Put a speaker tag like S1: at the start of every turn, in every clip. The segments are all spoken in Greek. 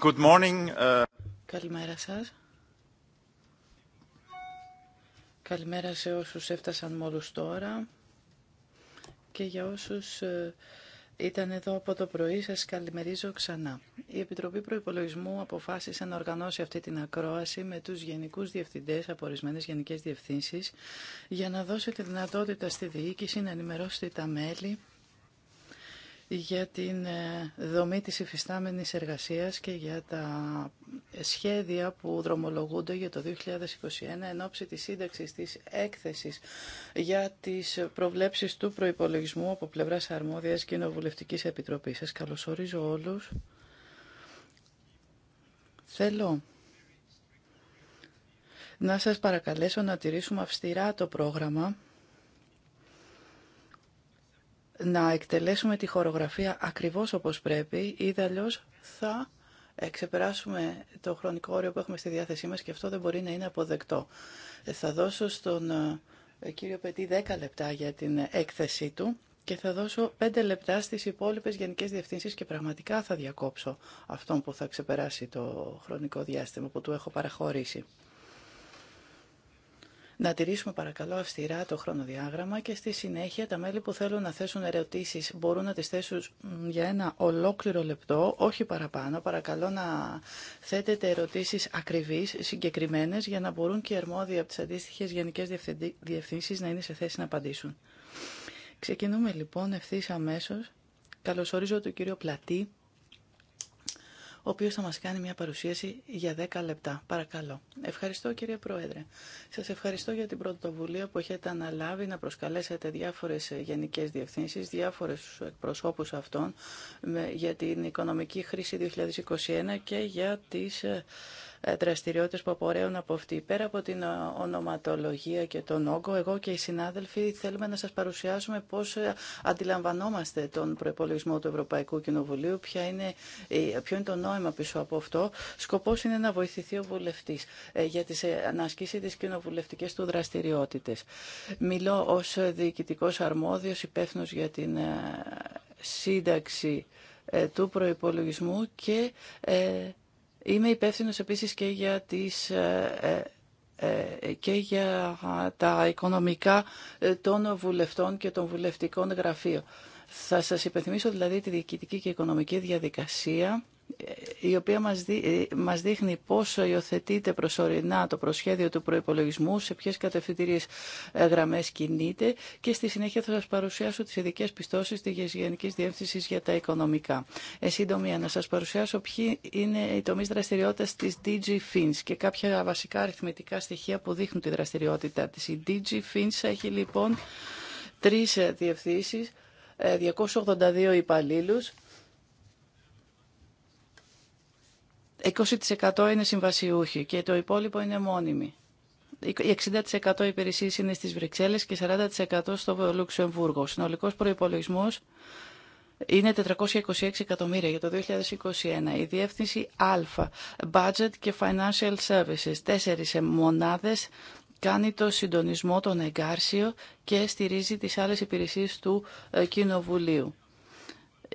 S1: Uh,
S2: Καλημέρα σας. Καλημέρα σε όσους έφτασαν μόλις τώρα και για όσους ε, ήταν εδώ από το πρωί, σας καλημερίζω ξανά. Η Επιτροπή Προϋπολογισμού αποφάσισε να οργανώσει αυτή την ακρόαση με τους γενικούς διευθυντές από ορισμένες γενικές διευθύνσεις για να δώσει τη δυνατότητα στη διοίκηση να ενημερώσει τα μέλη για την ε, δομή της υφιστάμενης εργασίας και για τα σχέδια που δρομολογούνται για το 2021 εν ώψη της σύνταξης της έκθεσης για τις προβλέψεις του προϋπολογισμού από πλευράς αρμόδιας κοινοβουλευτικής επιτροπής. Σας καλωσορίζω όλους. Θέλω να σας παρακαλέσω να τηρήσουμε αυστηρά το πρόγραμμα να εκτελέσουμε τη χορογραφία ακριβώς όπως πρέπει ή αλλιώ θα ξεπεράσουμε το χρονικό όριο που έχουμε στη διάθεσή μας και αυτό δεν μπορεί να είναι αποδεκτό. Ε, θα δώσω στον ε, κύριο Πετή 10 λεπτά για την έκθεσή του και θα δώσω 5 λεπτά στις υπόλοιπες γενικές διευθύνσεις και πραγματικά θα διακόψω αυτόν που θα ξεπεράσει το χρονικό διάστημα που του έχω παραχωρήσει. Να τηρήσουμε παρακαλώ αυστηρά το χρονοδιάγραμμα και στη συνέχεια τα μέλη που θέλουν να θέσουν ερωτήσεις μπορούν να τις θέσουν για ένα ολόκληρο λεπτό, όχι παραπάνω. Παρακαλώ να θέτετε ερωτήσεις ακριβείς, συγκεκριμένες, για να μπορούν και οι αρμόδιοι από τις αντίστοιχες γενικές διευθύνσεις να είναι σε θέση να απαντήσουν. Ξεκινούμε λοιπόν ευθύ αμέσω. Καλωσορίζω τον κύριο Πλατή, ο οποίος θα μας κάνει μια παρουσίαση για 10 λεπτά. Παρακαλώ. Ευχαριστώ κύριε Πρόεδρε. Σας ευχαριστώ για την πρωτοβουλία που έχετε αναλάβει να προσκαλέσετε διάφορες γενικές διευθύνσεις, διάφορες εκπροσώπους αυτών για την οικονομική χρήση 2021 και για τις ε, ε, δραστηριότητες που απορρέουν από αυτή. Πέρα από την ε, ονοματολογία και τον όγκο, εγώ και οι συνάδελφοι θέλουμε να σας παρουσιάσουμε πώς ε, αντιλαμβανόμαστε τον προπολογισμό του Ευρωπαϊκού Κοινοβουλίου, ποια είναι, ποιο είναι το νόημα πίσω από αυτό. Σκοπός είναι να βοηθηθεί ο βουλευτής για τις, να ασκήσει τις του δραστηριότητες. Μιλώ ως διοικητικός αρμόδιος υπεύθυνο για την σύνταξη του προϋπολογισμού και Είμαι υπεύθυνο επίσης και για, ε, ε, ε, και για τα οικονομικά των βουλευτών και των βουλευτικών γραφείων. Θα σας υπενθυμίσω δηλαδή τη διοικητική και οικονομική διαδικασία η οποία μας, δεί, μας δείχνει πόσο υιοθετείται προσωρινά το προσχέδιο του προϋπολογισμού, σε ποιες κατευθυντήριες ε, γραμμές κινείται και στη συνέχεια θα σας παρουσιάσω τις ειδικέ πιστώσεις της Γενικής Διεύθυνσης για τα οικονομικά. Ε, σύντομη, να σας παρουσιάσω ποιοι είναι οι τομείς δραστηριότητας της DG Fins και κάποια βασικά αριθμητικά στοιχεία που δείχνουν τη δραστηριότητά της. Η DG Fins έχει λοιπόν τρεις ε, διευθύνσεις, 282 ε, υπαλλήλου. 20% είναι συμβασιούχοι και το υπόλοιπο είναι μόνιμοι. 60% υπηρεσίες είναι στις Βρυξέλλες και 40% στο Λουξεμβούργο. Συνολικός προϋπολογισμός είναι 426 εκατομμύρια για το 2021. Η διεύθυνση Α, Budget και Financial Services, τέσσερις μονάδες, κάνει το συντονισμό των εγκάρσιο και στηρίζει τις άλλες υπηρεσίες του ε, Κοινοβουλίου.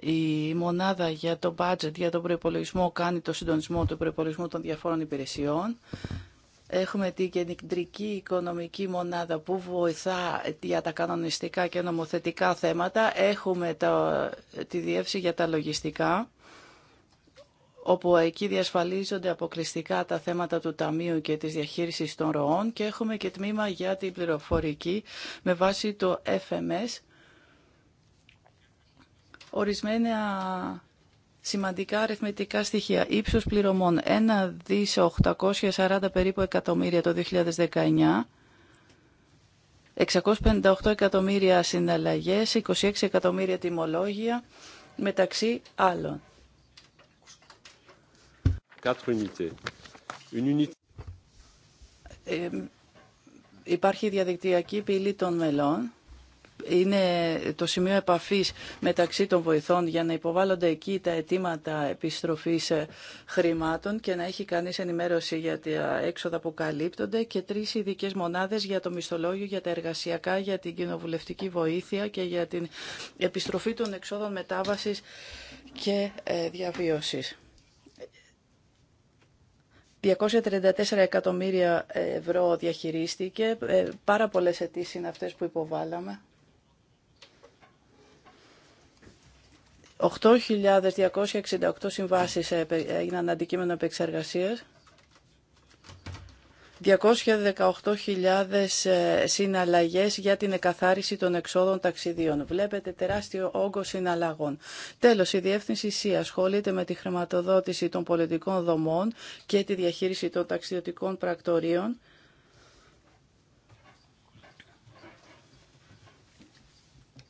S2: Η μονάδα για το budget, για τον προπολογισμό, κάνει το συντονισμό του προπολογισμού των διαφόρων υπηρεσιών. Έχουμε την κεντρική οικονομική μονάδα που βοηθά για τα κανονιστικά και νομοθετικά θέματα. Έχουμε το τη διεύση για τα λογιστικά, όπου εκεί διασφαλίζονται αποκλειστικά τα θέματα του Ταμείου και της διαχείρισης των ροών. Και έχουμε και τμήμα για την πληροφορική με βάση το FMS, ορισμένα σημαντικά αριθμητικά στοιχεία. Ύψος πληρωμών 1 δις 840 περίπου εκατομμύρια το 2019. 658 εκατομμύρια συναλλαγές, 26 εκατομμύρια τιμολόγια, μεταξύ άλλων. Ε, υπάρχει διαδικτυακή πύλη των μελών είναι το σημείο επαφής μεταξύ των βοηθών για να υποβάλλονται εκεί τα αιτήματα επιστροφής ε, χρημάτων και να έχει κανείς ενημέρωση για τα έξοδα που καλύπτονται και τρεις ειδικέ μονάδες για το μισθολόγιο, για τα εργασιακά, για την κοινοβουλευτική βοήθεια και για την επιστροφή των εξόδων μετάβασης και ε, διαβίωσης. 234 εκατομμύρια ευρώ διαχειρίστηκε. Ε, πάρα πολλές αιτήσει είναι αυτές που υποβάλαμε. 8.268 συμβάσεις έγιναν αντικείμενο επεξεργασίας. 218.000 ε, συναλλαγές για την εκαθάριση των εξόδων ταξιδίων. Βλέπετε τεράστιο όγκο συναλλαγών. Τέλος, η Διεύθυνση ΣΥ ασχολείται με τη χρηματοδότηση των πολιτικών δομών και τη διαχείριση των ταξιδιωτικών πρακτορείων.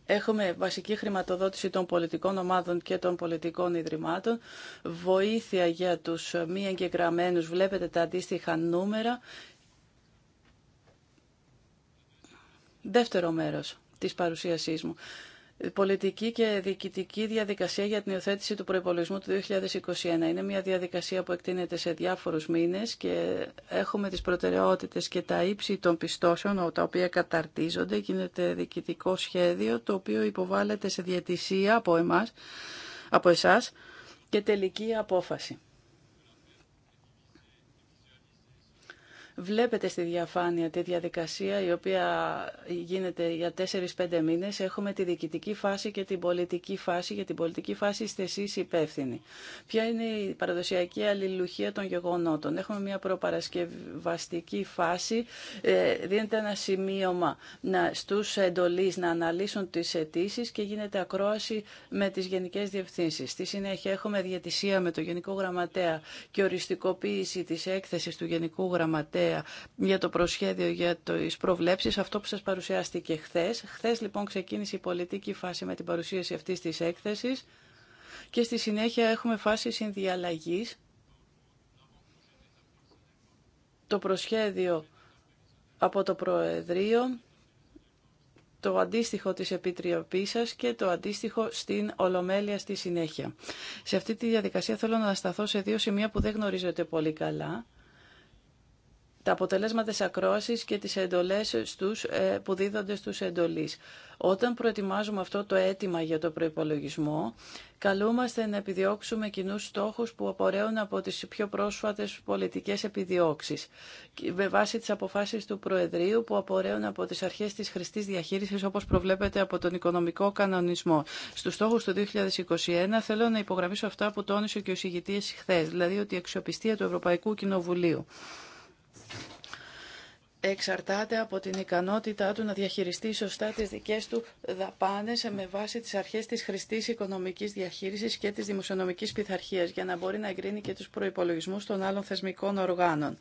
S2: Έχουμε βασική χρηματοδότηση των πολιτικών ομάδων και των πολιτικών ιδρυμάτων, βοήθεια για τους μη εγγεγραμμένους, βλέπετε τα αντίστοιχα νούμερα. Δεύτερο μέρος της παρουσίασής μου πολιτική και διοικητική διαδικασία για την υιοθέτηση του προϋπολογισμού του 2021. Είναι μια διαδικασία που εκτείνεται σε διάφορους μήνες και έχουμε τις προτεραιότητες και τα ύψη των πιστώσεων τα οποία καταρτίζονται. Γίνεται διοικητικό σχέδιο το οποίο υποβάλλεται σε διαιτησία από εμάς, από εσάς και τελική απόφαση. Βλέπετε στη διαφάνεια τη διαδικασία η οποία γίνεται για 4-5 μήνες. Έχουμε τη διοικητική φάση και την πολιτική φάση. Για την πολιτική φάση είστε εσεί υπεύθυνοι. Ποια είναι η παραδοσιακή αλληλουχία των γεγονότων. Έχουμε μια προπαρασκευαστική φάση. Ε, δίνεται ένα σημείωμα στους εντολείς να αναλύσουν τις αιτήσει και γίνεται ακρόαση με τις γενικές διευθύνσεις. Στη συνέχεια έχουμε διατησία με το Γενικό Γραμματέα και οριστικοποίηση της έκθεσης του Γενικού Γραμματέα για το προσχέδιο για τις προβλέψεις, αυτό που σας παρουσιάστηκε χθες. Χθες λοιπόν ξεκίνησε η πολιτική φάση με την παρουσίαση αυτής της έκθεσης και στη συνέχεια έχουμε φάση συνδιαλλαγής. Το προσχέδιο από το Προεδρείο, το αντίστοιχο της Επιτροπής σας και το αντίστοιχο στην Ολομέλεια στη συνέχεια. Σε αυτή τη διαδικασία θέλω να σταθώ σε δύο σημεία που δεν γνωρίζετε πολύ καλά τα αποτελέσματα της ακρόασης και τις εντολές στους, ε, που δίδονται στους εντολείς. Όταν προετοιμάζουμε αυτό το αίτημα για το προϋπολογισμό, καλούμαστε να επιδιώξουμε κοινού στόχους που απορρέουν από τις πιο πρόσφατες πολιτικές επιδιώξεις, με βάση τις αποφάσεις του Προεδρείου που απορρέουν από τις αρχές της χρηστής διαχείρισης, όπως προβλέπεται από τον οικονομικό κανονισμό. Στους στόχους του 2021 θέλω να υπογραμμίσω αυτά που τόνισε και ο συγητής χθε, δηλαδή ότι η αξιοπιστία του Ευρωπαϊκού Κοινοβουλίου εξαρτάται από την ικανότητά του να διαχειριστεί σωστά τις δικές του δαπάνες με βάση τις αρχές της χρηστής οικονομικής διαχείρισης και της δημοσιονομικής πειθαρχίας για να μπορεί να εγκρίνει και τους προϋπολογισμούς των άλλων θεσμικών οργάνων.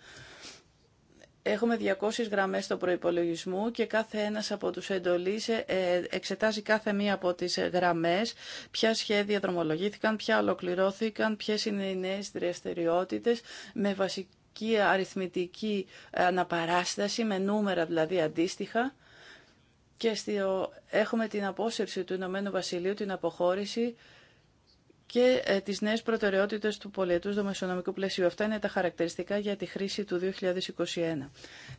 S2: Έχουμε 200 γραμμές στο προϋπολογισμό και κάθε ένας από τους εντολείς ε, εξετάζει κάθε μία από τις γραμμές, ποια σχέδια δρομολογήθηκαν, ποια ολοκληρώθηκαν, ποιες είναι οι νέες δραστηριότητες με και αριθμητική ε, αναπαράσταση με νούμερα δηλαδή αντίστοιχα και στο, έχουμε την απόσυρση του Ηνωμένου Βασιλείου, την αποχώρηση και ε, τις νέες προτεραιότητες του πολιετούς δομεσονομικού πλαισίου. Αυτά είναι τα χαρακτηριστικά για τη χρήση του 2021.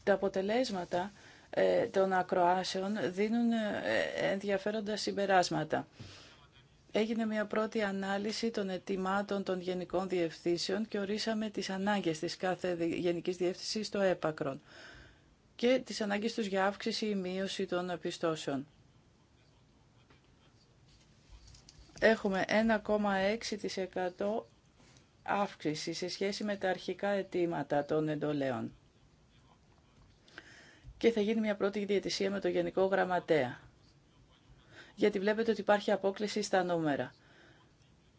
S2: Τα αποτελέσματα ε, των ακροάσεων δίνουν ε, ενδιαφέροντα συμπεράσματα έγινε μια πρώτη ανάλυση των ετοιμάτων των γενικών διευθύνσεων και ορίσαμε τις ανάγκες της κάθε γενικής διεύθυνσης στο έπακρον και τις ανάγκες τους για αύξηση ή μείωση των επιστώσεων. Έχουμε 1,6% αύξηση σε σχέση με τα αρχικά αιτήματα των εντολέων. Και θα γίνει μια πρώτη διαιτησία με το Γενικό Γραμματέα γιατί βλέπετε ότι υπάρχει απόκληση στα νούμερα.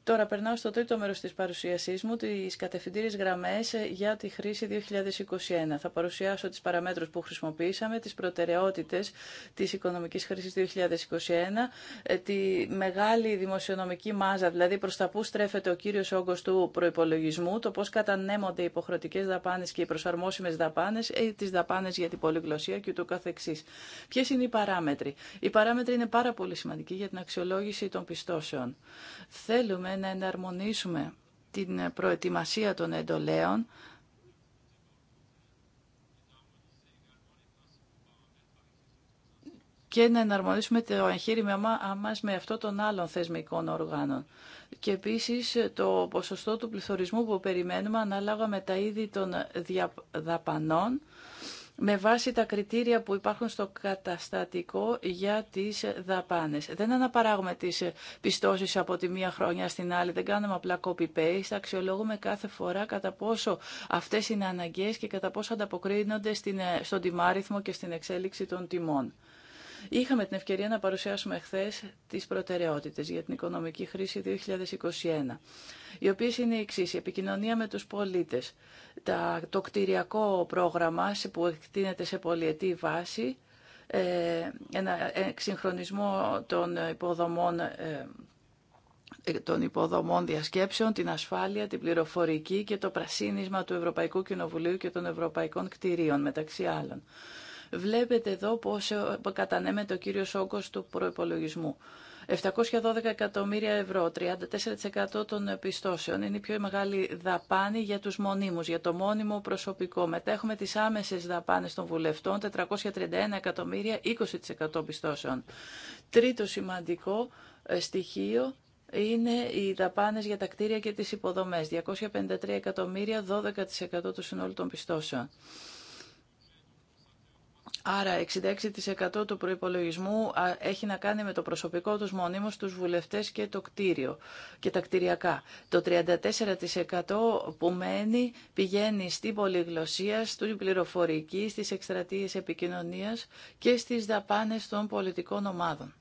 S2: Τώρα περνάω στο τρίτο μέρος της παρουσίασής μου, τις κατευθυντήριες γραμμές ε, για τη χρήση 2021. Θα παρουσιάσω τις παραμέτρους που χρησιμοποιήσαμε, τις προτεραιότητες της οικονομικής χρήσης 2021, ε, τη μεγάλη δημοσιονομική μάζα, δηλαδή προς τα που στρέφεται ο κύριος όγκος του προϋπολογισμού, το πώς κατανέμονται οι υποχρεωτικές δαπάνες και οι προσαρμόσιμες δαπάνες, ε, τις δαπάνες για την πολυγλωσία και ούτω καθεξής. Ποιες είναι οι παράμετροι. Οι παράμετροι είναι πάρα πολύ σημαντικοί για την αξιολόγηση των πιστώσεων. Θέλουμε να εναρμονίσουμε την προετοιμασία των εντολέων και να εναρμονίσουμε το εγχείρημα μας με αυτό των άλλων θεσμικών οργάνων. Και επίσης το ποσοστό του πληθωρισμού που περιμένουμε ανάλογα με τα είδη των δαπανών με βάση τα κριτήρια που υπάρχουν στο καταστατικό για τις δαπάνες. Δεν αναπαράγουμε τις πιστώσεις από τη μία χρόνια στην άλλη, δεν κάνουμε απλά copy-paste, αξιολόγουμε κάθε φορά κατά πόσο αυτές είναι αναγκαίες και κατά πόσο ανταποκρίνονται ε, στον τιμάριθμο και στην εξέλιξη των τιμών. Είχαμε την ευκαιρία να παρουσιάσουμε χθε τις προτεραιότητες για την οικονομική χρήση 2021, οι οποίε είναι οι εξή. η επικοινωνία με τους πολίτες, το κτηριακό πρόγραμμα που εκτείνεται σε πολιετή βάση, ε, ένα ε, εξυγχρονισμό των υποδομών ε, των υποδομών διασκέψεων, την ασφάλεια, την πληροφορική και το πρασίνισμα του Ευρωπαϊκού Κοινοβουλίου και των Ευρωπαϊκών Κτηρίων, μεταξύ άλλων. Βλέπετε εδώ πώς ε, κατανέμεται ο κύριος όγκος του προϋπολογισμού. 712 εκατομμύρια ευρώ, 34% των πιστώσεων. Είναι η πιο μεγάλη δαπάνη για τους μονίμους, για το μόνιμο προσωπικό. Μετά έχουμε τις άμεσες δαπάνες των βουλευτών, 431 εκατομμύρια, 20% πιστώσεων. Τρίτο σημαντικό ε, στοιχείο είναι οι δαπάνες για τα κτίρια και τις υποδομές, 253 εκατομμύρια, 12% του συνόλου των πιστώσεων. Άρα 66% του προϋπολογισμού έχει να κάνει με το προσωπικό τους μονίμως τους βουλευτές και το κτίριο και τα κτηριακά. Το 34% που μένει πηγαίνει στην πολυγλωσία, στην πληροφορική, στις εκστρατείες επικοινωνίας και στις δαπάνες των πολιτικών ομάδων.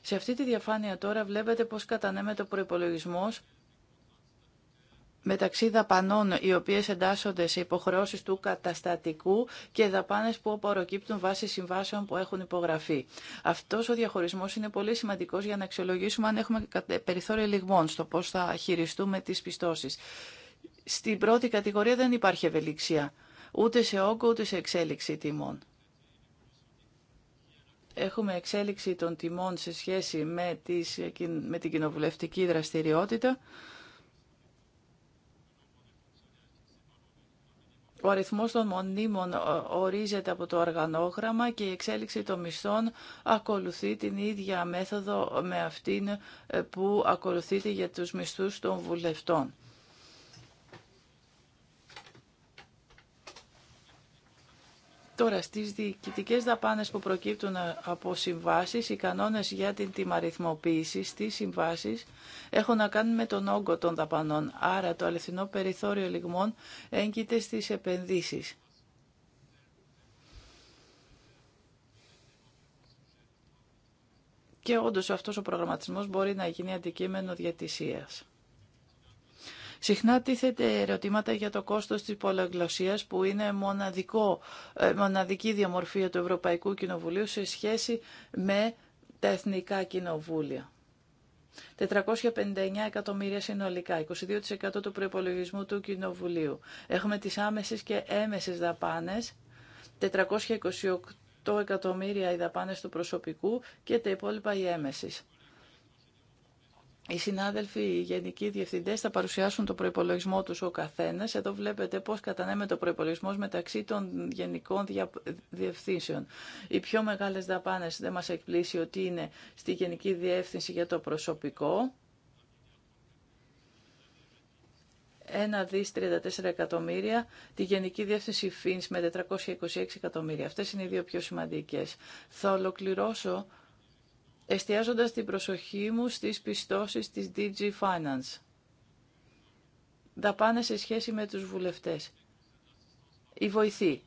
S2: Σε αυτή τη διαφάνεια τώρα βλέπετε πώς κατανέμεται ο προϋπολογισμός μεταξύ δαπανών οι οποίες εντάσσονται σε υποχρεώσεις του καταστατικού και δαπάνες που απορροκύπτουν βάσει συμβάσεων που έχουν υπογραφεί. Αυτός ο διαχωρισμός είναι πολύ σημαντικός για να αξιολογήσουμε αν έχουμε περιθώριο λιγμών στο πώς θα χειριστούμε τις πιστώσεις. Στην πρώτη κατηγορία δεν υπάρχει ευελιξία, ούτε σε όγκο ούτε σε εξέλιξη τιμών. Έχουμε εξέλιξη των τιμών σε σχέση με την κοινοβουλευτική δραστηριότητα. Ο αριθμός των μονίμων ε, ορίζεται από το οργανόγραμμα και η εξέλιξη των μισθών ακολουθεί την ίδια μέθοδο με αυτήν ε, που ακολουθείται για τους μισθούς των βουλευτών. Τώρα, στις διοικητικέ δαπάνες που προκύπτουν ε, από συμβάσεις, οι κανόνες για την τιμαριθμοποίηση στις συμβάσεις έχουν να κάνουν με τον όγκο των δαπανών. Άρα, το αληθινό περιθώριο λιγμών έγκυται στις επενδύσεις. Και όντως αυτός ο προγραμματισμός μπορεί να γίνει αντικείμενο διατησίας. Συχνά τίθεται ερωτήματα για το κόστος της πολλαγλωσίας που είναι μοναδικό, ε, μοναδική διαμορφία του Ευρωπαϊκού Κοινοβουλίου σε σχέση με τα εθνικά κοινοβούλια. 459 εκατομμύρια συνολικά, 22% του προϋπολογισμού του Κοινοβουλίου. Έχουμε τις άμεσες και έμεσες δαπάνες, 428 εκατομμύρια οι δαπάνες του προσωπικού και τα υπόλοιπα οι έμεσες. Οι συνάδελφοι, οι γενικοί διευθυντές θα παρουσιάσουν το προϋπολογισμό τους ο καθένας. Εδώ βλέπετε πώς κατανέμε το προϋπολογισμό μεταξύ των γενικών διευθύνσεων. Οι πιο μεγάλες δαπάνες δεν μας εκπλήσει ότι είναι στη Γενική Διεύθυνση για το προσωπικό. 1 δις 34 εκατομμύρια, τη Γενική Διεύθυνση ΦΙΝΣ με 426 εκατομμύρια. Αυτές είναι οι δύο πιο σημαντικές. Θα ολοκληρώσω εστιάζοντας την προσοχή μου στις πιστώσεις της DG Finance. Δαπάνε σε σχέση με τους βουλευτές. Η βοηθή.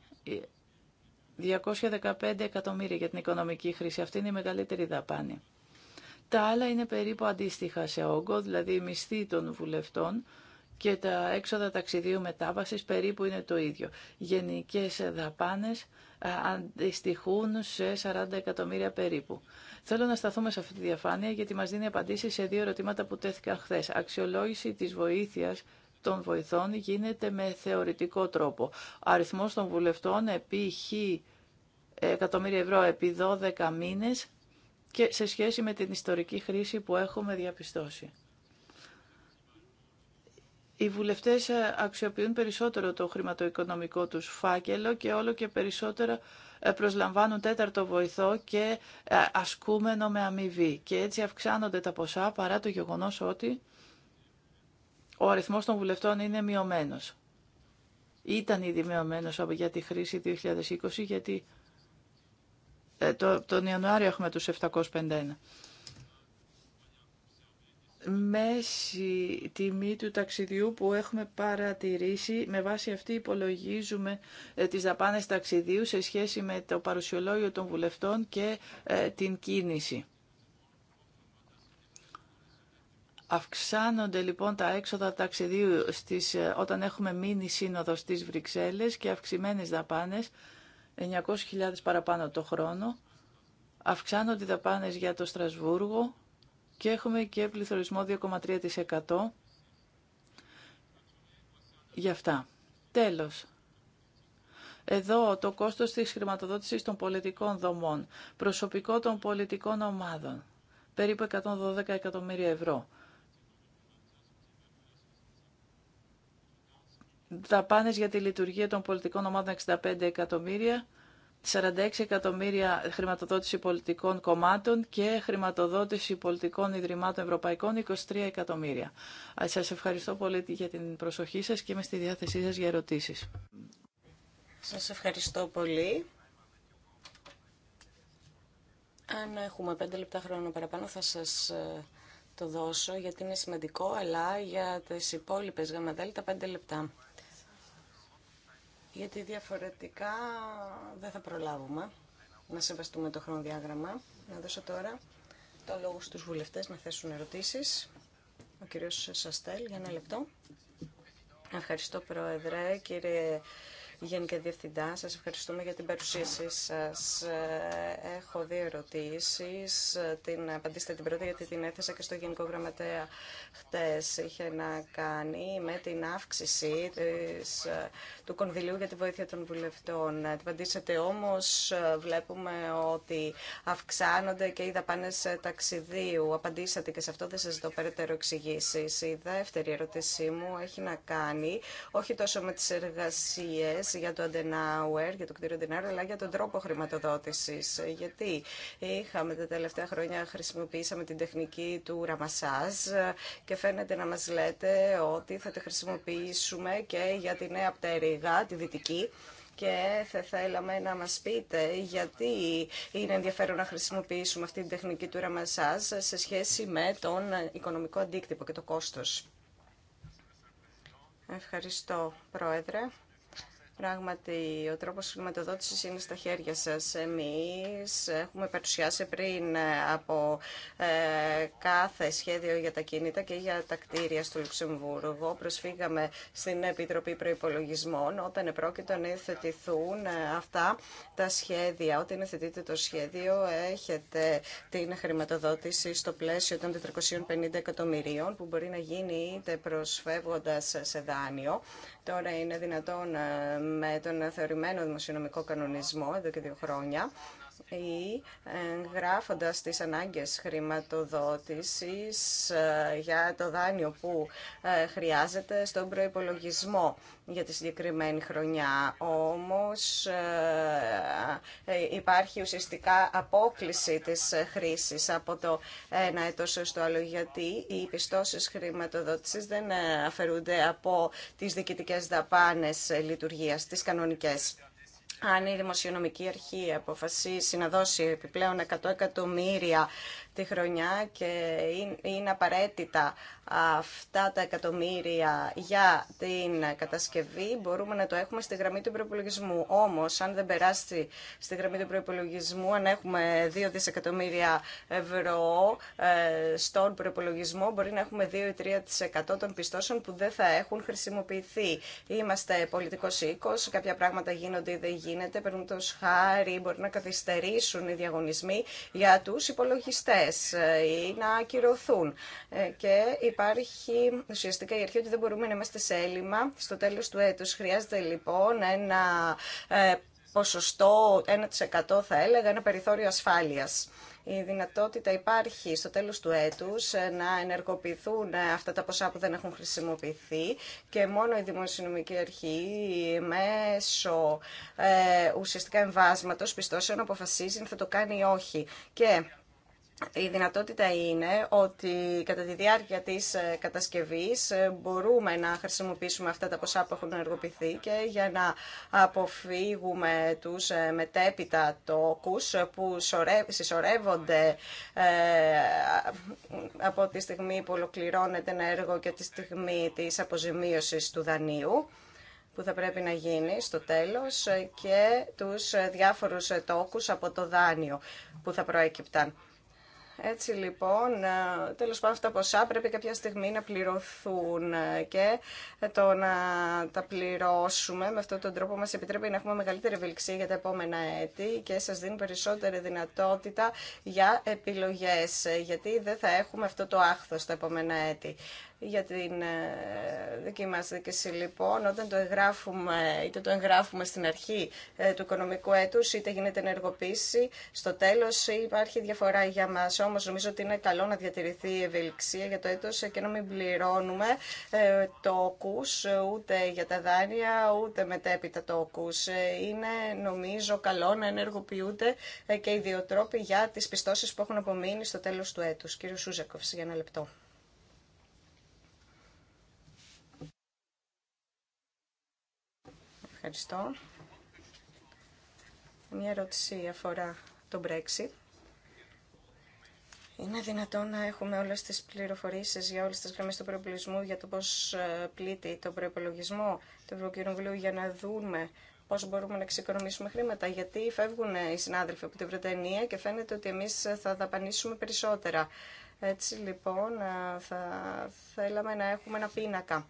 S2: 215 εκατομμύρια για την οικονομική χρήση. Αυτή είναι η μεγαλύτερη δαπάνη. Τα άλλα είναι περίπου αντίστοιχα σε όγκο, δηλαδή η μισθή των βουλευτών, και τα έξοδα ταξιδίου μετάβασης περίπου είναι το ίδιο. Γενικές δαπάνες ε, αντιστοιχούν σε 40 εκατομμύρια περίπου. Θέλω να σταθούμε σε αυτή τη διαφάνεια γιατί μας δίνει απαντήσεις σε δύο ερωτήματα που τέθηκαν χθε. Αξιολόγηση της βοήθειας των βοηθών γίνεται με θεωρητικό τρόπο. Αριθμός των βουλευτών επί χ εκατομμύρια ευρώ επί 12 μήνες και σε σχέση με την ιστορική χρήση που έχουμε διαπιστώσει οι βουλευτές ε, αξιοποιούν περισσότερο το χρηματοοικονομικό τους φάκελο και όλο και περισσότερο ε, προσλαμβάνουν τέταρτο βοηθό και ε, ασκούμενο με αμοιβή. Και έτσι αυξάνονται τα ποσά παρά το γεγονός ότι ο αριθμός των βουλευτών είναι μειωμένος. Ήταν ήδη μειωμένος για τη χρήση 2020 γιατί τον Ιανουάριο έχουμε τους 751 μέση τιμή του ταξιδιού που έχουμε παρατηρήσει. Με βάση αυτή υπολογίζουμε ε, τις δαπάνες ταξιδίου σε σχέση με το παρουσιολόγιο των βουλευτών και ε, την κίνηση. Αυξάνονται λοιπόν τα έξοδα ταξιδίου στις, ε, όταν έχουμε μείνει σύνοδο στις Βρυξέλλες και αυξημένες δαπάνες, 900.000 παραπάνω το χρόνο. Αυξάνονται οι δαπάνες για το Στρασβούργο, και έχουμε και πληθωρισμό 2,3% για αυτά. Τέλος. Εδώ το κόστος της χρηματοδότησης των πολιτικών δομών, προσωπικό των πολιτικών ομάδων, περίπου 112 εκατομμύρια ευρώ. Δαπάνες για τη λειτουργία των πολιτικών ομάδων 65 εκατομμύρια, 46 εκατομμύρια χρηματοδότηση πολιτικών κομμάτων και χρηματοδότηση πολιτικών ιδρυμάτων ευρωπαϊκών 23 εκατομμύρια. Σας ευχαριστώ πολύ για την προσοχή σας και είμαι στη διάθεσή σας για ερωτήσεις.
S3: Σας ευχαριστώ πολύ. Αν έχουμε πέντε λεπτά χρόνο παραπάνω θα σας ε, το δώσω γιατί είναι σημαντικό, αλλά για τις υπόλοιπες γαμαδέλτα πέντε λεπτά γιατί διαφορετικά δεν θα προλάβουμε να σεβαστούμε το χρονοδιάγραμμα. Να δώσω τώρα το λόγο στους βουλευτές να θέσουν ερωτήσεις. Ο κύριος Σαστέλ, για ένα λεπτό. Ευχαριστώ, Πρόεδρε. Κύριε Γενικά Διευθυντά. Σας ευχαριστούμε για την παρουσίασή σας. Έχω δύο ερωτήσεις. Την απαντήστε την πρώτη γιατί την έθεσα και στο Γενικό Γραμματέα χτες. Είχε να κάνει με την αύξηση του κονδυλίου για τη βοήθεια των βουλευτών. Την απαντήσατε όμως βλέπουμε ότι αυξάνονται και οι δαπάνες ταξιδίου. Απαντήσατε και σε αυτό δεν σας δω περαιτέρω εξηγήσει. Η δεύτερη ερώτησή μου έχει να κάνει όχι τόσο με τις εργασίες για το αντενάουερ, για το κτίριο αντενάουερ αλλά για τον τρόπο χρηματοδότησης. Γιατί είχαμε τα τελευταία χρόνια, χρησιμοποιήσαμε την τεχνική του Ραμασάζ και φαίνεται να μας λέτε ότι θα τη χρησιμοποιήσουμε και για τη νέα πτέρυγα, τη δυτική, και θα θέλαμε να μας πείτε γιατί είναι ενδιαφέρον να χρησιμοποιήσουμε αυτή την τεχνική του Ραμασάζ σε σχέση με τον οικονομικό αντίκτυπο και το κόστος. Ευχαριστώ, Πρόεδρε. Πράγματι, ο τρόπο χρηματοδότηση είναι στα χέρια σα. Εμεί. έχουμε παρουσιάσει πριν από ε, κάθε σχέδιο για τα κινήτα και για τα κτίρια στο Λουξεμβούργο. Προσφύγαμε στην Επιτροπή προπολογισμών όταν επρόκειτο να υιοθετηθούν ε, αυτά τα σχέδια. Όταν υιοθετείτε το σχέδιο έχετε την χρηματοδότηση στο πλαίσιο των 450 εκατομμυρίων που μπορεί να γίνει είτε προσφεύγοντα σε δάνειο τώρα είναι δυνατόν ε, με τον θεωρημένο δημοσιονομικό κανονισμό εδώ και δύο χρόνια ή γράφοντας τις ανάγκες χρηματοδότησης ε, για το δάνειο που ε, χρειάζεται στον προϋπολογισμό για τη συγκεκριμένη χρονιά. Όμως ε, υπάρχει ουσιαστικά απόκληση της χρήσης από το ένα έτος στο άλλο γιατί οι πιστώσεις χρηματοδότησης δεν αφαιρούνται από τις διοικητικές δαπάνες λειτουργίας, τις κανονικές αν η Δημοσιονομική Αρχή αποφασίσει να δώσει επιπλέον 100 εκατομμύρια τη χρονιά και είναι απαραίτητα αυτά τα εκατομμύρια για την κατασκευή. Μπορούμε να το έχουμε στη γραμμή του προπολογισμού. Όμως, αν δεν περάσει στη γραμμή του προπολογισμού, αν έχουμε 2 δισεκατομμύρια ευρώ ε, στον προπολογισμό, μπορεί να έχουμε 2 ή 3% των πιστώσεων που δεν θα έχουν χρησιμοποιηθεί. Είμαστε πολιτικό οίκο, κάποια πράγματα γίνονται ή δεν γίνεται. Περνούν χάρη, μπορεί να καθυστερήσουν οι διαγωνισμοί για του υπολογιστέ. Ε, ε, η αρχή ότι δεν μπορούμε να είμαστε σε έλλειμμα στο τέλος του έτους. Χρειάζεται λοιπόν ένα ε, ποσοστό 1% θα έλεγα, ένα περιθώριο ασφάλειας. Η δυνατότητα υπάρχει στο τέλος του έτους να ενεργοποιηθούν αυτά τα ποσά που δεν έχουν χρησιμοποιηθεί και μόνο η Δημοσιονομική Αρχή μέσω ουσιαστικά εμβάσματος πιστώσεων αποφασίζει αν θα το κάνει ή όχι. Και η δυνατότητα είναι ότι κατά τη διάρκεια της ε, κατασκευής ε, μπορούμε να χρησιμοποιήσουμε αυτά τα ποσά που έχουν ενεργοποιηθεί και για να αποφύγουμε τους ε, μετέπειτα τόκους που συσσωρεύονται από τη στιγμή που ολοκληρώνεται ένα έργο και τη στιγμή της αποζημίωσης του δανείου που θα πρέπει να γίνει στο τέλος και τους διάφορους τόκους από το δάνειο που θα προέκυπταν. Έτσι λοιπόν, ε, τέλος πάντων αυτά ποσά πρέπει κάποια στιγμή να πληρωθούν ε, και το να τα πληρώσουμε με αυτόν τον τρόπο μας επιτρέπει να έχουμε μεγαλύτερη ευελιξία για τα επόμενα έτη και σας δίνει περισσότερη δυνατότητα για επιλογές ε, γιατί δεν θα έχουμε αυτό το άχθος τα επόμενα έτη για την ε, δική μας δίκηση λοιπόν όταν το εγγράφουμε είτε το εγγράφουμε στην αρχή ε, του οικονομικού έτους είτε γίνεται ενεργοποίηση στο τέλος υπάρχει διαφορά για μας όμως νομίζω ότι είναι καλό να διατηρηθεί η ευελιξία για το έτος και να μην πληρώνουμε ε, το κους ούτε για τα δάνεια ούτε μετέπειτα το είναι νομίζω καλό να ενεργοποιούνται και οι δύο τρόποι για τις πιστώσεις που έχουν απομείνει στο τέλος του έτους. Κύριο Σούζεκοφ, για ένα λεπτό. Ευχαριστώ. Μια ερώτηση αφορά το Brexit. Είναι δυνατόν να έχουμε όλες τις πληροφορίες για όλες τις γραμμές του προϋπολογισμού για το πώς ε, πλήττει τον προϋπολογισμό του Ευρωκοινοβουλίου για να δούμε πώς μπορούμε να ξεκονομήσουμε χρήματα. Γιατί φεύγουν ε, οι συνάδελφοι από την Βρετανία και φαίνεται ότι εμείς ε, θα δαπανίσουμε περισσότερα. Έτσι λοιπόν θα θέλαμε να έχουμε ένα πίνακα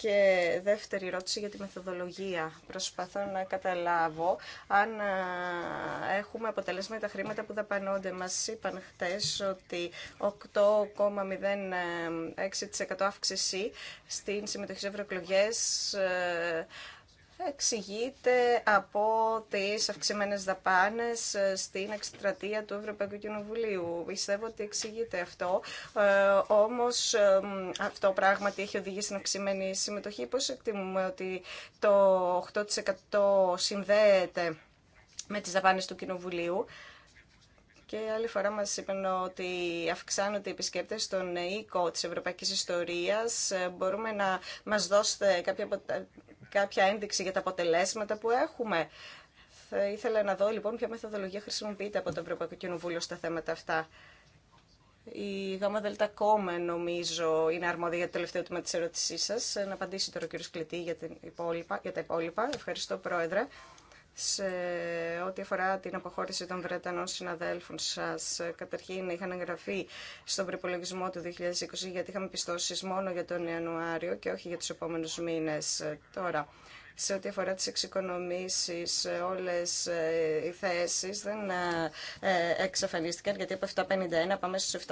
S3: και δεύτερη ερώτηση για τη μεθοδολογία. Προσπαθώ να καταλάβω αν ε, έχουμε αποτελέσματα τα χρήματα που δαπανώνται. μα είπαν χτες ότι 8,06% αύξηση στην συμμετοχή σε εξηγείται από τις αυξημένες δαπάνες ε, στην εκστρατεία του Ευρωπαϊκού Κοινοβουλίου. Πιστεύω ότι εξηγείται αυτό, ε, όμως ε, αυτό πράγματι έχει οδηγήσει στην αυξημένη συμμετοχή. Πώς εκτιμούμε ότι το 8% συνδέεται με τις δαπάνες του Κοινοβουλίου. Και άλλη φορά μας είπαν ότι αυξάνονται οι επισκέπτες στον οίκο της ευρωπαϊκής ιστορίας. Ε, μπορούμε να μας δώσετε κάποια κάποια ένδειξη για τα αποτελέσματα που έχουμε. Θα ήθελα να δω λοιπόν ποια μεθοδολογία χρησιμοποιείται από το Ευρωπαϊκό Κοινοβούλιο στα θέματα αυτά. Η ΓΑΜΑ ΔΕΛΤΑ νομίζω είναι αρμόδια για το τελευταίο τμήμα τη ερώτησή σα. Να απαντήσει τώρα ο κ. Κλητή για, την υπόλοιπα, για τα υπόλοιπα. Ευχαριστώ, Πρόεδρε σε ό,τι αφορά την αποχώρηση των Βρετανών συναδέλφων σας. Καταρχήν είχαν εγγραφεί στον προπολογισμό του 2020 γιατί είχαμε πιστώσει μόνο για τον Ιανουάριο και όχι για τους επόμενους μήνες τώρα. Σε ό,τι αφορά τις εξοικονομήσεις, όλες ε, οι θέσεις δεν ε, ε, εξαφανίστηκαν γιατί από 751 πάμε στους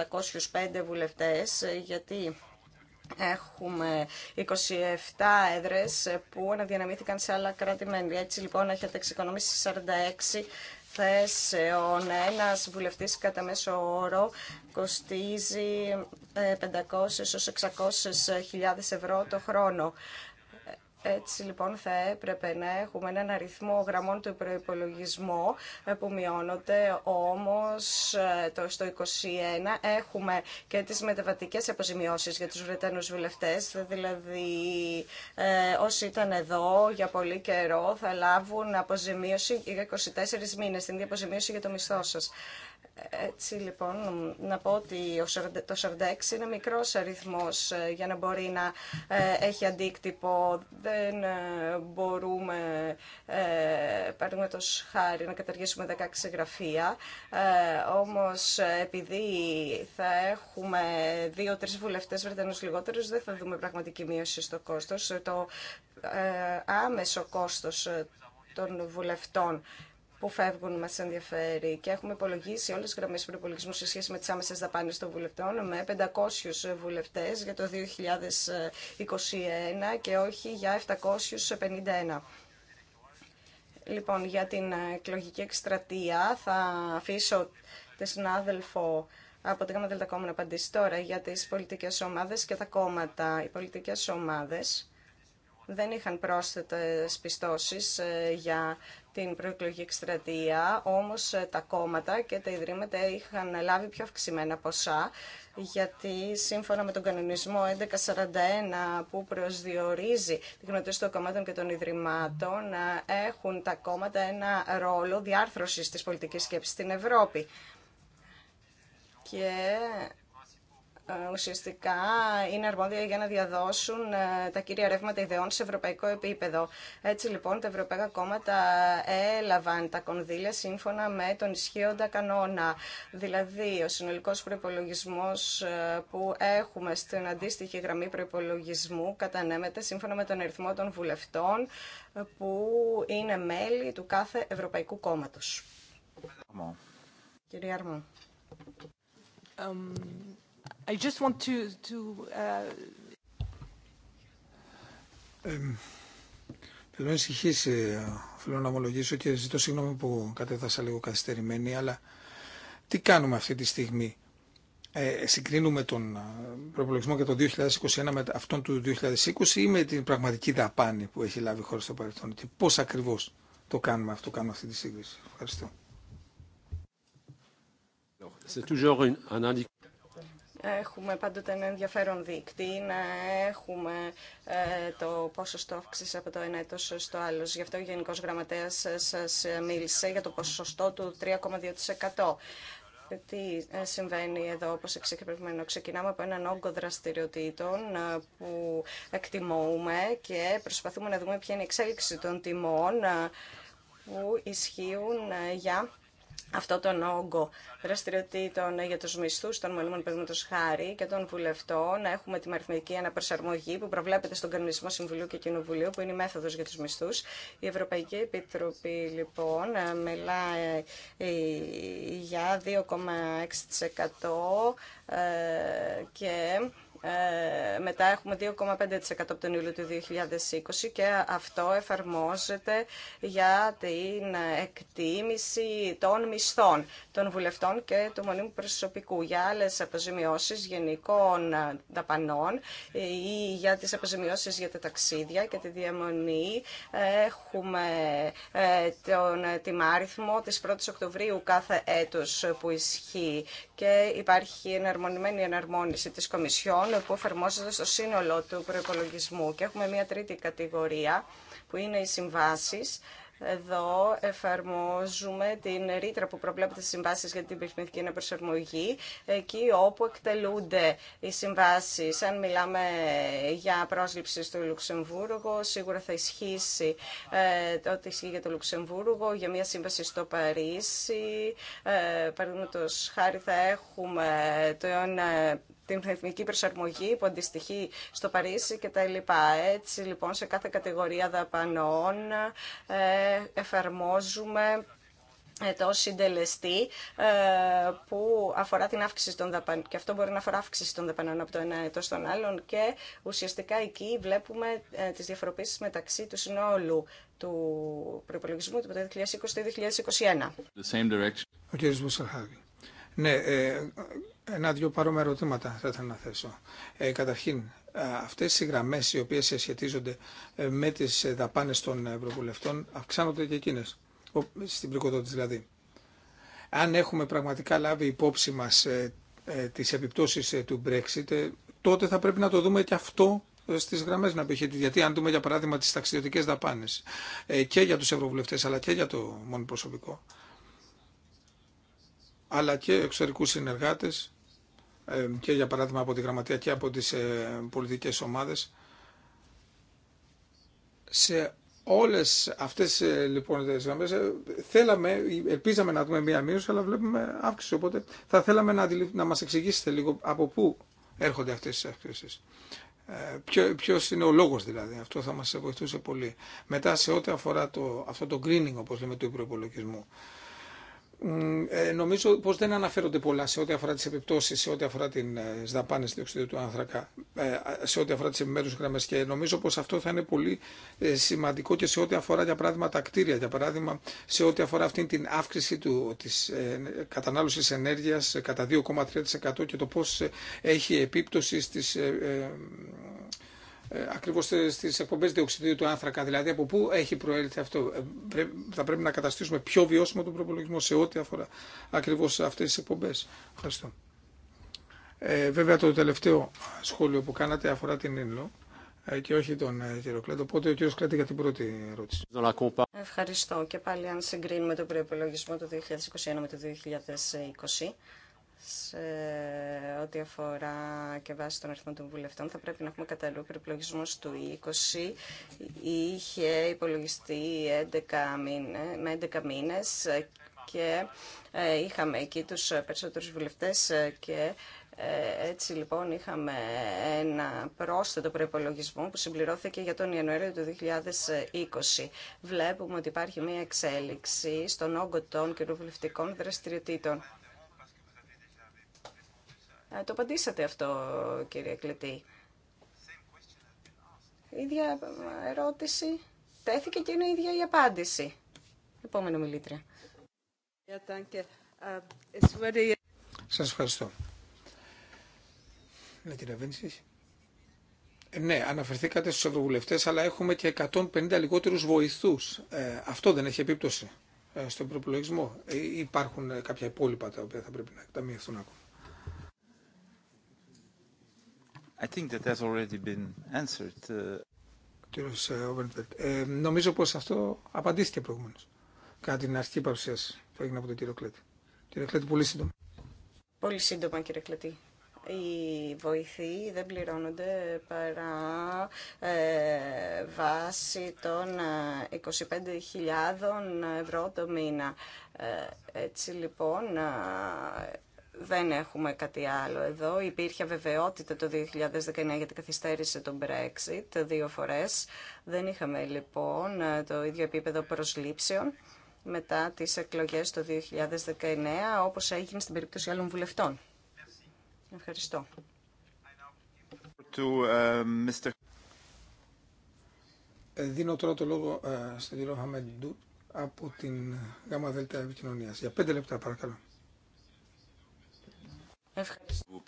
S3: 705 βουλευτές γιατί Έχουμε 27 έδρες που αναδιαναμήθηκαν σε άλλα κράτη-μέλη. Έτσι λοιπόν έχετε εξοικονομήσει 46 θέσεων. Ένας βουλευτής κατά μέσο όρο κοστίζει 500 ε, έως 600 χιλιάδες ευρώ το χρόνο. Έτσι λοιπόν θα έπρεπε να έχουμε έναν αριθμό γραμμών του προπολογισμού ε, που μειώνονται, όμως ε, το, στο 21 έχουμε και τις μεταβατικές αποζημιώσεις για τους Βρετανούς βουλευτές, δηλαδή ε, όσοι ήταν εδώ για πολύ καιρό θα λάβουν αποζημίωση για 24 μήνες, την αποζημίωση για το μισθό σας. Έτσι λοιπόν, να πω ότι το 46 είναι μικρός αριθμός ε, για να μπορεί να ε, έχει αντίκτυπο. Δεν ε, μπορούμε, παίρνουμε το χάρη, να καταργήσουμε 16 γραφεία. Όμως, επειδή θα έχουμε δύο-τρεις βουλευτές Βρετανούς λιγότερους, δεν θα δούμε πραγματική μείωση στο κόστος. Το άμεσο κόστος των βουλευτών που φεύγουν μα ενδιαφέρει και έχουμε υπολογίσει όλε τι γραμμέ προπολογισμού σε σχέση με τι άμεσε δαπάνε των βουλευτών με 500 βουλευτέ για το 2021 και όχι για 751. Λοιπόν, για την εκλογική εκστρατεία θα αφήσω τη συνάδελφο από την ΓΑΜΑ να απαντήσει τώρα για τις πολιτικές ομάδες και τα κόμματα. Οι πολιτικές ομάδες δεν είχαν πρόσθετες πιστώσεις ε, για την προεκλογική εκστρατεία, όμως ε, τα κόμματα και τα ιδρύματα είχαν λάβει πιο αυξημένα ποσά, γιατί σύμφωνα με τον κανονισμό 1141 που προσδιορίζει τη γνωτήση των κομμάτων και των ιδρυμάτων, ε, έχουν τα κόμματα ένα ρόλο διάρθρωσης της πολιτικής σκέψης στην Ευρώπη. Και ε, ουσιαστικά είναι αρμόδια για να διαδώσουν ε, τα κύρια ρεύματα ιδεών σε ευρωπαϊκό επίπεδο. Έτσι λοιπόν τα ευρωπαϊκά κόμματα έλαβαν τα κονδύλια σύμφωνα με τον ισχύοντα κανόνα. Δηλαδή ο συνολικός προϋπολογισμός ε, που έχουμε στην αντίστοιχη γραμμή προϋπολογισμού κατανέμεται σύμφωνα με τον αριθμό των βουλευτών που είναι μέλη του κάθε Ευρωπαϊκού Κόμματος. Κύριε Αρμό. I just want to, to, uh...
S4: Ε, θέλω να ομολογήσω και ζητώ συγγνώμη που κατέθασα λίγο καθυστερημένη, αλλά τι κάνουμε αυτή τη στιγμή. Ε, συγκρίνουμε τον ε, προπολογισμό για το 2021 με αυτόν του 2020 ή με την πραγματική δαπάνη που έχει λάβει η χώρα στο παρελθόν και πώς ακριβώς το κάνουμε αυτό, κάνουμε αυτή τη σύγκριση. Ευχαριστώ
S3: έχουμε πάντοτε ένα ενδιαφέρον δείκτη, να έχουμε ε, το ποσοστό αύξηση από το ένα έτος στο άλλο. Γι' αυτό ο Γενικός Γραμματέας σας μίλησε για το ποσοστό του 3,2%. Τι ε, συμβαίνει εδώ, όπως εξεκριμένο. Ξεκινάμε από έναν όγκο δραστηριοτήτων ε, που εκτιμούμε και προσπαθούμε να δούμε ποια είναι η εξέλιξη των τιμών ε, που ισχύουν για αυτό τον όγκο δραστηριοτήτων για τους μισθού των μολύμων παραδείγματος χάρη και των βουλευτών. Έχουμε τη αριθμητική αναπροσαρμογή που προβλέπεται στον κανονισμό Συμβουλίου και Κοινοβουλίου που είναι η μέθοδος για τους μισθού. Η Ευρωπαϊκή Επιτροπή λοιπόν ε, μιλάει ε, για 2,6% ε, και ε, μετά έχουμε 2,5% από τον Ιούλιο του 2020 και αυτό εφαρμόζεται για την εκτίμηση των μισθών των βουλευτών και του μονίμου προσωπικού. Για άλλες αποζημιώσεις γενικών δαπανών ή για τις αποζημιώσεις για τα ταξίδια και τη διαμονή έχουμε ε, τον ε, τιμάριθμο της 1ης Οκτωβρίου κάθε έτος που ισχύει και υπάρχει εναρμονημένη εναρμόνιση της Κομισιόν που εφαρμόζεται στο σύνολο του προπολογισμού. Και έχουμε μια τρίτη κατηγορία που είναι οι συμβάσει. Εδώ εφαρμόζουμε την ρήτρα που προβλέπεται στις συμβάσεις για την παιχνιδική προσαρμογή, εκεί όπου εκτελούνται οι συμβάσεις. Αν μιλάμε για πρόσληψη στο Λουξεμβούργο, σίγουρα θα ισχύσει ε, το ότι ισχύει για το Λουξεμβούργο, για μια σύμβαση στο Παρίσι. Ε, Παραδείγματο χάρη θα έχουμε τον ε, την εθνική προσαρμογή που αντιστοιχεί στο Παρίσι και τα κτλ. Έτσι λοιπόν σε κάθε κατηγορία δαπανών ε, εφαρμόζουμε ε, το συντελεστή ε, που αφορά την αύξηση των δαπανών και αυτό μπορεί να αφορά αύξηση των δαπανών από το ένα έτος στον άλλον και ουσιαστικά εκεί βλέπουμε τις διαφοροποίησεις μεταξύ του συνόλου του προϋπολογισμού του 2020 2021.
S4: Ο κ. Ναι, ένα-δυο παρόμοια ερωτήματα θα ήθελα να θέσω. Ε, καταρχήν, ε, αυτές οι γραμμές οι οποίες σχετίζονται ε, με τις ε, δαπάνες των ευρωβουλευτών αυξάνονται και εκείνες, στην πρικοδότηση δηλαδή. Αν έχουμε πραγματικά λάβει υπόψη μας τις επιπτώσεις του Brexit, τότε θα πρέπει να το δούμε και αυτό στις γραμμές να πηγαίνει. Γιατί αν δούμε για παράδειγμα τις ταξιδιωτικές δαπάνες και για τους ευρωβουλευτές αλλά και για το μόνο προσωπικό, αλλά και εξωτερικούς συνεργάτες, και για παράδειγμα από τη Γραμματεία και από τις ε, πολιτικές ομάδες. Σε όλες αυτές ε, λοιπόν τις γραμμές ε, θέλαμε, ελπίζαμε να δούμε μία μείωση αλλά βλέπουμε αύξηση οπότε θα θέλαμε να, να μας εξηγήσετε λίγο από πού έρχονται αυτές τις αυξήσεις. Ποιο, ποιος είναι ο λόγος δηλαδή, αυτό θα μας βοηθούσε πολύ. Μετά σε ό,τι αφορά το, αυτό το greening όπως λέμε του υπροπολογισμού. Ε, νομίζω πως δεν αναφέρονται πολλά σε ό,τι αφορά τι επιπτωσει ε, ε, σε ό,τι αφορά τις δαπάνες διοξιδίου του άνθρακα, σε ό,τι αφορά τι επιμέρους γραμμές και νομίζω πως αυτό θα είναι πολύ σημαντικό και σε ό,τι αφορά για παράδειγμα τα κτίρια, για παράδειγμα σε ό,τι αφορά αυτή την αύξηση τη της κατανάλωσης ενέργειας κατά 2,3% και το πώ έχει επίπτωση στις ε, ακριβώ στι εκπομπέ διοξιδίου του άνθρακα. Δηλαδή, από πού έχει προέλθει αυτό. Ε, θα πρέπει να καταστήσουμε πιο βιώσιμο τον προπολογισμό σε ό,τι αφορά ακριβώ αυτέ τι εκπομπέ. Ευχαριστώ. Ε, βέβαια, το τελευταίο σχόλιο που κάνατε αφορά την ηλιο ε, και όχι τον κύριο Κλέντο. Οπότε ο κύριο Κλέντο για την πρώτη ερώτηση.
S3: Ευχαριστώ. Και πάλι αν συγκρίνουμε τον προπολογισμό του 2021 με το 2020, σε ό,τι αφορά και βάσει των αριθμών των βουλευτών θα πρέπει να έχουμε κατά νου του 20 είχε υπολογιστεί 11 με 11 μήνες και ε, είχαμε εκεί τους περισσότερους βουλευτέ και ε, έτσι λοιπόν είχαμε ένα πρόσθετο προπολογισμό που συμπληρώθηκε για τον Ιανουάριο του 2020. Βλέπουμε ότι υπάρχει μια εξέλιξη στον όγκο των κοινοβουλευτικών δραστηριοτήτων ε, το απαντήσατε αυτό, κύριε Κλετή. Η ίδια ερώτηση τέθηκε και είναι η ίδια η απάντηση. Επόμενο μιλήτρια. Uh,
S4: Σας ευχαριστώ. Ναι, κύριε ε, Ναι, αναφερθήκατε στους ευρωβουλευτές, αλλά έχουμε και 150 λιγότερους βοηθούς. Ε, αυτό δεν έχει επίπτωση στον προπολογισμό. υπάρχουν κάποια υπόλοιπα τα οποία θα πρέπει να εκταμιευθούν ακόμα.
S1: I think that has already been answered. Uh,
S4: Κύριος ε, ε, νομίζω πως αυτό απαντήθηκε προηγουμένως κατά την αρχική παρουσίαση που έγινε από τον κύριο Κλέτη. Κύριε Κλέτη, πολύ σύντομα.
S3: Πολύ σύντομα, κύριε Κλέτη. Οι βοηθοί δεν πληρώνονται παρά ε, βάση των 25.000 ε, ευρώ το μήνα. έτσι λοιπόν, δεν έχουμε κάτι άλλο εδώ. Υπήρχε βεβαιότητα το 2019 γιατί καθυστέρησε τον Brexit δύο φορές. Δεν είχαμε λοιπόν το ίδιο επίπεδο προσλήψεων μετά τις εκλογές το 2019 όπως έγινε στην περίπτωση άλλων βουλευτών.
S4: Ευχαριστώ.
S1: Uh,
S4: ε, δίνω τώρα το λόγο ε, στον κύριο Χαμεντού από την ΓΑΜΑ Επικοινωνίας. Για πέντε λεπτά παρακαλώ.
S1: Ευχαριστώ.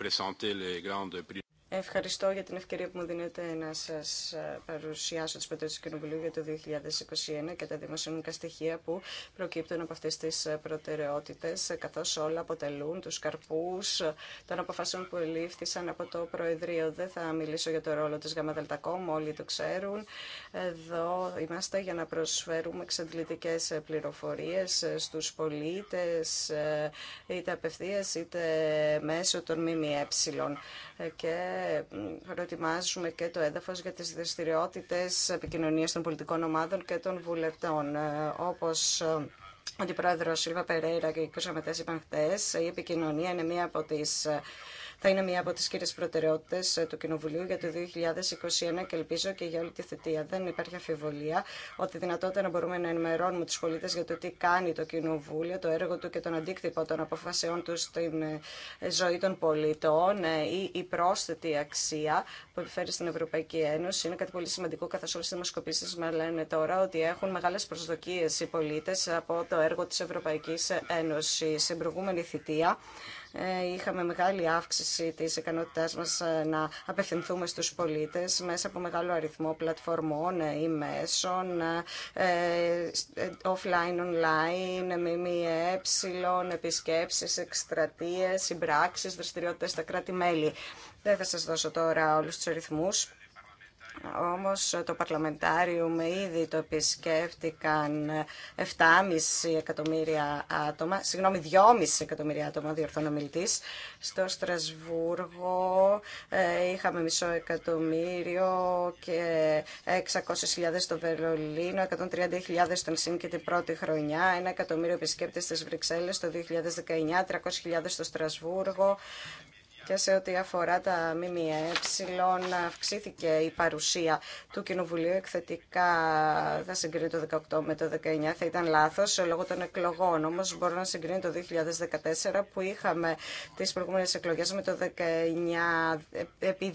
S3: Ευχαριστώ για την ευκαιρία που μου δίνετε να σας ε, παρουσιάσω τι πρωτεύουσε του Κοινοβουλίου για το 2021 και τα δημοσιονομικά στοιχεία που προκύπτουν από αυτές τις ε, προτεραιότητες, ε, καθώς όλα αποτελούν τους καρπούς των αποφάσεων που ελήφθησαν από το Προεδρείο. Δεν θα μιλήσω για το ρόλο της ΓΑΜΑΔΑΛΤΑΚΟΜ, όλοι το ξέρουν. Εδώ είμαστε για να προσφέρουμε εξαντλητικέ πληροφορίε στου πολίτε, είτε απευθεία είτε μέσω των ΜΜΕ και προετοιμάζουμε και το έδαφος για τις δραστηριότητες επικοινωνίας των πολιτικών ομάδων και των βουλευτών. Ε, όπως ε, ο Αντιπρόεδρος Σίλβα Περέιρα και οι Κούσα είπαν χτες, η επικοινωνία είναι μία από τις ε, θα είναι μία από τι κύριε προτεραιότητε ε, του Κοινοβουλίου για το 2021 και ελπίζω και για όλη τη θητεία. Δεν υπάρχει αφιβολία ότι δυνατότητα να μπορούμε να ενημερώνουμε του πολιτε για το τι κάνει το Κοινοβούλιο, το έργο του και τον αντίκτυπο των αποφασεών του στην ε, ζωή των πολιτών ε, ή η πρόσθετη αξία που επιφέρει στην Ευρωπαϊκή Ένωση. Είναι κάτι πολύ σημαντικό καθώ όλε οι δημοσκοπήσει μα λένε τώρα ότι έχουν μεγάλε προσδοκίε οι πολίτε από το έργο τη Ευρωπαϊκή Ένωση. Στην προηγούμενη θητεία ε, είχαμε μεγάλη αύξηση της ικανότητάς μας ε, να απευθυνθούμε στους πολίτες μέσα από μεγάλο αριθμό πλατφορμών ε, ή μέσων, offline, online, ΜΜΕ, επισκέψεις, εκστρατείες, συμπράξεις, δραστηριότητες στα κράτη-μέλη. Δεν θα σας δώσω τώρα όλους τους αριθμούς όμως το Παρλαμεντάριο με ήδη το επισκέφτηκαν 7,5 εκατομμύρια άτομα, συγγνώμη 2,5 εκατομμύρια άτομα διορθώνω μιλητής. Στο Στρασβούργο ε, είχαμε μισό εκατομμύριο και 600.000 στο Βερολίνο, 130.000 στον ΣΥΝ και την πρώτη χρονιά, ένα εκατομμύριο επισκέπτες στις Βρυξέλλες το 2019, 300.000 στο Στρασβούργο, και σε ό,τι αφορά τα ΜΜΕ αυξήθηκε η παρουσία του Κοινοβουλίου εκθετικά θα συγκρίνει το 18 με το 19 θα ήταν λάθος λόγω των εκλογών όμως μπορώ να συγκρίνει το 2014 που είχαμε τις προηγούμενες εκλογές με το 19 ε, επί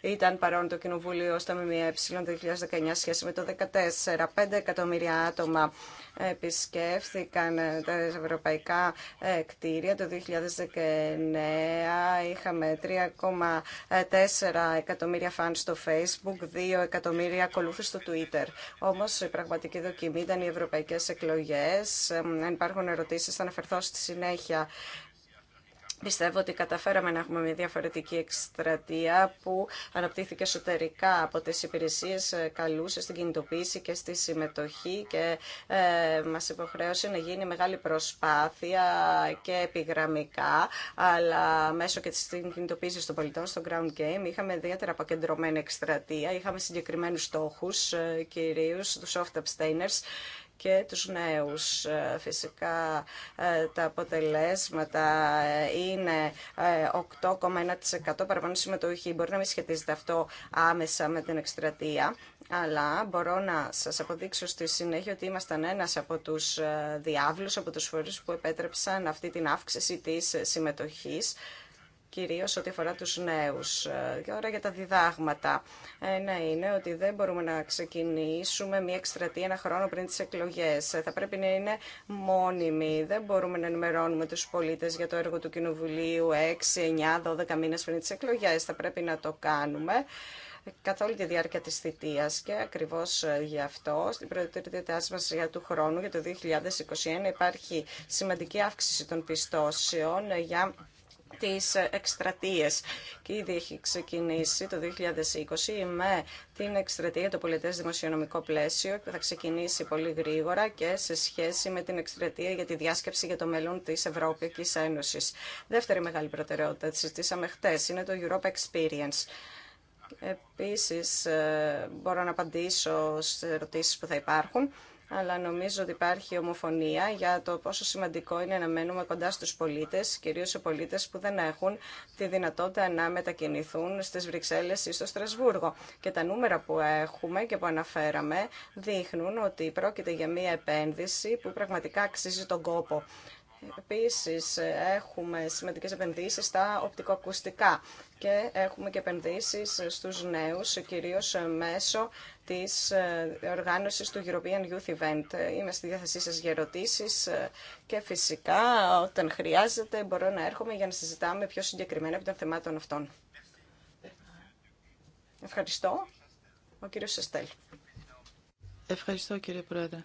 S3: ήταν παρόν το Κοινοβούλιο στα ΜΜΕ το ε, 2019 σχέση με το 2014 5 εκατομμύρια άτομα επισκέφθηκαν τα ευρωπαϊκά ε, κτίρια το 2019. Είχαμε 3,4 εκατομμύρια φαν στο Facebook, 2 εκατομμύρια ακολούθηση στο Twitter. Όμως η πραγματική δοκιμή ήταν οι ευρωπαϊκές εκλογές. Αν υπάρχουν ερωτήσεις θα αναφερθώ στη συνέχεια. Πιστεύω ότι καταφέραμε να έχουμε μια διαφορετική εκστρατεία που αναπτύχθηκε εσωτερικά από τις υπηρεσίες ε, καλούσε στην κινητοποίηση και στη συμμετοχή και ε, μας υποχρέωσε να γίνει μεγάλη προσπάθεια και επιγραμμικά αλλά μέσω και της κινητοποίηση των πολιτών στο ground game είχαμε ιδιαίτερα αποκεντρωμένη εκστρατεία, είχαμε συγκεκριμένους στόχους ε, κυρίως τους soft abstainers και τους νέους. Ε, φυσικά ε, τα αποτελέσματα ε, είναι 8,1% παραπάνω συμμετοχή. Μπορεί να μην σχετίζεται αυτό άμεσα με την εκστρατεία, αλλά μπορώ να σας αποδείξω στη συνέχεια ότι ήμασταν ένας από τους διάβλους, από τους φορείς που επέτρεψαν αυτή την αύξηση της συμμετοχής κυρίως ό,τι αφορά τους νέους. Ε, και για τα διδάγματα. Ένα είναι ότι δεν μπορούμε να ξεκινήσουμε μια εκστρατεία ένα χρόνο πριν τις εκλογές. Ε, θα πρέπει να είναι μόνιμη. Δεν μπορούμε να ενημερώνουμε τους πολίτες για το έργο του Κοινοβουλίου 6, 9, 12 μήνες πριν τις εκλογές. Θα πρέπει να το κάνουμε καθ' όλη τη διάρκεια της θητείας και ακριβώς ε, γι' αυτό στην προτεραιότητά μας για του χρόνου για το 2021 υπάρχει σημαντική αύξηση των πιστώσεων για τις εκστρατείες. Και ήδη έχει ξεκινήσει το 2020 με την εκστρατεία το πολιτές δημοσιονομικό πλαίσιο που θα ξεκινήσει πολύ γρήγορα και σε σχέση με την εκστρατεία για τη διάσκεψη για το μέλλον της Ευρωπαϊκής Ένωσης. Δεύτερη μεγάλη προτεραιότητα, τη συζητήσαμε χτες, είναι το Europe Experience. Επίσης, ε, μπορώ να απαντήσω σε ερωτήσεις που θα υπάρχουν αλλά νομίζω ότι υπάρχει ομοφωνία για το πόσο σημαντικό είναι να μένουμε κοντά στους πολίτες, κυρίως σε πολίτες που δεν έχουν τη δυνατότητα να μετακινηθούν στις Βρυξέλλες ή στο Στρασβούργο. Και τα νούμερα που έχουμε και που αναφέραμε δείχνουν ότι πρόκειται για μια επένδυση που πραγματικά αξίζει τον κόπο. Επίσης, έχουμε σημαντικές επενδύσεις στα οπτικοακουστικά και έχουμε και επενδύσεις στους νέους, κυρίως μέσω της ε, οργάνωσης του European Youth Event. Είμαι στη διάθεσή σας για ερωτήσεις και φυσικά όταν χρειάζεται μπορώ να έρχομαι για να συζητάμε πιο συγκεκριμένα από των θεμάτων αυτών. Ευχαριστώ. Ο κύριος Σεστέλ.
S2: Ευχαριστώ κύριε Πρόεδρε.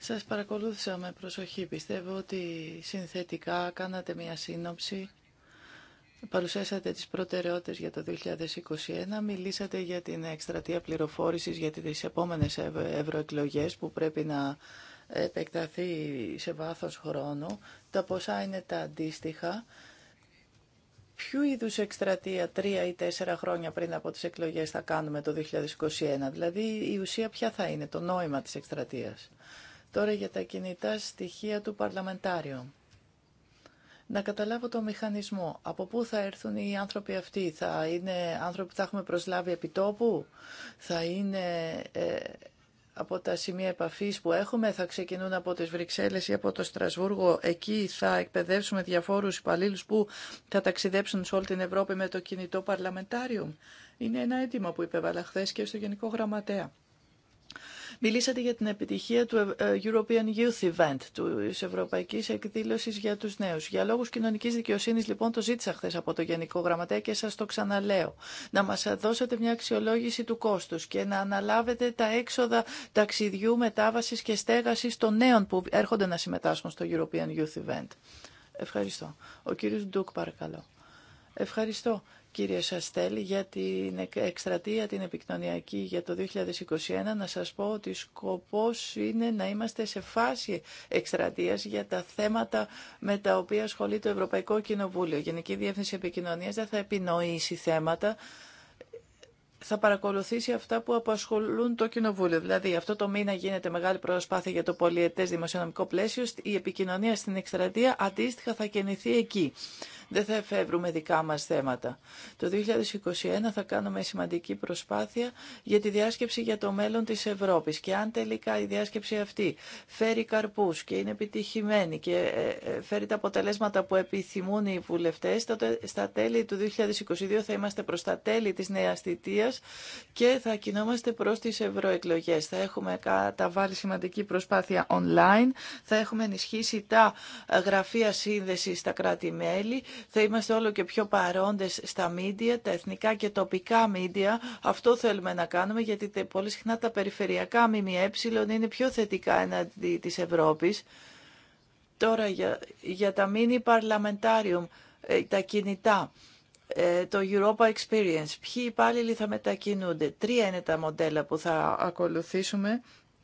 S2: Σας παρακολούθησα με προσοχή. Πιστεύω ότι συνθετικά κάνατε μια σύνοψη. Παρουσιάσατε τις προτεραιότητες για το 2021, μιλήσατε για την εκστρατεία πληροφόρησης για τις επόμενες ευρωεκλογές που πρέπει να επεκταθεί σε βάθος χρόνου. Τα ποσά είναι τα αντίστοιχα. Ποιου είδους εκστρατεία τρία ή τέσσερα χρόνια πριν από τις εκλογές θα κάνουμε το 2021, δηλαδή η ουσία ποια θα είναι, το νόημα της εκστρατείας. Τώρα για τα κινητά στοιχεία του Παρλαμεντάριου. Να καταλάβω το μηχανισμό. Από πού θα έρθουν οι άνθρωποι αυτοί. Θα είναι άνθρωποι που θα έχουμε προσλάβει επιτόπου. Θα είναι ε, από τα σημεία επαφής που έχουμε. Θα ξεκινούν από τις Βρυξέλλες ή από το Στρασβούργο. Εκεί θα εκπαιδεύσουμε διαφόρους υπαλλήλους που θα εχουμε προσλαβει επιτοπου θα ειναι απο τα σημεια επαφης που εχουμε θα ξεκινουν απο τις βρυξελλες η απο το στρασβουργο εκει θα εκπαιδευσουμε διαφορους υπαλληλους που θα ταξιδεψουν σε όλη την Ευρώπη με το κινητό Παρλαμεντάριου. Είναι ένα αίτημα που υπέβαλα χθε και στο Γενικό Γραμματέα. Μιλήσατε για την επιτυχία του ε, European Youth Event, της Ευρωπαϊκής Εκδήλωσης για τους Νέους. Για λόγους κοινωνικής δικαιοσύνης, λοιπόν, το ζήτησα χθε από το Γενικό Γραμματέα και σας το ξαναλέω. Να μας δώσετε μια αξιολόγηση του κόστους και να αναλάβετε τα έξοδα ταξιδιού, μετάβαση και στέγαση των νέων που έρχονται να συμμετάσχουν στο European Youth Event. Ευχαριστώ. Ο κύριο Ντούκ, παρακαλώ. Ευχαριστώ κύριε Σαστέλη, για την εκστρατεία την επικοινωνιακή για το 2021, να σας πω ότι σκοπός είναι να είμαστε σε φάση εκστρατείας για τα θέματα με τα οποία ασχολεί το Ευρωπαϊκό Κοινοβούλιο. Η Γενική Διεύθυνση Επικοινωνίας δεν θα επινοήσει θέματα, θα παρακολουθήσει αυτά που απασχολούν το Κοινοβούλιο. Δηλαδή, αυτό το μήνα γίνεται μεγάλη προσπάθεια για το πολιετέ δημοσιονομικό πλαίσιο. Η επικοινωνία στην εκστρατεία αντίστοιχα θα κινηθεί εκεί δεν θα εφεύρουμε δικά μας θέματα. Το 2021 θα κάνουμε σημαντική προσπάθεια για τη διάσκεψη για το μέλλον της Ευρώπης και αν τελικά η διάσκεψη αυτή φέρει καρπούς και είναι επιτυχημένη και ε, ε, φέρει τα αποτελέσματα που επιθυμούν οι βουλευτές, τότε στα τέλη του 2022 θα είμαστε προς τα τέλη της νέας θητείας και θα κινόμαστε προς τις ευρωεκλογές. Θα έχουμε καταβάλει σημαντική προσπάθεια online, θα έχουμε ενισχύσει τα ε, γραφεία σύνδεση στα κράτη-μέλη θα είμαστε όλο και πιο παρόντες στα μίντια, τα εθνικά και τοπικά μίντια. Αυτό θέλουμε να κάνουμε γιατί πολύ συχνά τα περιφερειακά ΜΜΕ είναι πιο θετικά εναντί της Ευρώπης. Τώρα για, για τα μίνι παρλαμεντάριουμ, τα κινητά ε, το Europa Experience. Ποιοι υπάλληλοι θα μετακινούνται. Τρία είναι τα μοντέλα που θα ακολουθήσουμε.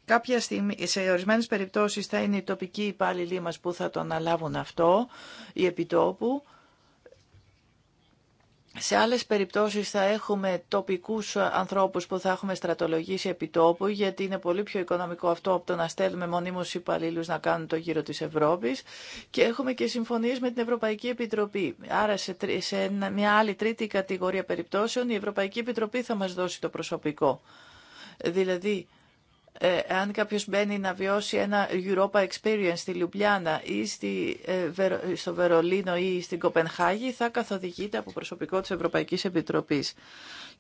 S2: Κάποια στιγμή, σε ορισμένες περιπτώσεις θα είναι οι τοπικοί υπάλληλοι μας που θα το αναλάβουν αυτό, οι επιτόπου σε άλλες περιπτώσεις θα έχουμε τοπικούς ανθρώπους που θα έχουμε στρατολογήσει επί τόπου, γιατί είναι πολύ πιο οικονομικό αυτό από το να στέλνουμε μονίμους υπαλλήλους να κάνουν το γύρο της Ευρώπης. Και έχουμε και συμφωνίες με την Ευρωπαϊκή Επιτροπή. Άρα σε, σε μια άλλη τρίτη κατηγορία περιπτώσεων η Ευρωπαϊκή Επιτροπή θα μας δώσει το προσωπικό. Δηλαδή, ε, αν κάποιος μπαίνει να βιώσει ένα Europa Experience στη Λιουμπλιάνα ή στη, ε, στο Βερολίνο ή στην Κοπενχάγη θα καθοδηγείται από προσωπικό της Ευρωπαϊκής Επιτροπής.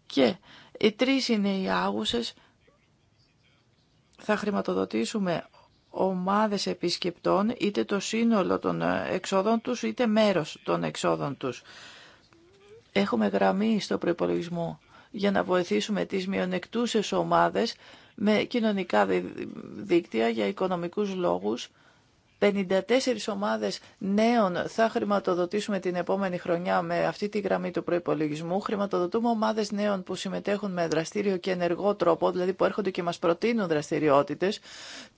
S2: Και οι τρεις είναι οι άγουσες. Θα χρηματοδοτήσουμε ομάδες επισκεπτών, είτε το σύνολο των ε, εξόδων τους, είτε μέρος των εξόδων τους. Έχουμε γραμμή στο προπολογισμό για να βοηθήσουμε τις μειονεκτούσες ομάδες με κοινωνικά δίκτυα για οικονομικούς λόγους 54 ομάδες νέων θα χρηματοδοτήσουμε την επόμενη χρονιά με αυτή τη γραμμή του προϋπολογισμού. Χρηματοδοτούμε ομάδες νέων που συμμετέχουν με δραστήριο και ενεργό τρόπο, δηλαδή που έρχονται και μας προτείνουν δραστηριότητες.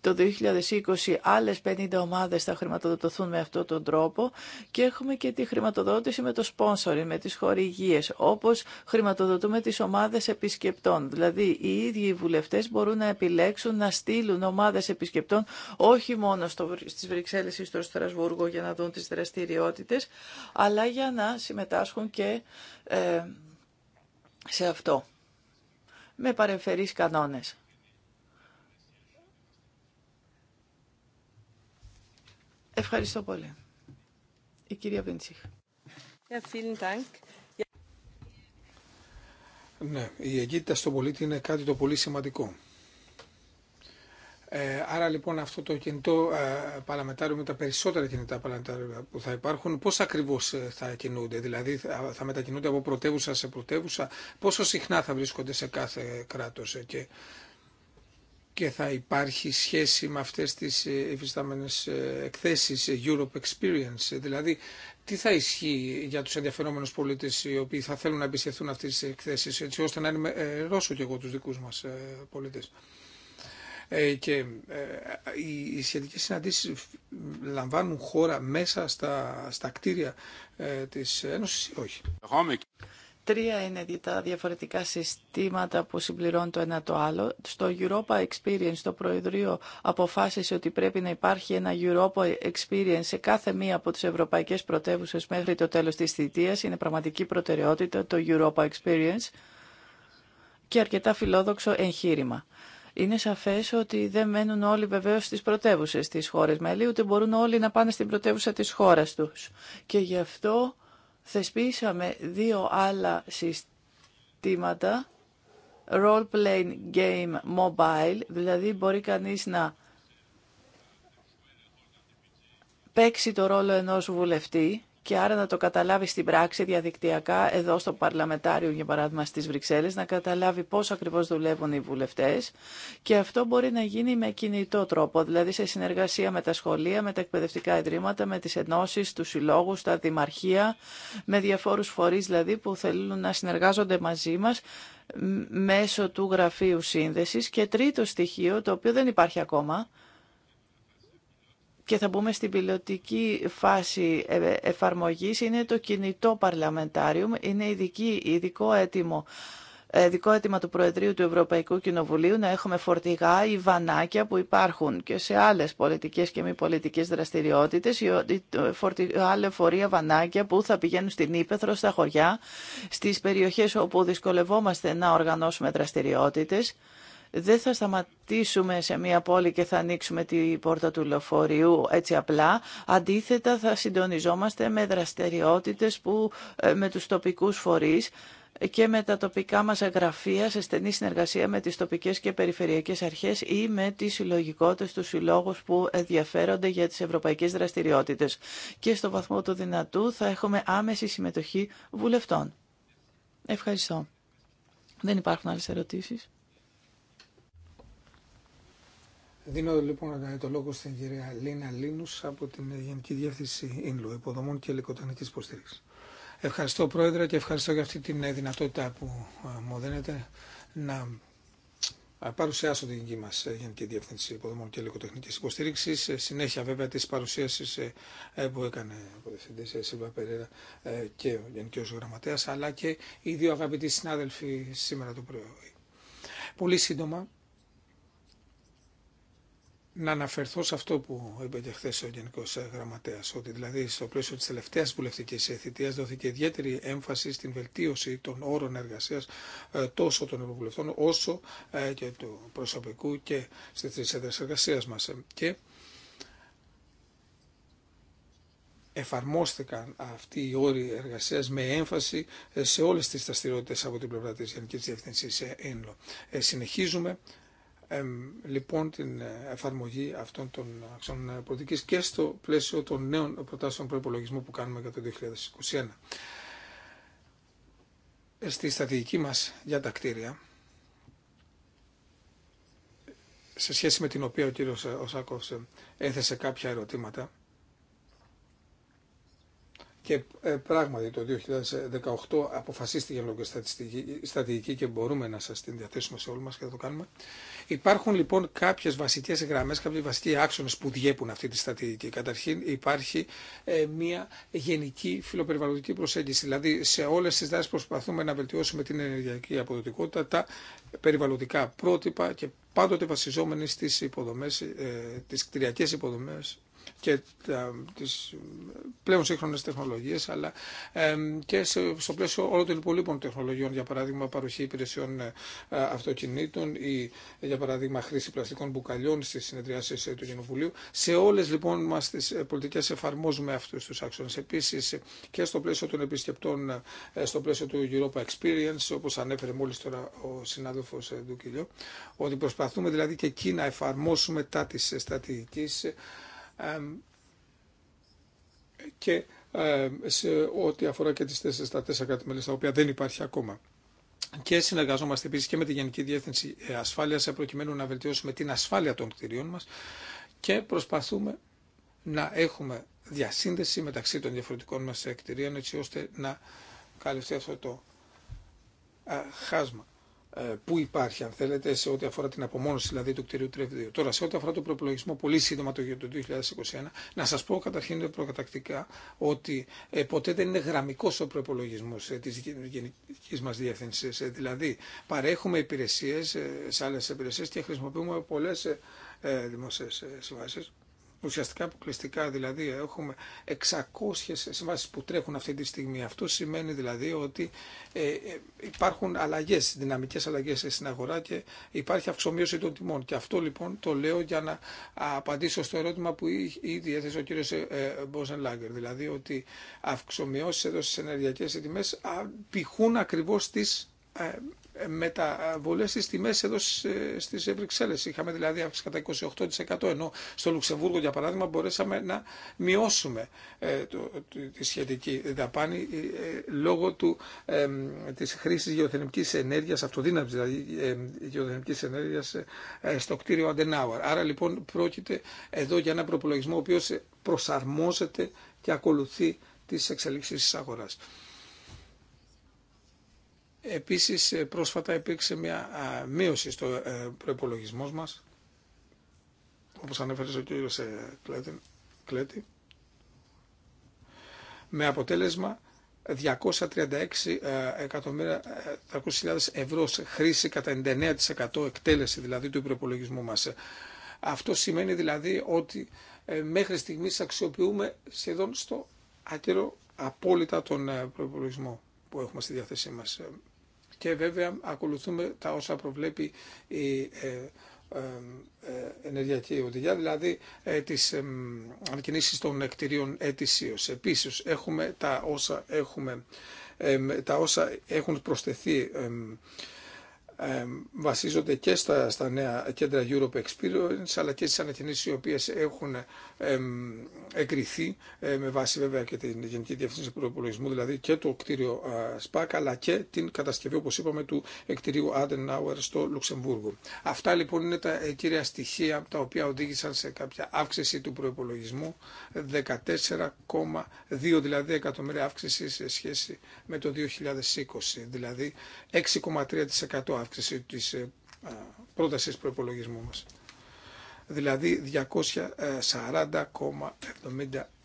S2: Το 2020 άλλες 50 ομάδες θα χρηματοδοτηθούν με αυτόν τον τρόπο και έχουμε και τη χρηματοδότηση με το σπόνσορι, με τις χορηγίες, όπως χρηματοδοτούμε τις ομάδες επισκεπτών. Δηλαδή οι ίδιοι οι βουλευτές μπορούν να επιλέξουν να στείλουν ομάδες επισκεπτών όχι μόνο στο, στις Βρυξέλλες ή στο Στρασβούργο για να δουν τις δραστηριότητες, αλλά για να συμμετάσχουν και ε, σε αυτό, με παρεμφερείς κανόνες.
S4: Ευχαριστώ πολύ. Η κυρία Βίντσιχ. Ναι, η εγκύτητα στον πολίτη είναι κάτι το πολύ σημαντικό. Ε, άρα λοιπόν αυτό το κινητό ε, παλαμετάριο με τα περισσότερα κινητά παλαμετάρια που θα υπάρχουν, πώς ακριβώς ε, θα κινούνται, δηλαδή θα μετακινούνται από πρωτεύουσα σε πρωτεύουσα, πόσο συχνά θα βρίσκονται σε κάθε κράτος και, και θα υπάρχει σχέση με αυτές τις υφιστάμενες εκθέσεις Europe Experience, δηλαδή τι θα ισχύει για τους ενδιαφερόμενους πολίτες οι οποίοι θα θέλουν να επισκεφθούν αυτές τις εκθέσεις, έτσι ώστε να Ρώσο και εγώ τους δικούς μας πολίτες. Ε, και ε, οι σχετικές συναντήσεις λαμβάνουν χώρα μέσα στα, στα κτίρια ε, της Ένωσης ή όχι. Τρία είναι τα διαφορετικά συστήματα που συμπληρώνουν το ένα
S2: το άλλο. Στο Europa Experience το Προεδρείο αποφάσισε ότι πρέπει να υπάρχει ένα Europa Experience σε κάθε μία από τις ευρωπαϊκές πρωτεύουσες μέχρι το τέλος της θητείας. Είναι πραγματική προτεραιότητα το Europa Experience και αρκετά φιλόδοξο εγχείρημα. Είναι σαφές ότι δεν μένουν όλοι βεβαίως στις πρωτεύουσε τη χώρα μέλη, ούτε μπορούν όλοι να πάνε στην πρωτεύουσα τη χώρα τους. Και γι' αυτό θεσπίσαμε δύο άλλα συστήματα, role playing game mobile, δηλαδή μπορεί κανείς να παίξει το ρόλο ενός βουλευτή και άρα να το καταλάβει στην πράξη διαδικτυακά εδώ στο Παρλαμετάριο, για παράδειγμα στις Βρυξέλλες, να καταλάβει πώ ακριβώ δουλεύουν οι βουλευτέ. και αυτό μπορεί να γίνει με κινητό τρόπο, δηλαδή σε συνεργασία με τα σχολεία, με τα εκπαιδευτικά ιδρύματα, με τι ενώσει, του συλλόγου, τα δημαρχία, με διαφόρου φορεί δηλαδή που θέλουν να συνεργάζονται μαζί μα μέσω του γραφείου σύνδεση. και τρίτο στοιχείο, το οποίο δεν υπάρχει ακόμα, και θα μπούμε στην πιλωτική φάση ε, εφαρμογής είναι το κινητό παρλαμεντάριουμ, είναι ειδική, ειδικό έτοιμο ε, δικό αίτημα του Προεδρείου του Ευρωπαϊκού Κοινοβουλίου να έχουμε φορτηγά ή βανάκια που υπάρχουν και σε άλλες πολιτικές και μη πολιτικές δραστηριότητες φορτηγά, λεωφορεία, βανάκια που θα πηγαίνουν στην Ήπεθρο, στα χωριά στις περιοχές όπου δυσκολευόμαστε να οργανώσουμε δραστηριότητες δεν θα σταματήσουμε σε μια πόλη και θα ανοίξουμε την πόρτα του λεωφορείου έτσι απλά. Αντίθετα θα συντονιζόμαστε με δραστηριότητες που, ε, με τους τοπικούς φορείς και με τα τοπικά μας γραφεία σε στενή συνεργασία με τις τοπικές και περιφερειακές αρχές ή με τις συλλογικότητες του συλλόγους που ενδιαφέρονται για τις ευρωπαϊκές δραστηριότητες. Και στο βαθμό του δυνατού θα έχουμε άμεση συμμετοχή βουλευτών. Ευχαριστώ. Δεν υπάρχουν άλλες ερωτήσεις.
S4: Δίνω λοιπόν το λόγο στην κυρία Λίνα Λίνους από την Γενική Διεύθυνση Ίνλου, Υποδομών και Ελικοτανικής υποστήριξη. Ευχαριστώ Πρόεδρε και ευχαριστώ για αυτή τη δυνατότητα που ε, μου δίνετε να ε, παρουσιάσω την δική μα ε, Γενική Διεύθυνση Υποδομών και Ελικοτεχνική Υποστήριξη. Συνέχεια, βέβαια, τη παρουσίαση που έκανε ο Διευθυντή Σίλβα Περέρα και ο Γενικό Γραμματέα, αλλά και οι δύο αγαπητοί συνάδελφοι σήμερα το πρωί. Πολύ σύντομα, να αναφερθώ σε αυτό που είπε και χθε ο Γενικό Γραμματέα, ότι δηλαδή στο πλαίσιο τη τελευταία βουλευτική θητεία δόθηκε ιδιαίτερη έμφαση στην βελτίωση των όρων εργασία ε, τόσο των ευρωβουλευτών όσο ε, και του προσωπικού και στι τρει έδρε εργασία μα. Ε, και εφαρμόστηκαν αυτοί οι όροι εργασία με έμφαση σε όλε τι δραστηριότητε από την πλευρά τη Γενική Διευθυνσή ΕΝΛΟ. Συνεχίζουμε λοιπόν την ε, εφαρμογή αυτών των αξιών πολιτικής και στο πλαίσιο των νέων προτάσεων προπολογισμού που κάνουμε για το 2021. Ε, στη στρατηγική μας για τα κτίρια, σε σχέση με την οποία ο κύριος ε, Οσάκοφς έθεσε κάποια ερωτήματα, και ε, πράγματι το 2018 αποφασίστηκε λόγω στρατηγική και μπορούμε να σας την διαθέσουμε σε όλους μας και θα το κάνουμε. Υπάρχουν λοιπόν κάποιες βασικές γραμμές, κάποιες βασικοί άξονες που διέπουν αυτή τη στρατηγική. Καταρχήν υπάρχει ε, μια γενική φιλοπεριβαλλοντική προσέγγιση. Δηλαδή σε όλες τις δράσεις προσπαθούμε να βελτιώσουμε την ενεργειακή αποδοτικότητα, τα περιβαλλοντικά πρότυπα και πάντοτε βασιζόμενοι στις υποδομές, ε, τις κτηριακές υποδομές και ε, τις πλέον σύγχρονες τεχνολογίες, αλλά ε, και στο πλαίσιο όλων των υπολείπων τεχνολογιών, για παράδειγμα παροχή υπηρεσιών ε, αυτοκινήτων ή για παράδειγμα χρήση πλαστικών μπουκαλιών στις συνεδριάσεις του Κοινοβουλίου. Σε όλες λοιπόν μας τις πολιτικές εφαρμόζουμε αυτούς τους άξονες. Επίσης και στο πλαίσιο των επισκεπτών, στο πλαίσιο του Europa Experience, όπως ανέφερε μόλις τώρα ο συνάδελφος Ντουκυλιό, ότι προσπαθούμε δηλαδή και εκεί να εφαρμόσουμε τα της στρατηγικής και σε ό,τι αφορά και τις θέσεις στα τέσσερα στα οποία δεν υπάρχει ακόμα. Και συνεργαζόμαστε επίσης και με τη Γενική Διεύθυνση ε, Ασφάλειας, προκειμένου να βελτιώσουμε την ασφάλεια των κτηρίων μας και προσπαθούμε να έχουμε διασύνδεση μεταξύ των διαφορετικών μας κτηρίων, έτσι ώστε να καλυφθεί αυτό το ε, χάσμα. Ε, που υπάρχει, αν θέλετε, σε ό,τι αφορά την απομόνωση δηλαδή του κτηρίου Τρεβδίου. Τώρα, σε ό,τι αφορά το προπολογισμό, πολύ σύντομα το 2021, να σα πω καταρχήν προκατακτικά ότι ε, ποτέ δεν είναι γραμμικό ο προπολογισμό ε, τη γενική μα διεύθυνση. Δηλαδή, παρέχουμε υπηρεσίε σε άλλε υπηρεσίε και χρησιμοποιούμε πολλέ δημοσίε συμβάσει ουσιαστικά αποκλειστικά δηλαδή έχουμε 600 συμβάσεις που τρέχουν αυτή τη στιγμή. Αυτό σημαίνει δηλαδή ότι ε, ε, υπάρχουν αλλαγές, δυναμικές αλλαγές στην αγορά και υπάρχει αυξομοίωση των τιμών. Και αυτό λοιπόν το λέω για να απαντήσω στο ερώτημα που ήδη έθεσε ο κύριος ε, Μπόζεν Λάγκερ. Δηλαδή ότι αυξομοιώσεις εδώ στις ενεργειακές τιμές πηχούν ακριβώς τις μεταβολές στις τιμές εδώ στις Βρυξέλλες. Είχαμε δηλαδή αύξηση κατά 28% ενώ στο Λουξεμβούργο για παράδειγμα μπορέσαμε να μειώσουμε ε, το, τη σχετική δαπάνη ε, λόγω του, ε, της χρήσης γεωθερμικής ενέργειας, αυτοδύναμης δηλαδή γεωθερμικής ενέργειας ε, στο κτίριο Αντενάουαρ. Άρα λοιπόν πρόκειται εδώ για ένα προπολογισμό ο οποίος προσαρμόζεται και ακολουθεί τις εξελίξεις της αγοράς. Επίσης ε, πρόσφατα υπήρξε μια μείωση στο ε, προπολογισμό μας, όπως ανέφερε ο κύριος ε, Κλέτη, με αποτέλεσμα 236 εκατομμύρια ευρώ σε χρήση κατά 99% εκτέλεση δηλαδή του προπολογισμού μας. Αυτό σημαίνει δηλαδή ότι μέχρι στιγμής αξιοποιούμε σχεδόν στο άκυρο απόλυτα τον προπολογισμό που έχουμε στη διάθεσή μας και βέβαια ακολουθούμε τα όσα προβλέπει η ε, ε, ε, ενεργειακή οδηγία, δηλαδή ε, τις ε, των κτηρίων ετησίως. Επίσης έχουμε τα όσα, έχουμε, τα όσα έχουν προσθεθεί βασίζονται και στα, στα νέα κέντρα Europe Experience αλλά και στις ανακοινήσεις οι οποίες έχουν εμ, εγκριθεί ε, με βάση βέβαια και την Γενική Διευθύνση Προπολογισμού δηλαδή και το κτίριο ΣΠΑΚ αλλά και την κατασκευή όπως είπαμε του εκτήριου Adenauer στο Λουξεμβούργο. Αυτά λοιπόν είναι τα ε, κύρια στοιχεία τα οποία οδήγησαν σε κάποια αύξηση του προπολογισμού 14,2 δηλαδή εκατομμύρια αύξηση σε σχέση με το 2020 δηλαδή 6,3% αύξηση της ε, πρότασης προπολογισμού μας. Δηλαδή 240,72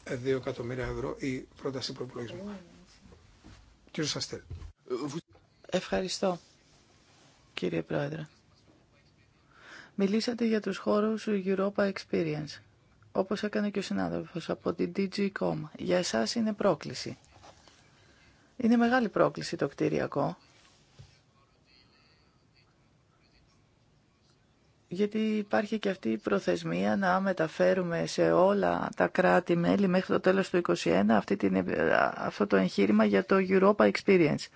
S4: ε, εκατομμύρια ευρώ η πρόταση προπολογισμού. Κύριε Σαστέλ. Ευχαριστώ, κύριε Πρόεδρε.
S2: Μιλήσατε για τους χώρους Europa Experience, όπως έκανε και ο συνάδελφος από την DG.com. Για εσάς είναι πρόκληση. Είναι μεγάλη πρόκληση το κτηριακό γιατί υπάρχει και αυτή η προθεσμία να μεταφέρουμε σε όλα τα κράτη-μέλη μέχρι το τέλος του 2021 αυτή την, αυτό το εγχείρημα για το Europa Experience.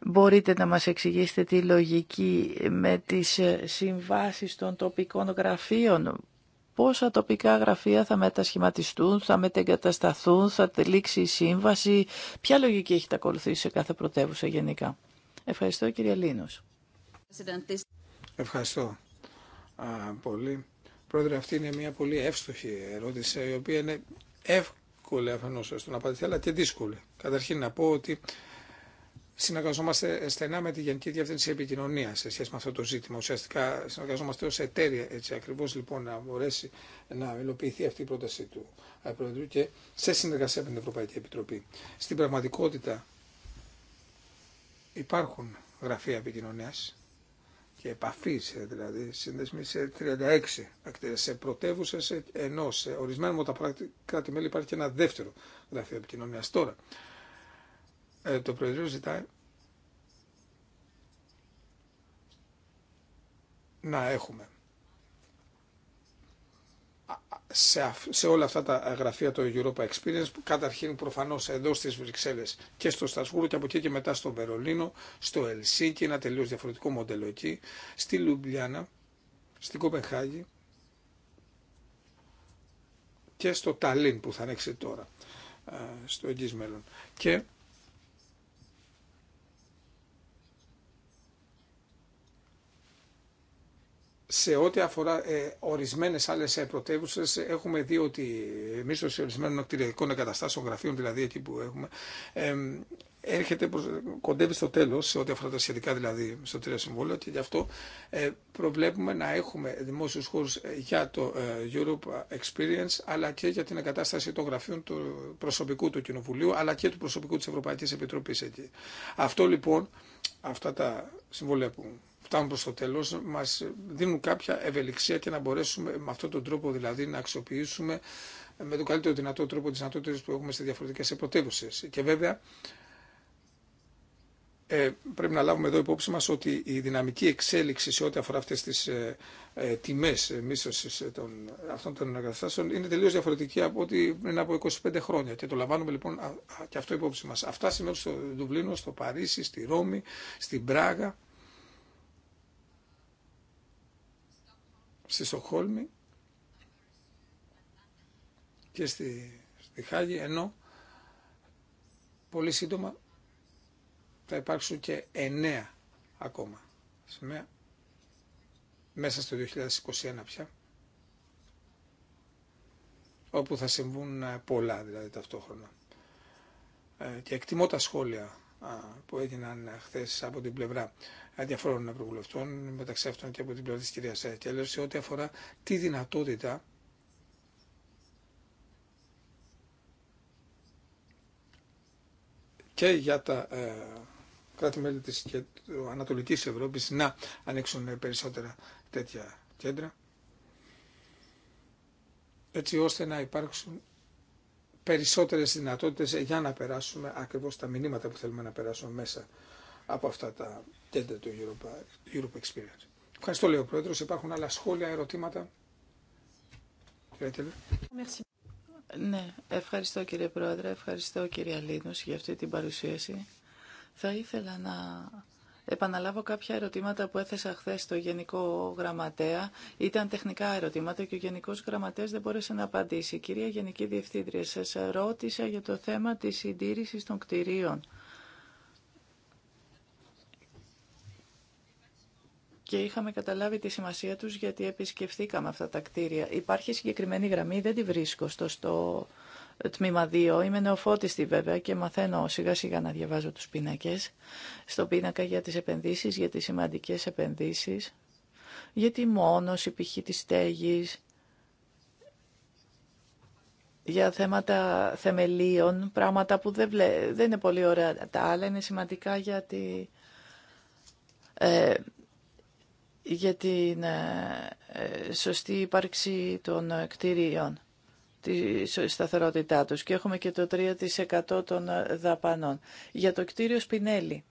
S2: Μπορείτε να μας εξηγήσετε τη λογική με τις συμβάσεις των τοπικών γραφείων. Πόσα τοπικά γραφεία θα μετασχηματιστούν, θα μετεγκατασταθούν, θα τελείξει η σύμβαση. Ποια λογική έχετε ακολουθήσει σε κάθε πρωτεύουσα γενικά. Ευχαριστώ κύριε Λίνος.
S4: Ευχαριστώ Α, πολύ. Πρόεδρε, αυτή είναι μια πολύ εύστοχη ερώτηση, η οποία είναι εύκολη αφενό στο να απαντηθεί, αλλά και δύσκολη. Καταρχήν να πω ότι συνεργαζόμαστε στενά με τη Γενική Διεύθυνση Επικοινωνία σε σχέση με αυτό το ζήτημα. Ουσιαστικά συνεργαζόμαστε ω εταίρεια, έτσι ακριβώ λοιπόν να μπορέσει να υλοποιηθεί αυτή η πρόταση του ε, Προεδρού και σε συνεργασία με την Ευρωπαϊκή Επιτροπή. Στην πραγματικότητα υπάρχουν γραφεία επικοινωνία και επαφή, ε, δηλαδή σύνδεσμοι σε 36 ακτέ, σε πρωτεύουσε ε, ενό. Σε ορισμένα από τα κράτη-μέλη υπάρχει και ένα δεύτερο γραφείο επικοινωνία. Τώρα, ε, το Προεδρείο ζητάει να έχουμε σε, όλα αυτά τα γραφεία του Europa Experience, που καταρχήν προφανώς εδώ στις Βρυξέλλες και στο Στασβούρο και από εκεί και μετά στο Βερολίνο, στο και ένα τελείως διαφορετικό μοντέλο εκεί, στη Λουμπλιάνα, στην Κοπενχάγη και στο Ταλίν που θα ανέξει τώρα, ε, στο εγγύς μέλλον. Και σε ό,τι αφορά ε, ορισμένε άλλε πρωτεύουσε, έχουμε δει ότι η μίσθωση ορισμένων ακτηριακών εγκαταστάσεων γραφείων, δηλαδή εκεί που έχουμε, ε, έρχεται προς, κοντεύει στο τέλο, σε ό,τι αφορά τα σχετικά δηλαδή στο τρία συμβόλαιο, και γι' αυτό ε, προβλέπουμε να έχουμε δημόσιου χώρου ε, για το ε, Europe Experience, αλλά και για την εγκατάσταση των γραφείων του προσωπικού του Κοινοβουλίου, αλλά και του προσωπικού τη Ευρωπαϊκή Επιτροπή εκεί. Αυτό λοιπόν, αυτά τα συμβόλαια φτάνουν προς το τέλος μας δίνουν κάποια ευελιξία και να μπορέσουμε με αυτόν τον τρόπο δηλαδή να αξιοποιήσουμε με τον καλύτερο δυνατό τρόπο τις δυνατότητε που έχουμε σε διαφορετικές πρωτεύουσε. Και βέβαια ε, πρέπει να λάβουμε εδώ υπόψη μας ότι η δυναμική εξέλιξη σε ό,τι αφορά αυτές τις ε, ε, τιμές ε, μίσθωσης ε, των, αυτών των εργαστάσεων είναι τελείως διαφορετική από ό,τι πριν από 25 χρόνια και το λαμβάνουμε λοιπόν και αυτό υπόψη μας. Αυτά σημαίνουν στο Δουβλίνο, στο Παρίσι, στη Ρώμη, στην Πράγα στη Στοχόλμη και στη, στη Χάγη, ενώ πολύ σύντομα θα υπάρξουν και εννέα ακόμα σημαία μέσα στο 2021 πια όπου θα συμβούν ε, πολλά δηλαδή ταυτόχρονα. Ε, και εκτιμώ τα σχόλια που έγιναν ε, χθες από την πλευρά διαφόρων ευρωβουλευτών, μεταξύ αυτών και από την πλευρά τη κυρία Κέλλερ, σε ό,τι αφορά τη δυνατότητα και για τα ε, κράτη-μέλη της και Ανατολικής Ευρώπης να ανοίξουν περισσότερα τέτοια κέντρα έτσι ώστε να υπάρξουν περισσότερες δυνατότητες για να περάσουμε ακριβώς τα μηνύματα που θέλουμε να περάσουμε μέσα από αυτά τα τέταρτο Europe, Experience. Ευχαριστώ, λέει ο Πρόεδρος. Υπάρχουν άλλα σχόλια, ερωτήματα.
S2: Ναι, ευχαριστώ κύριε Πρόεδρε, ευχαριστώ κύριε Αλήνους για αυτή την παρουσίαση. Θα ήθελα να επαναλάβω κάποια ερωτήματα που έθεσα χθε στο Γενικό Γραμματέα. Ήταν τεχνικά ερωτήματα και ο Γενικός Γραμματέας δεν μπόρεσε να απαντήσει. Κυρία Γενική Διευθύντρια, σας ρώτησα για το θέμα της συντήρησης των κτηρίων και είχαμε καταλάβει τη σημασία τους γιατί επισκεφθήκαμε αυτά τα κτίρια. Υπάρχει συγκεκριμένη γραμμή, δεν τη βρίσκω στο, στο τμήμα 2. Είμαι νεοφώτιστη βέβαια και μαθαίνω σιγά σιγά να διαβάζω τους πίνακες. Στον πίνακα για τις επενδύσεις, για τις σημαντικές επενδύσεις, για τη μόνος, η της στέγης, για θέματα θεμελίων, πράγματα που δεν, δεν είναι πολύ ωραία τα άλλα, είναι σημαντικά γιατί. Ε, για την ε, ε, σωστή ύπαρξη των ε, κτηρίων, τη σταθερότητά τους. Και έχουμε και το 3% των δαπανών. Για το κτίριο Σπινέλη,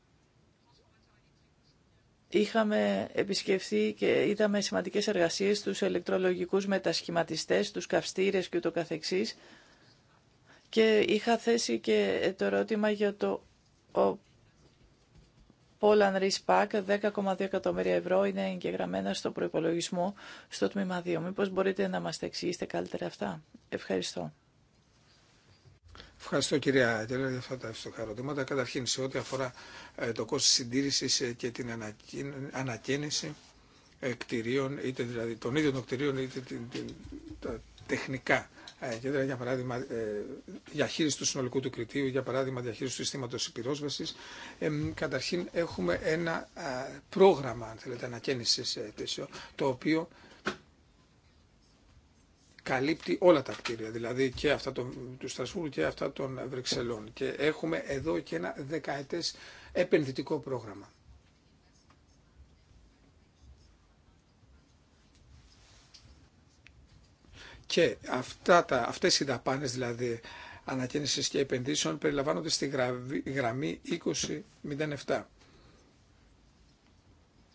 S2: είχαμε επισκεφθεί και είδαμε σημαντικές εργασίες στους ηλεκτρολογικούς μετασχηματιστές, τους καυστήρες και το καθεξής. Και είχα θέσει και το ερώτημα για το Poland Risk 10,2 εκατομμύρια ευρώ είναι εγγεγραμμένα στο προϋπολογισμό στο τμήμα 2. Μήπως μπορείτε να μας τα εξηγήσετε καλύτερα αυτά. Ευχαριστώ.
S4: Ευχαριστώ κυρία Αγγέλα για αυτά τα ευστοχά ερωτήματα. Καταρχήν σε ό,τι αφορά ε, το κόστος συντήρησης ε, και την ανακαίνιση ε, κτηρίων, είτε δηλαδή των ίδιων των κτηρίων, είτε τα τεχνικά ε, δηλαδή, για παράδειγμα ε, διαχείριση του συνολικού του κριτήριου, για παράδειγμα διαχείριση του συστήματος Ε, καταρχήν έχουμε ένα πρόγραμμα, αν θέλετε, ανακαίνιση ε, το οποίο καλύπτει όλα τα κτίρια, δηλαδή και αυτά του Στρασβούργου και αυτά των Βρυξελών. Και έχουμε εδώ και ένα δεκαετές επενδυτικό πρόγραμμα. Και αυτά τα, αυτές οι δαπάνες δηλαδή ανακαίνησης και επενδύσεων περιλαμβάνονται στη γραμμή 2007.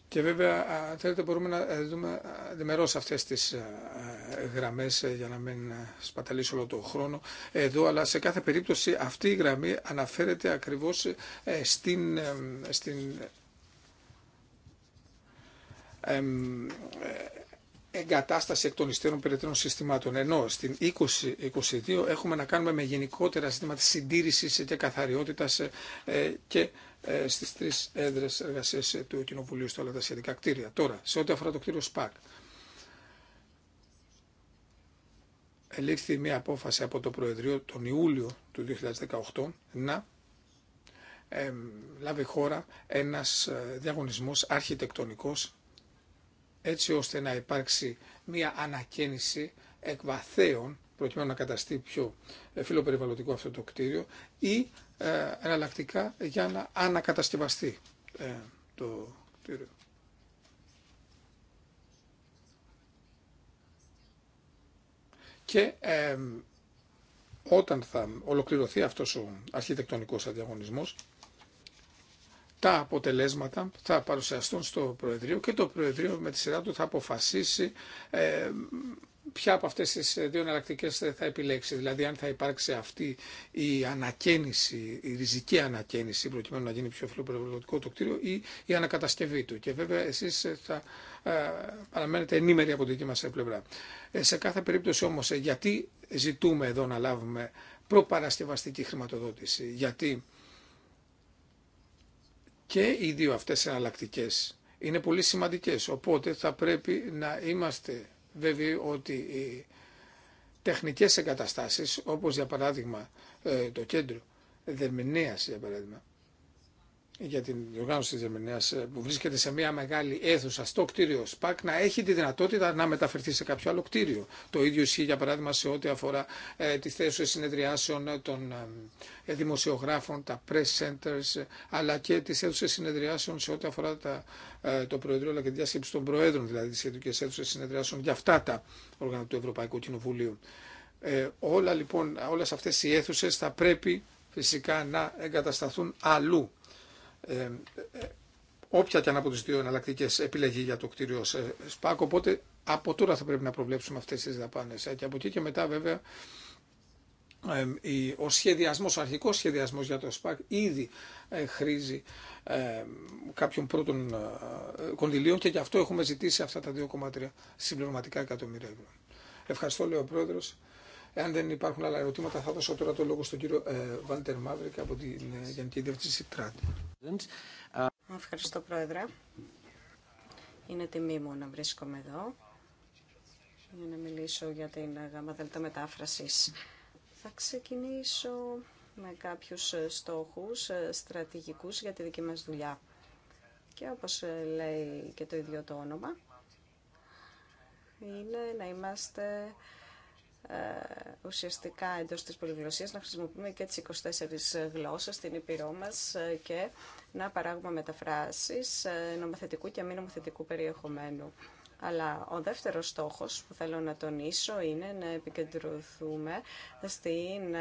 S4: Και βέβαια, θέλετε, μπορούμε να ε, δούμε διμερώς αυτές τις ε, ε, γραμμές για να μην σπαταλήσω όλο το χρόνο εδώ, αλλά σε κάθε περίπτωση αυτή η γραμμή αναφέρεται ακριβώς στην, στην, εγκατάσταση εκ των υστέρων περαιτέρων συστημάτων. Ενώ στην 2022 έχουμε να κάνουμε με γενικότερα ζητήματα συντήρησης και καθαριότητας ε, και ε, στις τρεις έδρες εργασία ε, του Κοινοβουλίου στα όλα τα σχετικά κτίρια. Τώρα, σε ό,τι αφορά το κτίριο ΣΠΑΚ, ελήφθη μια απόφαση από το Προεδρείο τον Ιούλιο του 2018 να λάβει χώρα ένας διαγωνισμός αρχιτεκτονικός έτσι ώστε να υπάρξει μια ανακαίνιση εκβαθέων προκειμένου να καταστεί πιο ε, φιλοπεριβαλλοντικό αυτό το κτίριο ή ε, εναλλακτικά για να ανακατασκευαστεί ε, το κτίριο. Και όταν θα ολοκληρωθεί αυτός ο αρχιτεκτονικός αδιαγωνισμός, τα αποτελέσματα θα παρουσιαστούν στο Προεδρείο και το Προεδρείο με τη σειρά του θα αποφασίσει ε, ποια από αυτές τις δύο εναλλακτικέ θα επιλέξει. Δηλαδή αν θα υπάρξει αυτή η ανακαίνιση, η ριζική ανακαίνιση προκειμένου να γίνει πιο φιλοπεριβαλλοντικό το κτίριο ή η ανακατασκευή του. Και βέβαια εσείς ε, θα ε, παραμένετε ενήμεροι από τη δική μας πλευρά. Ε, σε κάθε περίπτωση όμως γιατί ζητούμε εδώ να λάβουμε προπαρασκευαστική χρηματοδότηση. Γιατί και οι δύο αυτές εναλλακτικέ είναι πολύ σημαντικές. Οπότε θα πρέπει να είμαστε βέβαιοι ότι οι τεχνικές εγκαταστάσεις, όπως για παράδειγμα ε, το κέντρο δερμηνέας, για παράδειγμα, για την οργάνωση της Γερμανίας ε, που βρίσκεται σε μια μεγάλη αίθουσα στο κτίριο ΣΠΑΚ να έχει τη δυνατότητα να μεταφερθεί σε κάποιο άλλο κτίριο. Το ίδιο ισχύει για παράδειγμα σε ό,τι αφορά ε, τις θέσεις συνεδριάσεων των ε, δημοσιογράφων, τα press centers ε, αλλά και τις θέσεις συνεδριάσεων σε ό,τι αφορά το Προεδρείο αλλά και τη διάσκεψη των Προέδρων, δηλαδή τις σχετικέ αίθουσε συνεδριάσεων για αυτά τα όργανα του Ευρωπαϊκού Κοινοβουλίου. Ε, όλα λοιπόν, όλες αυτές οι αίθουσες θα πρέπει φυσικά να εγκατασταθούν αλλού ε, ε, όποια και αν από τι δύο εναλλακτικέ επιλεγεί για το κτίριο ε, ΣΠΑΚ. Οπότε από τώρα θα πρέπει να προβλέψουμε αυτέ τι δαπάνε. Και από εκεί και μετά, βέβαια, ο σχεδιασμός, ο αρχικός σχεδιασμός για το ΣΠΑΚ ήδη χρήζει κάποιων πρώτων κονδυλίων και γι' αυτό έχουμε ζητήσει αυτά τα 2,3 συμπληρωματικά εκατομμύρια ευρώ. Ευχαριστώ, λέει ο Πρόεδρος. Εάν δεν υπάρχουν άλλα ερωτήματα, θα δώσω τώρα το λόγο στον κύριο ε, Βάλτερ και από την ε, Γενική Διευθυνσή Τράτη.
S3: Ευχαριστώ, Πρόεδρε. Είναι τιμή μου να βρίσκομαι εδώ για να μιλήσω για την γάμα δελτα μετάφρασης. Θα ξεκινήσω με κάποιους στόχους ε, στρατηγικούς για τη δική μας δουλειά. Και όπω λέει και το ίδιο το όνομα, είναι να είμαστε ε, ουσιαστικά εντός της πολυγλωσσίας να χρησιμοποιούμε και τις 24 γλώσσες στην Ήπειρό μας ε, και να παράγουμε μεταφράσεις ε, νομοθετικού και μη νομοθετικού περιεχομένου. Αλλά ο δεύτερος στόχος που θέλω να τονίσω είναι να επικεντρωθούμε στην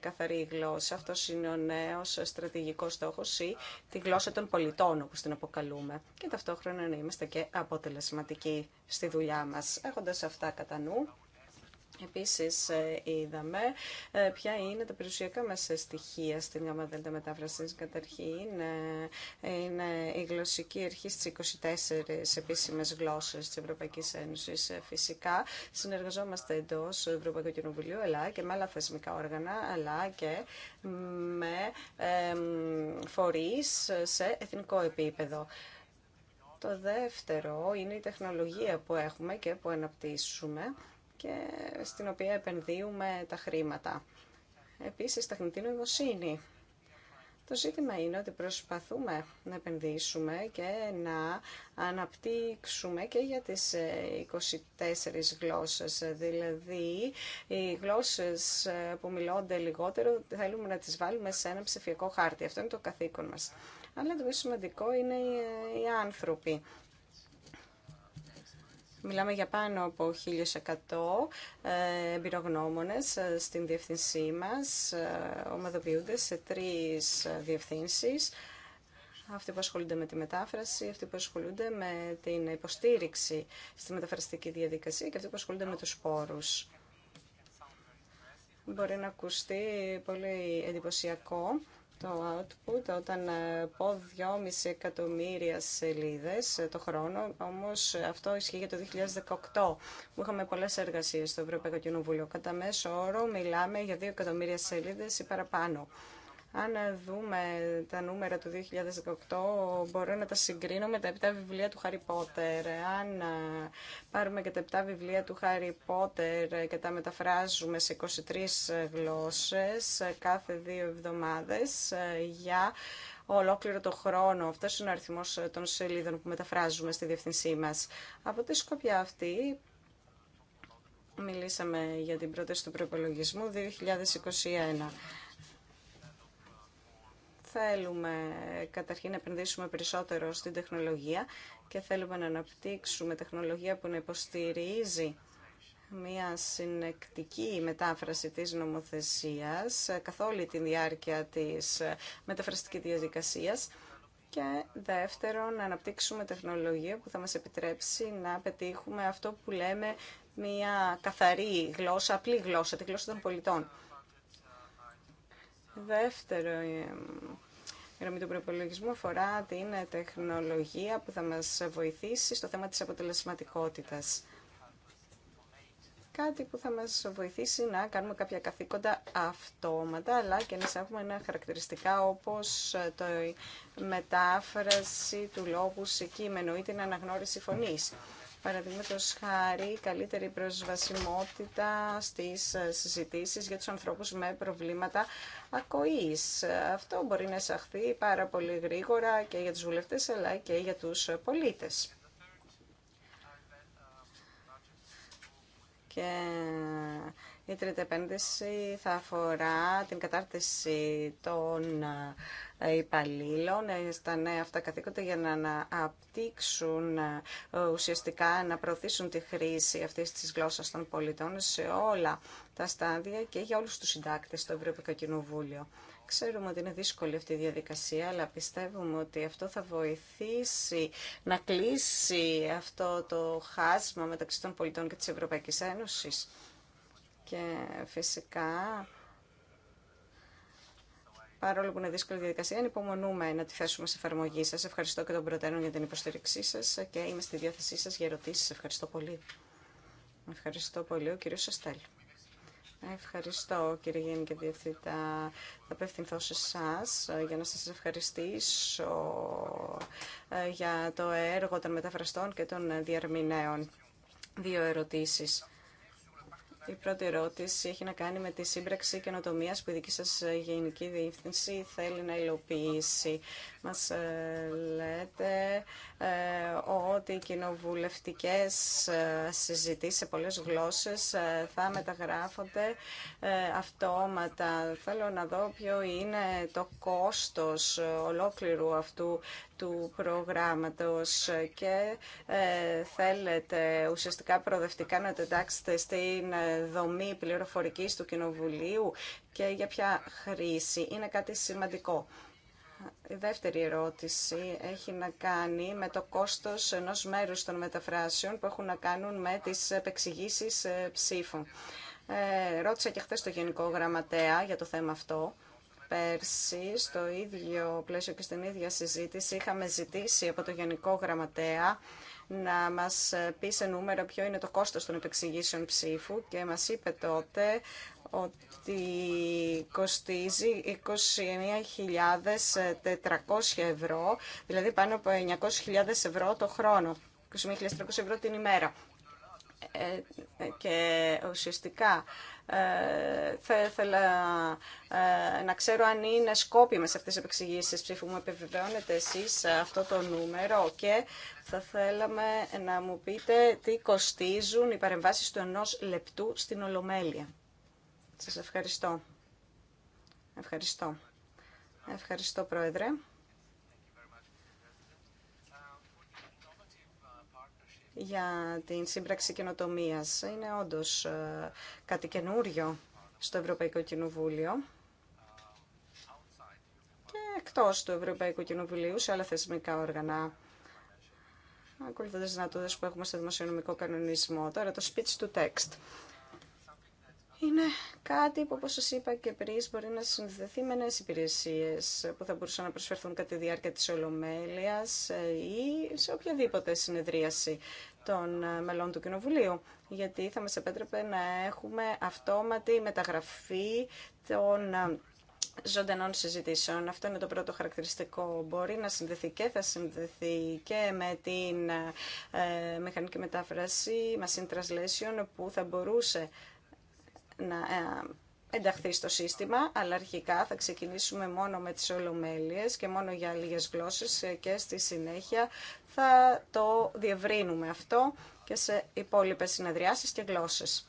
S3: καθαρή γλώσσα. Αυτό είναι ο νέος στρατηγικός στόχος ή τη γλώσσα των πολιτών όπως την αποκαλούμε. Και ταυτόχρονα να είμαστε και αποτελεσματικοί στη δουλειά μας. Έχοντας αυτά κατά νου, Επίσης ε, είδαμε ε, ποια είναι τα περιουσιακά μας στοιχεία στην γάμα μετάφρασης. Καταρχήν ε, είναι η γλωσσική αρχή στις 24 επίσημες γλώσσες της Ευρωπαϊκής Ένωσης. Φυσικά συνεργαζόμαστε εντός Ευρωπαϊκού Κοινοβουλίου αλλά και με άλλα θεσμικά όργανα αλλά και με φορείς σε εθνικό επίπεδο. Το δεύτερο είναι η τεχνολογία που έχουμε και που αναπτύσσουμε και στην οποία επενδύουμε τα χρήματα. Επίσης, τεχνητή νοημοσύνη. Το ζήτημα είναι ότι προσπαθούμε να επενδύσουμε και να αναπτύξουμε και για τις 24 ε, γλώσσες. Δηλαδή, οι γλώσσες ε, που μιλώνται λιγότερο θέλουμε να τις βάλουμε σε ένα ψηφιακό χάρτη. Αυτό είναι το καθήκον μας. Αλλά το πιο σημαντικό είναι οι ε, άνθρωποι. Μιλάμε για πάνω από 1.100 ε, εμπειρογνώμονες ε, στην διευθυνσή μας, ε, ομαδοποιούνται σε τρεις διευθύνσεις. Αυτοί που ασχολούνται με τη μετάφραση, αυτοί που ασχολούνται με την υποστήριξη στη μεταφραστική διαδικασία και αυτοί που ασχολούνται με τους πόρους. Μπορεί να ακουστεί πολύ εντυπωσιακό το output όταν ε, πω 2,5 εκατομμύρια σελίδες ε, το χρόνο, όμως αυτό ισχύει για το 2018 που είχαμε πολλές εργασίες στο Ευρωπαϊκό Κοινοβούλιο. Κατά μέσο όρο μιλάμε για 2 εκατομμύρια σελίδες ή παραπάνω. Αν δούμε τα νούμερα του 2018, μπορώ να τα συγκρίνω με τα 7 βιβλία του Χάρι Πότερ. Αν ε, πάρουμε και τα 7 βιβλία του Χάρι Πότερ και τα μεταφράζουμε σε 23 γλώσσες ε, κάθε δύο εβδομάδες ε, για ολόκληρο το χρόνο. Αυτός είναι ο αριθμός των σελίδων που μεταφράζουμε στη διευθυνσή μας. Από τη σκοπιά αυτή, μιλήσαμε για την πρόταση του προπολογισμού 2021 θέλουμε καταρχήν να επενδύσουμε περισσότερο στην τεχνολογία και θέλουμε να αναπτύξουμε τεχνολογία που να υποστηρίζει μια συνεκτική μετάφραση της νομοθεσίας καθ' όλη τη διάρκεια της μεταφραστικής διαδικασίας και δεύτερον να αναπτύξουμε τεχνολογία που θα μας επιτρέψει να πετύχουμε αυτό που λέμε μια καθαρή γλώσσα, απλή γλώσσα, τη γλώσσα των πολιτών. Δεύτερο, γραμμή του προπολογισμού αφορά την τεχνολογία που θα μας βοηθήσει στο θέμα της αποτελεσματικότητας. Κάτι που θα μας βοηθήσει να κάνουμε κάποια καθήκοντα αυτόματα, αλλά και να έχουμε ένα χαρακτηριστικά όπως το μετάφραση του λόγου σε κείμενο ή την αναγνώριση φωνής. Παραδείγματο χάρη, καλύτερη προσβασιμότητα στις συζητήσεις για τους ανθρώπους με προβλήματα ακοής. Αυτό μπορεί να εισαχθεί πάρα πολύ γρήγορα και για τους βουλευτές αλλά και για τους πολίτες. Η τρίτη επένδυση θα αφορά την κατάρτιση των ε, υπαλλήλων ε, στα νέα αυτά καθήκοντα για να αναπτύξουν ε, ουσιαστικά να προωθήσουν τη χρήση αυτής της γλώσσας των πολιτών σε όλα τα στάδια και για όλους τους συντάκτες στο Ευρωπαϊκό Κοινοβούλιο. Ξέρουμε ότι είναι δύσκολη αυτή η διαδικασία, αλλά πιστεύουμε ότι αυτό θα βοηθήσει να κλείσει αυτό το χάσμα μεταξύ των πολιτών και της Ευρωπαϊκής Ένωσης. Και φυσικά, παρόλο που είναι δύσκολη διαδικασία, ανυπομονούμε να τη θέσουμε σε εφαρμογή σας. Ευχαριστώ και τον προτέρων για την υποστήριξή σας και είμαι στη διάθεσή σας για ερωτήσεις. Ευχαριστώ πολύ. Ευχαριστώ πολύ, ο κύριος Σαστέλ. Ευχαριστώ κύριε Γενική Διευθύντα. Θα απευθυνθώ σε εσά ε, για να σας ευχαριστήσω ε, για το έργο των μεταφραστών και των ε, διαρμηνέων. Δύο ερωτήσεις. Η πρώτη ερώτηση έχει να κάνει με τη σύμπραξη καινοτομία που η δική σα Γενική Διεύθυνση θέλει να υλοποιήσει. Μα ε, λέτε ε, ότι οι κοινοβουλευτικέ ε, συζητήσει σε πολλέ γλώσσε θα μεταγράφονται αυτόματα. Θέλω να δω ποιο είναι το κόστο ολόκληρου αυτού του προγράμματος και ε, θέλετε ουσιαστικά προοδευτικά να το στην ε, δομή πληροφορικής του Κοινοβουλίου και για ποια χρήση. Είναι κάτι σημαντικό. Η δεύτερη ερώτηση έχει να κάνει με το κόστος ενός μέρους των μεταφράσεων που έχουν να κάνουν με τις επεξηγήσεις ε, ψήφων. Ε, ρώτησα και χθε το Γενικό Γραμματέα για το θέμα αυτό πέρσι στο ίδιο πλαίσιο και στην ίδια συζήτηση είχαμε ζητήσει από το Γενικό Γραμματέα να μας πει σε νούμερο ποιο είναι το κόστος των επεξηγήσεων ψήφου και μας είπε τότε ότι κοστίζει 29.400 ευρώ, δηλαδή πάνω από 900.000 ευρώ το χρόνο, 21.400 ευρώ την ημέρα και ουσιαστικά ε, θα ήθελα ε, να ξέρω αν είναι σκόπιμες αυτές τις επεξηγήσεις ψήφου μου. Επιβεβαιώνετε εσείς αυτό το νούμερο και θα θέλαμε να μου πείτε τι κοστίζουν οι παρεμβάσεις του ενός λεπτού στην Ολομέλεια. Σας ευχαριστώ. Ευχαριστώ. Ευχαριστώ, Πρόεδρε. για την σύμπραξη καινοτομία. Είναι όντω ε, κάτι καινούριο στο Ευρωπαϊκό Κοινοβούλιο και εκτός του Ευρωπαϊκού Κοινοβουλίου σε άλλα θεσμικά όργανα ακολουθώντας δυνατότητες που έχουμε στο δημοσιονομικό κανονισμό. Τώρα το speech to text είναι κάτι που, όπως σας είπα και πριν, μπορεί να συνδεθεί με νέες υπηρεσίες που θα μπορούσαν να προσφερθούν κατά τη διάρκεια της Ολομέλειας ή σε οποιαδήποτε συνεδρίαση των μελών του Κοινοβουλίου, γιατί θα μας επέτρεπε να έχουμε αυτόματη μεταγραφή των ζωντανών συζητήσεων. Αυτό είναι το πρώτο χαρακτηριστικό. Μπορεί να συνδεθεί και θα συνδεθεί και με την ε, μηχανική μετάφραση, machine translation, που θα μπορούσε να ε, ενταχθεί στο σύστημα, αλλά αρχικά θα ξεκινήσουμε μόνο με τις ολομέλειες και μόνο για λίγες γλώσσες ε, και στη συνέχεια θα το διευρύνουμε αυτό και σε υπόλοιπες συνεδριάσεις και γλώσσες.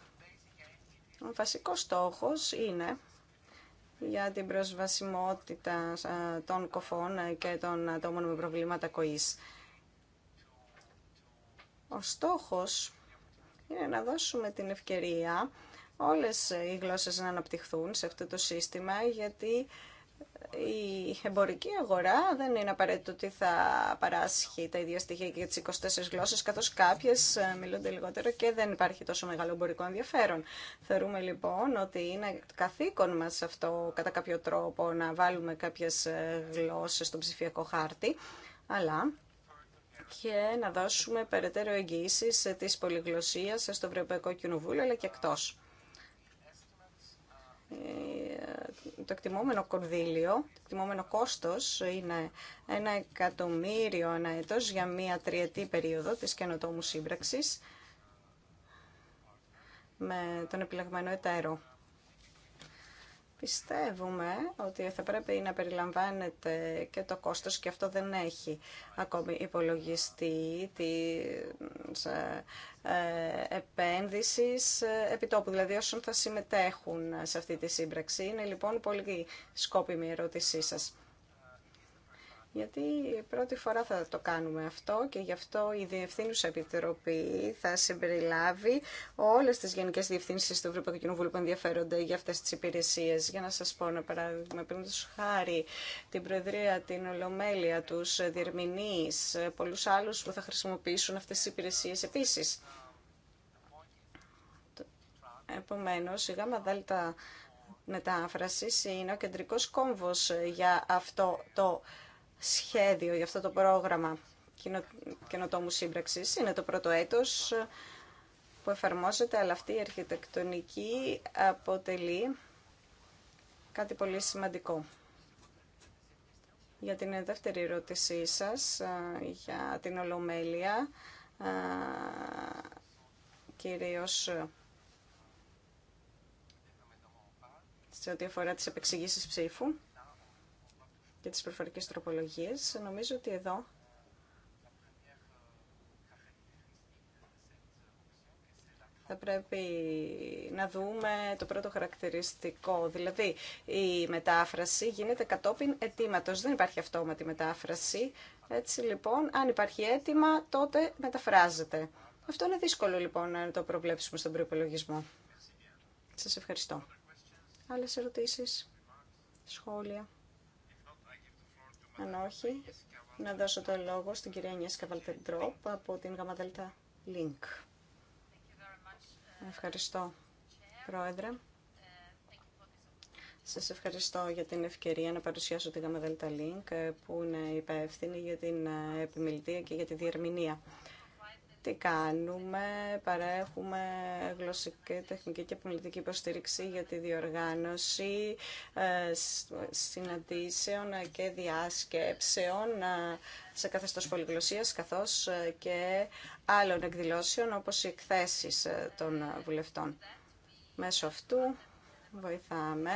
S3: Ο βασικός στόχος είναι για την προσβασιμότητα ε, των κοφών και των ατόμων με προβλήματα κοής. Ο στόχος είναι να δώσουμε την ευκαιρία όλες οι γλώσσες να αναπτυχθούν σε αυτό το σύστημα γιατί η εμπορική αγορά δεν είναι απαραίτητο ότι θα παράσχει τα ίδια στοιχεία και για τις 24 γλώσσες, καθώς κάποιες ε, μιλούνται λιγότερο και δεν υπάρχει τόσο μεγάλο εμπορικό ενδιαφέρον. Θεωρούμε λοιπόν ότι είναι καθήκον μας αυτό κατά κάποιο τρόπο να βάλουμε κάποιες ε, γλώσσες στο ψηφιακό χάρτη, αλλά και να δώσουμε περαιτέρω εγγύησεις ε, της πολυγλωσσίας στο Ευρωπαϊκό Κοινοβούλιο αλλά και εκτός. Ε, το εκτιμόμενο κονδύλιο, το εκτιμόμενο κόστος είναι ένα εκατομμύριο ένα έτος για μία τριετή περίοδο της καινοτόμου σύμπραξης με τον επιλεγμένο εταίρο. Πιστεύουμε ότι θα πρέπει να περιλαμβάνεται και το κόστος και αυτό δεν έχει ακόμη υπολογιστεί τη ε, ε, επένδυσης επιτόπου, δηλαδή όσων θα συμμετέχουν σε αυτή τη σύμπραξη. Είναι λοιπόν πολύ σκόπιμη η ερώτησή σας γιατί πρώτη φορά θα το κάνουμε αυτό και γι' αυτό η Διευθύνουσα Επιτροπή θα συμπεριλάβει όλες τις γενικές διευθύνσει του Ευρωπαϊκού Κοινοβούλου που ενδιαφέρονται για αυτές τις υπηρεσίε Για να σας πω ένα παράδειγμα, πριν του χάρη την Προεδρία, την Ολομέλεια, τους διερμηνείς, πολλού άλλους που θα χρησιμοποιήσουν αυτέ τι υπηρεσίε. Επίση, επομένω, η γάμα δέλτα είναι ο κεντρικό κόμβο για αυτό το σχέδιο για αυτό το πρόγραμμα καινοτόμου σύμπραξη. Είναι το πρώτο έτος που εφαρμόζεται, αλλά αυτή η αρχιτεκτονική αποτελεί κάτι πολύ σημαντικό. Για την δεύτερη ερώτησή σας, για την Ολομέλεια, κυρίως σε ό,τι αφορά τις επεξηγήσεις ψήφου και τις προφορικές τροπολογίες. Νομίζω ότι εδώ θα πρέπει να δούμε το πρώτο χαρακτηριστικό. Δηλαδή, η μετάφραση γίνεται κατόπιν αιτήματο. Δεν υπάρχει αυτόματη μετάφραση. Έτσι λοιπόν, αν υπάρχει αίτημα, τότε μεταφράζεται. Αυτό είναι δύσκολο λοιπόν να το προβλέψουμε στον προπολογισμό. Σας ευχαριστώ. Άλλες ερωτήσεις, σχόλια. Αν όχι, να δώσω το λόγο στην κυρία Νιέσκα Βαλτεντρόπ από την ΓΑΜΑΔΕΛΤΑ ΛΙΝΚ. Ευχαριστώ, Πρόεδρε. Σας ευχαριστώ για την ευκαιρία να παρουσιάσω την ΓΑΜΑΔΕΛΤΑ ΛΙΝΚ που είναι υπεύθυνη για την επιμελητία και για τη διερμηνία τι κάνουμε, παρέχουμε γλωσσική, τεχνική και πολιτική υποστήριξη για τη διοργάνωση ε, συναντήσεων και διάσκεψεων ε, σε καθεστώς πολυγλωσσίας καθώς ε, και άλλων εκδηλώσεων όπως οι εκθέσεις των βουλευτών. Μέσω αυτού βοηθάμε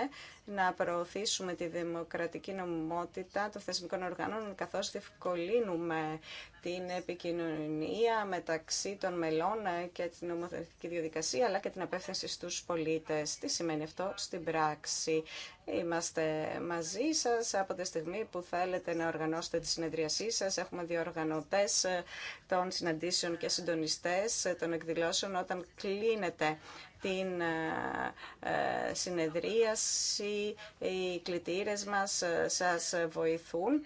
S3: να προωθήσουμε τη δημοκρατική νομιμότητα των θεσμικών οργάνων, καθώς διευκολύνουμε την επικοινωνία μεταξύ των μελών ε, και την νομοθετική διαδικασία, αλλά και την απεύθυνση στους πολίτες. Τι σημαίνει αυτό στην πράξη. Είμαστε μαζί σας από τη στιγμή που θέλετε να οργανώσετε τη συνεδρίασή σας. Έχουμε διοργανωτές ε, των συναντήσεων και συντονιστές ε, των εκδηλώσεων όταν κλείνεται την συνεδρίαση οι κλητήρες μας ε, σας βοηθούν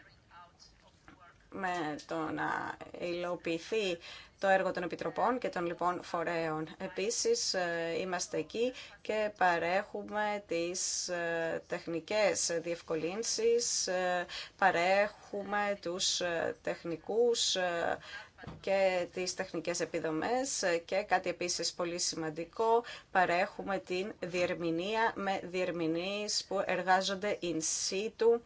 S3: με το να υλοποιηθεί το έργο των Επιτροπών και των λοιπόν φορέων. Επίσης ε, είμαστε εκεί και παρέχουμε τις ε, τεχνικές διευκολύνσεις, παρέχουμε τους τεχνικούς και τις τεχνικές επιδομές και κάτι επίσης πολύ σημαντικό, παρέχουμε την διερμηνία με διερμηνείς που εργάζονται in situ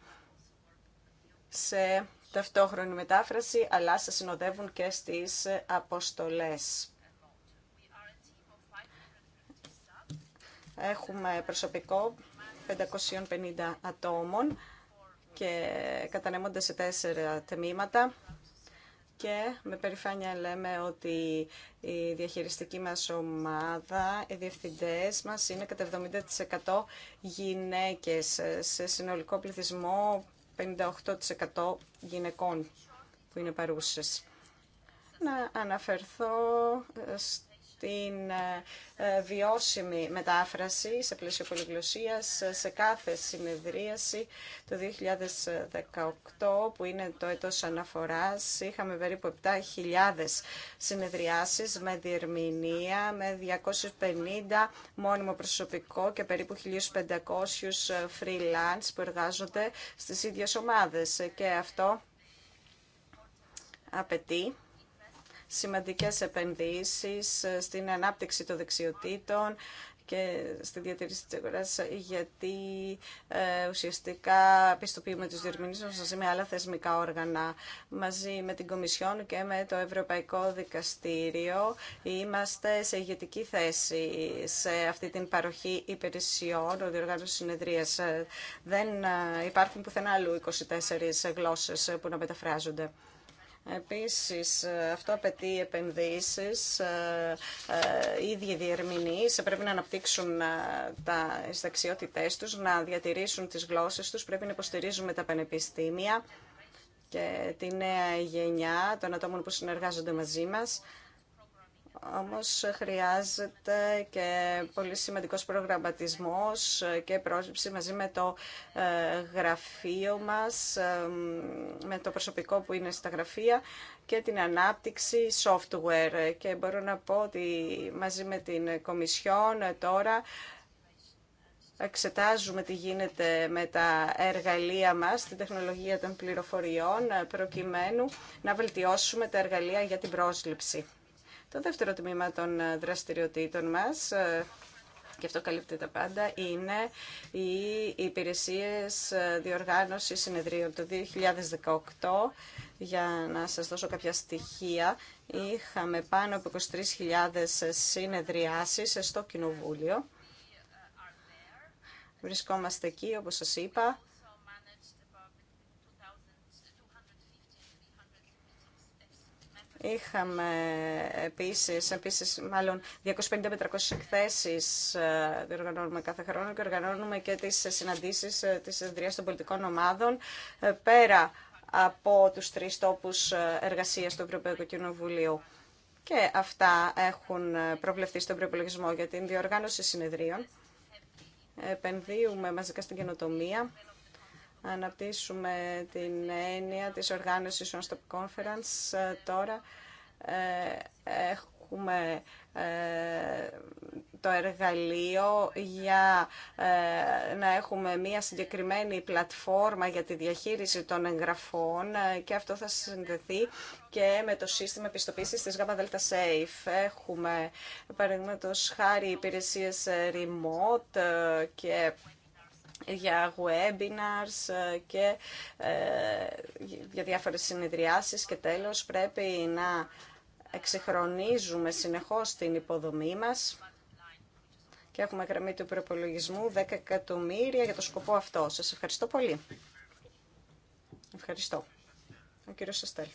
S3: σε ταυτόχρονη μετάφραση, αλλά σε συνοδεύουν και στις αποστολές. Έχουμε προσωπικό 550 ατόμων και κατανέμονται σε τέσσερα τμήματα και με περηφάνεια λέμε ότι η διαχειριστική μας ομάδα, οι διευθυντές μας είναι κατά 70% γυναίκες σε συνολικό πληθυσμό 58% γυναικών που είναι παρούσες. Να αναφερθώ την ε, ε, βιώσιμη μετάφραση σε πλαίσιο πολυγλωσσίας ε, σε κάθε συνεδρίαση το 2018 που είναι το έτος αναφοράς είχαμε περίπου 7.000 συνεδριάσεις με διερμηνία με 250 μόνιμο προσωπικό και περίπου 1.500 freelance που εργάζονται στις ίδιες ομάδες και αυτό απαιτεί σημαντικές επενδύσεις ε, στην ανάπτυξη των δεξιοτήτων και στη διατηρήση της αγοράς, γιατί ε, ουσιαστικά πιστοποιούμε τους διερμηνείς μας μαζί με άλλα θεσμικά όργανα, μαζί με την Κομισιόν και με το Ευρωπαϊκό Δικαστήριο. Είμαστε σε ηγετική θέση σε αυτή την παροχή υπηρεσιών, ο διοργάνωση συνεδρίας. Ε, δεν υπάρχουν πουθενά αλλού 24 γλώσσες που να μεταφράζονται. Επίσης, αυτό απαιτεί επενδύσεις, ε, ε, ίδιοι διερμηνείς πρέπει να αναπτύξουν ε, τα δεξιότητές τους, να διατηρήσουν τις γλώσσες τους, πρέπει να υποστηρίζουμε τα πανεπιστήμια και τη νέα γενιά των ατόμων που συνεργάζονται μαζί μας. Όμως χρειάζεται και πολύ σημαντικός προγραμματισμός και πρόσληψη μαζί με το ε, γραφείο μας, ε, με το προσωπικό που είναι στα γραφεία και την ανάπτυξη software. Και μπορώ να πω ότι μαζί με την Κομισιόν τώρα εξετάζουμε τι γίνεται με τα εργαλεία μας, την τεχνολογία των πληροφοριών, προκειμένου να βελτιώσουμε τα εργαλεία για την πρόσληψη. Το δεύτερο τμήμα των ε, δραστηριοτήτων μας ε, και αυτό καλύπτει τα πάντα, είναι οι υπηρεσίες ε, διοργάνωσης συνεδρίων. Το 2018, για να σας δώσω κάποια στοιχεία, είχαμε πάνω από 23.000 συνεδριάσεις στο Κοινοβούλιο. Βρισκόμαστε εκεί, όπως σας είπα, Είχαμε επίσης, επίσης μάλλον 250 με 300 εκθέσεις ε, διοργανώνουμε κάθε χρόνο και οργανώνουμε και τις συναντήσεις ε, της Ενδρίας των Πολιτικών Ομάδων ε, πέρα από τους τρεις τόπους εργασίας του Ευρωπαϊκού Κοινοβουλίου. Και αυτά έχουν προβλεφθεί στον προπολογισμό για την διοργάνωση συνεδρίων. Επενδύουμε μαζικά στην καινοτομία αναπτύσσουμε την έννοια της οργάνωσης των Stop Conference. Ε, τώρα ε, έχουμε ε, το εργαλείο για να έχουμε μία συγκεκριμένη πλατφόρμα για τη διαχείριση των εγγραφών και αυτό θα συνδεθεί και με το σύστημα επιστοποίησης της ΓΑΜΑ ΔΕΛΤΑ SAFE. Έχουμε, παραδείγματος χάρη, υπηρεσίες remote και για webinars ε, και ε, για διάφορες συνεδριάσεις και τέλος πρέπει να εξυγχρονίζουμε συνεχώς την υποδομή μας και έχουμε γραμμή του προπολογισμού 10 εκατομμύρια για το σκοπό αυτό. Σας ευχαριστώ πολύ. Ευχαριστώ.
S2: Ο κύριος Σαστέλ.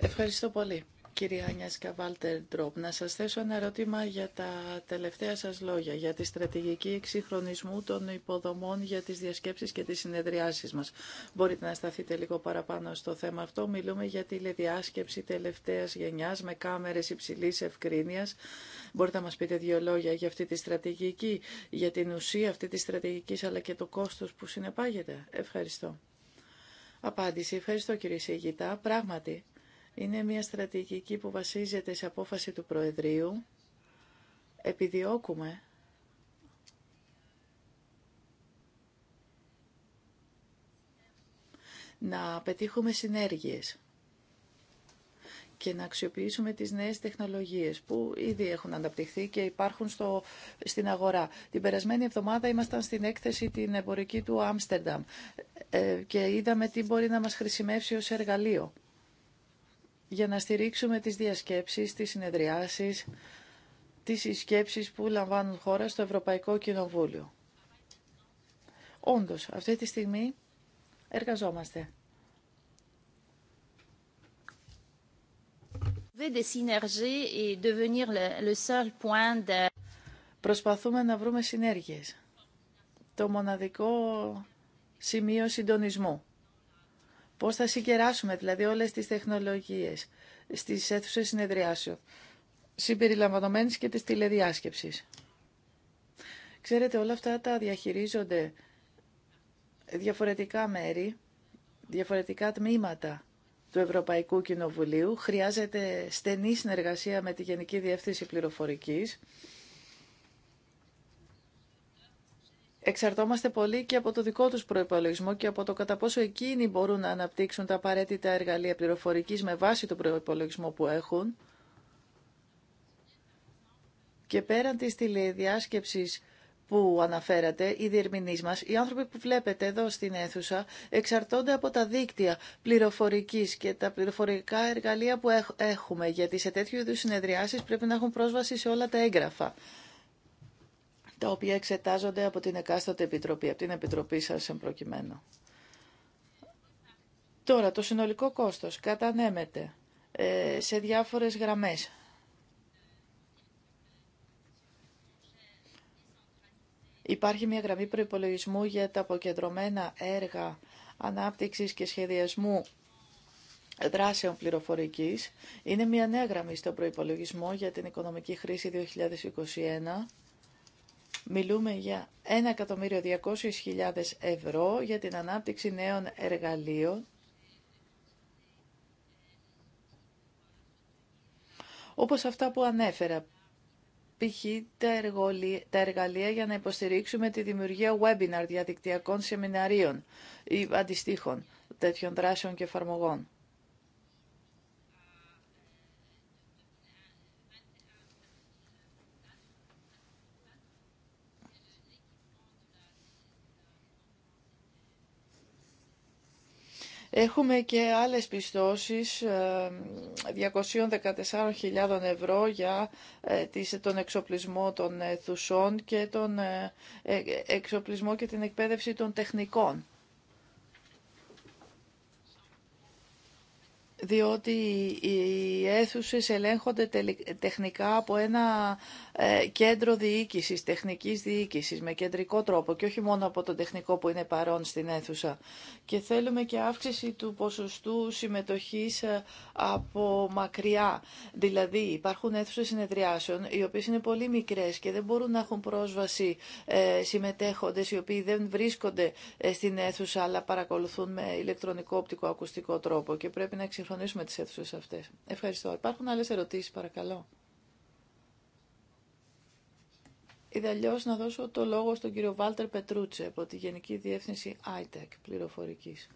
S2: Ευχαριστώ πολύ. Κυρία ανια Βάλτερ Ντρόπ, να σας θέσω ένα ερώτημα για τα τελευταία σας λόγια, για τη στρατηγική εξυγχρονισμού των υποδομών για τις διασκέψεις και τις συνεδριάσεις μας. Μπορείτε να σταθείτε λίγο παραπάνω στο θέμα αυτό. Μιλούμε για τηλεδιάσκεψη τελευταίας γενιάς με κάμερες υψηλής ευκρίνειας. Μπορείτε να μας πείτε δύο λόγια για αυτή τη στρατηγική, για την ουσία αυτή της στρατηγικής αλλά και το κόστος που συνεπάγεται. Ευχαριστώ. Απάντηση. Ευχαριστώ κύριε Σιγητά. Πράγματι, είναι μια στρατηγική που βασίζεται σε απόφαση του Προεδρείου. Επιδιώκουμε να πετύχουμε συνέργειες και να αξιοποιήσουμε τις νέες τεχνολογίες που ήδη έχουν αναπτυχθεί και υπάρχουν στο, στην αγορά. Την περασμένη εβδομάδα ήμασταν στην έκθεση την εμπορική του Άμστερνταμ ε, και είδαμε τι μπορεί να μας χρησιμεύσει ως εργαλείο για να στηρίξουμε τις διασκέψεις, τις συνεδριάσεις, τις συσκέψεις που λαμβάνουν χώρα στο Ευρωπαϊκό Κοινοβούλιο. Όντως, αυτή τη στιγμή εργαζόμαστε. Προσπαθούμε να βρούμε συνέργειες. Το μοναδικό σημείο συντονισμού Πώς θα συγκεράσουμε δηλαδή όλες τις τεχνολογίες στις αίθουσες συνεδριάσεων, συμπεριλαμβανομένης και της τηλεδιάσκεψης. Ξέρετε, όλα αυτά τα διαχειρίζονται διαφορετικά μέρη, διαφορετικά τμήματα του Ευρωπαϊκού Κοινοβουλίου. Χρειάζεται στενή συνεργασία με τη Γενική Διεύθυνση Πληροφορικής εξαρτώμαστε πολύ και από το δικό τους προϋπολογισμό και από το κατά πόσο εκείνοι μπορούν να αναπτύξουν τα απαραίτητα εργαλεία πληροφορικής με βάση τον προϋπολογισμό που έχουν. Και πέραν της τηλεδιάσκεψης που αναφέρατε, οι διερμηνεί μα, οι άνθρωποι που βλέπετε εδώ στην αίθουσα, εξαρτώνται από τα δίκτυα πληροφορική και τα πληροφορικά εργαλεία που έχουμε, γιατί σε τέτοιου είδου συνεδριάσει πρέπει να έχουν πρόσβαση σε όλα τα έγγραφα τα οποία εξετάζονται από την εκάστοτε επιτροπή, από την επιτροπή σας εμπροκειμένου. Τώρα, το συνολικό κόστος κατανέμεται ε, σε διάφορες γραμμές. Υπάρχει μια γραμμή προϋπολογισμού για τα αποκεντρωμένα έργα ανάπτυξης και σχεδιασμού δράσεων πληροφορικής. Είναι μια νέα γραμμή στο προϋπολογισμό για την οικονομική χρήση 2021 Μιλούμε για 1.200.000 ευρώ για την ανάπτυξη νέων εργαλείων όπως αυτά που ανέφερα. Π.χ. τα εργαλεία για να υποστηρίξουμε τη δημιουργία webinar διαδικτυακών σεμιναρίων ή αντιστοίχων τέτοιων δράσεων και εφαρμογών. Έχουμε και άλλες πιστώσεις 214.000 ε, ευρώ για ε, τον εξοπλισμό των θουσών και τον ε, εξοπλισμό και την εκπαίδευση των τεχνικών. διότι οι αίθουσες ελέγχονται τεχνικά από ένα ε, κέντρο διοίκησης, τεχνικής διοίκησης, με κεντρικό τρόπο και όχι μόνο από τον τεχνικό που είναι παρόν στην αίθουσα. Και θέλουμε και αύξηση του ποσοστού συμμετοχής ε, από μακριά. Δηλαδή υπάρχουν αίθουσες συνεδριάσεων οι οποίες είναι πολύ μικρές και δεν μπορούν να έχουν πρόσβαση ε, συμμετέχοντες οι οποίοι δεν βρίσκονται στην αίθουσα αλλά παρακολουθούν με ηλεκτρονικό οπτικό ακουστικό τρόπο και πρέπει να τις αυτές. Ευχαριστώ. Υπάρχουν άλλες ερωτήσεις, παρακαλώ. Είδα να δώσω το λόγο στον κύριο Βάλτερ Πετρούτσε από τη Γενική Διεύθυνση ITEC πληροφορικής.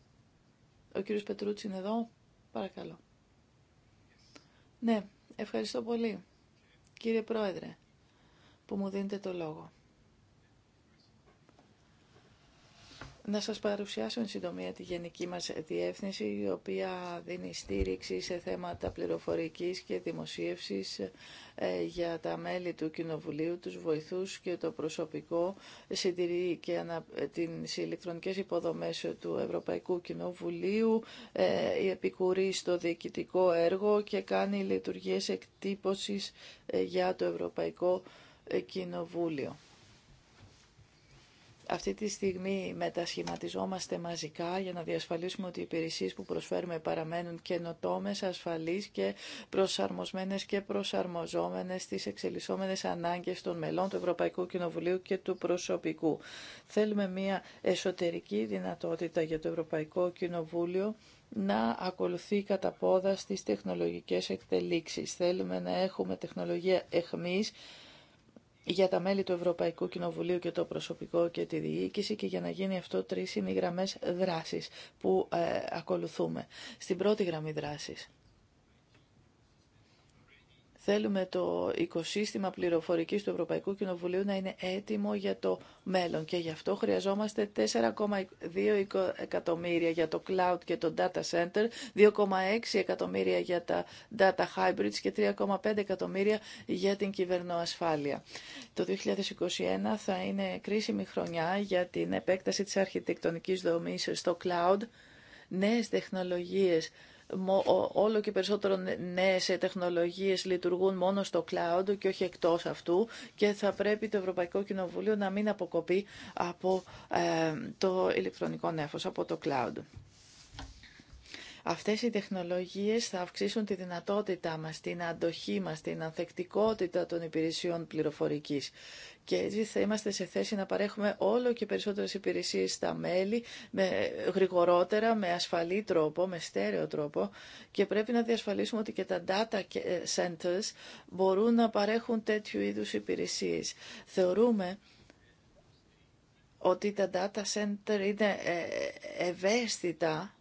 S2: Ο κύριος Πετρούτσε είναι εδώ. Παρακαλώ. Ναι, ευχαριστώ πολύ, κύριε Πρόεδρε, που μου δίνετε το λόγο. Να σας παρουσιάσω εν συντομία τη γενική μας διεύθυνση, η οποία δίνει στήριξη σε θέματα πληροφορικής και δημοσίευσης ε, για τα μέλη του Κοινοβουλίου, τους βοηθούς και το προσωπικό, συντηρεί και ανα... τις ηλεκτρονικές υποδομές του Ευρωπαϊκού Κοινοβουλίου, η ε, επικουρεί στο διοικητικό έργο και κάνει λειτουργίες εκτύπωσης ε, για το Ευρωπαϊκό Κοινοβούλιο. Αυτή τη στιγμή μετασχηματιζόμαστε μαζικά για να διασφαλίσουμε ότι οι υπηρεσίε που προσφέρουμε παραμένουν καινοτόμε, ασφαλεί και προσαρμοσμένε και προσαρμοζόμενε στι εξελισσόμενε ανάγκε των μελών του Ευρωπαϊκού Κοινοβουλίου και του προσωπικού. Θέλουμε μια εσωτερική δυνατότητα για το Ευρωπαϊκό Κοινοβούλιο να ακολουθεί κατά πόδα στις τεχνολογικές εκτελήξει. Θέλουμε να έχουμε τεχνολογία εχμής για τα μέλη του Ευρωπαϊκού Κοινοβουλίου και το προσωπικό και τη διοίκηση και για να γίνει αυτό τρεις είναι οι γραμμές δράσης που ε, ακολουθούμε. Στην πρώτη γραμμή δράσης Θέλουμε το οικοσύστημα πληροφορικής του Ευρωπαϊκού Κοινοβουλίου να είναι έτοιμο για το μέλλον και γι' αυτό χρειαζόμαστε 4,2 εκατομμύρια για το cloud και το data center, 2,6 εκατομμύρια για τα data hybrids και 3,5 εκατομμύρια για την κυβερνοασφάλεια. Το 2021 θα είναι κρίσιμη χρονιά για την επέκταση της αρχιτεκτονικής δομής στο cloud, νέες τεχνολογίες όλο και περισσότερο νέες ε, τεχνολογίες λειτουργούν μόνο στο cloud και όχι εκτός αυτού και θα πρέπει το Ευρωπαϊκό Κοινοβούλιο να μην αποκοπεί από ε, το ηλεκτρονικό νέφος, από το cloud. Αυτές οι τεχνολογίες θα αυξήσουν τη δυνατότητά μας, την αντοχή μας, την ανθεκτικότητα των υπηρεσιών πληροφορικής. Και έτσι θα είμαστε σε θέση να παρέχουμε όλο και περισσότερες υπηρεσίες στα μέλη, με γρηγορότερα, με ασφαλή τρόπο, με στέρεο τρόπο. Και πρέπει να διασφαλίσουμε ότι και τα data ε, centers μπορούν να παρέχουν τέτοιου είδους υπηρεσίες. Θεωρούμε ότι τα data center είναι ε, ε, ευαίσθητα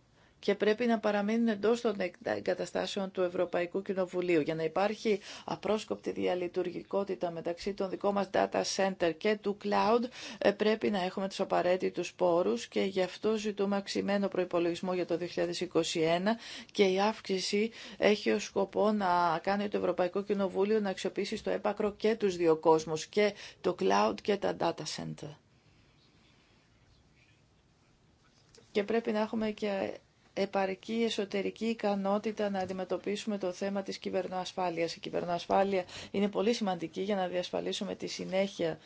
S2: και πρέπει να παραμείνουν εντό των εγκαταστάσεων του Ευρωπαϊκού Κοινοβουλίου για να υπάρχει απρόσκοπτη διαλειτουργικότητα μεταξύ των δικών μα data center και του cloud ε, πρέπει να έχουμε του απαραίτητους πόρους και γι' αυτό ζητούμε αυξημένο προϋπολογισμό για το 2021 και η αύξηση έχει ως σκοπό να κάνει το Ευρωπαϊκό Κοινοβούλιο να αξιοποιήσει στο έπακρο και του δύο κόσμου και το cloud και τα data center. Και πρέπει να έχουμε και επαρκή εσωτερική ικανότητα να αντιμετωπίσουμε το θέμα της κυβερνοασφάλειας. Η κυβερνοασφάλεια είναι πολύ σημαντική για να διασφαλίσουμε τη συνέχεια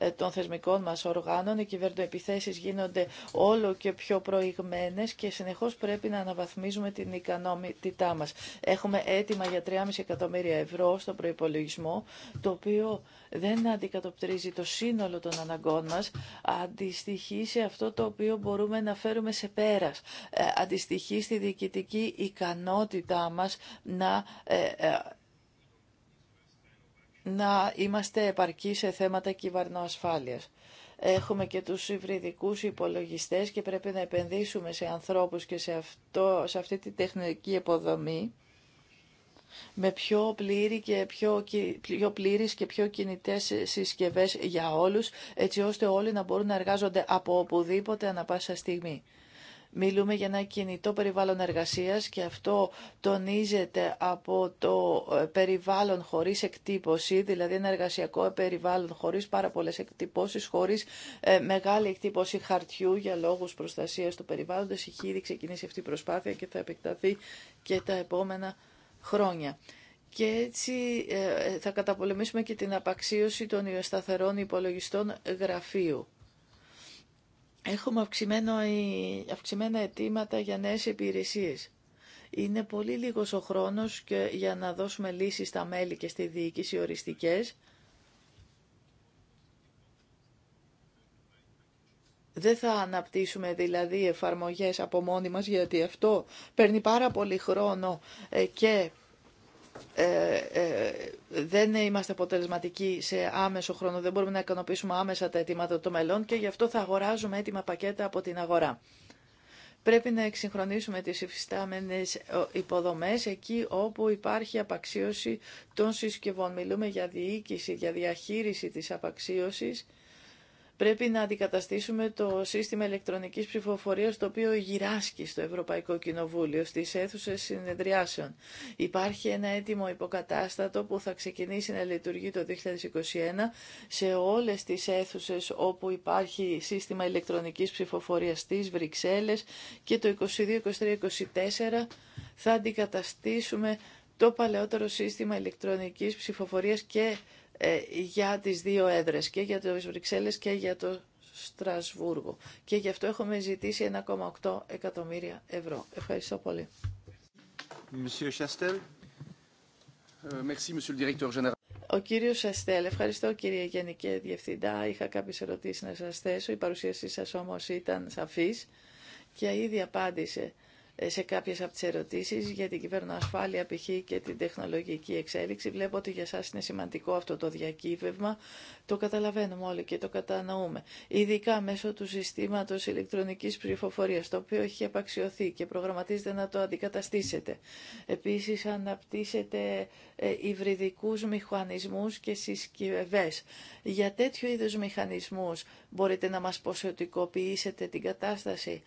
S2: ε, των θεσμικών μας οργάνων. Οι κυβερνοεπιθέσεις γίνονται όλο και πιο προηγμένες και συνεχώς πρέπει να αναβαθμίζουμε την ικανότητά μας. Έχουμε έτοιμα για 3,5 εκατομμύρια ευρώ στο προϋπολογισμό, το οποίο δεν αντικατοπτρίζει το σύνολο των αναγκών μας, αντιστοιχεί σε αυτό το οποίο μπορούμε να φέρουμε σε πέρας. Ε, αντιστοιχεί στη διοικητική ικανότητά μας να ε, να είμαστε επαρκή σε θέματα κυβερνοασφάλειας. Έχουμε και τους υβριδικούς υπολογιστές και πρέπει να επενδύσουμε σε ανθρώπους και σε, αυτό, σε αυτή τη τεχνική υποδομή με πιο, πλήρη και πιο, πιο πλήρης και πιο κινητές συσκευές για όλους, έτσι ώστε όλοι να μπορούν να εργάζονται από οπουδήποτε ανα πάσα στιγμή. Μιλούμε για ένα κινητό περιβάλλον εργασίας και αυτό τονίζεται από το ε, περιβάλλον χωρίς εκτύπωση, δηλαδή ένα εργασιακό περιβάλλον χωρίς πάρα πολλές εκτυπώσεις, χωρίς ε, μεγάλη εκτύπωση χαρτιού για λόγους προστασίας του περιβάλλοντος. Είχε ήδη ξεκινήσει αυτή η προσπάθεια και θα επεκταθεί και τα επόμενα χρόνια. Και έτσι ε, θα καταπολεμήσουμε και την απαξίωση των σταθερών υπολογιστών γραφείου. Έχουμε αυξημένο, αυξημένα αιτήματα για νέες υπηρεσίες. Είναι πολύ λίγος ο χρόνος και για να δώσουμε λύσεις στα μέλη και στη διοίκηση οριστικές. Δεν θα αναπτύσσουμε δηλαδή εφαρμογές από μόνοι μας, γιατί αυτό παίρνει πάρα πολύ χρόνο ε, και ε, ε, δεν είμαστε αποτελεσματικοί σε άμεσο χρόνο, δεν μπορούμε να ικανοποιήσουμε άμεσα τα αιτήματα των μελών και γι' αυτό θα αγοράζουμε έτοιμα πακέτα από την αγορά. Πρέπει να εξυγχρονίσουμε τις υφιστάμενες ε, υποδομές εκεί όπου υπάρχει απαξίωση των συσκευών. Μιλούμε για διοίκηση, για διαχείριση της απαξίωσης Πρέπει να αντικαταστήσουμε το σύστημα ηλεκτρονικής ψηφοφορίας το οποίο γυράσκει στο Ευρωπαϊκό Κοινοβούλιο, στις αίθουσε συνεδριάσεων. Υπάρχει ένα έτοιμο υποκατάστατο που θα ξεκινήσει να λειτουργεί το 2021 σε όλες τις αίθουσε όπου υπάρχει σύστημα ηλεκτρονικής ψηφοφορίας στις Βρυξέλλες και το 2022-2023-2024 θα αντικαταστήσουμε το παλαιότερο σύστημα ηλεκτρονικής ψηφοφορίας και ε, για τις δύο έδρες, και για το Βρυξέλλες και για το Στρασβούργο. Και γι' αυτό έχουμε ζητήσει 1,8 εκατομμύρια ευρώ. Ευχαριστώ πολύ. Ε, Ο κύριο Σαστέλ, ευχαριστώ κύριε Γενική Διευθυντά. Είχα κάποιε ερωτήσει να σα θέσω. Η παρουσίασή σα όμω ήταν σαφή και ήδη απάντησε σε κάποιες από τις ερωτήσεις για την κυβερνοασφάλεια π.χ. και την τεχνολογική εξέλιξη. Βλέπω ότι για εσά είναι σημαντικό αυτό το διακύβευμα. Το καταλαβαίνουμε όλοι και το κατανοούμε. Ειδικά μέσω του συστήματος ηλεκτρονικής ψηφοφορίας, το οποίο έχει επαξιωθεί και προγραμματίζεται να το αντικαταστήσετε. Επίσης αναπτύσσετε ε, υβριδικούς μηχανισμούς και συσκευές. Για τέτοιου είδους μηχανισμούς μπορείτε να μας ποσοτικοποιήσετε την κατάσταση,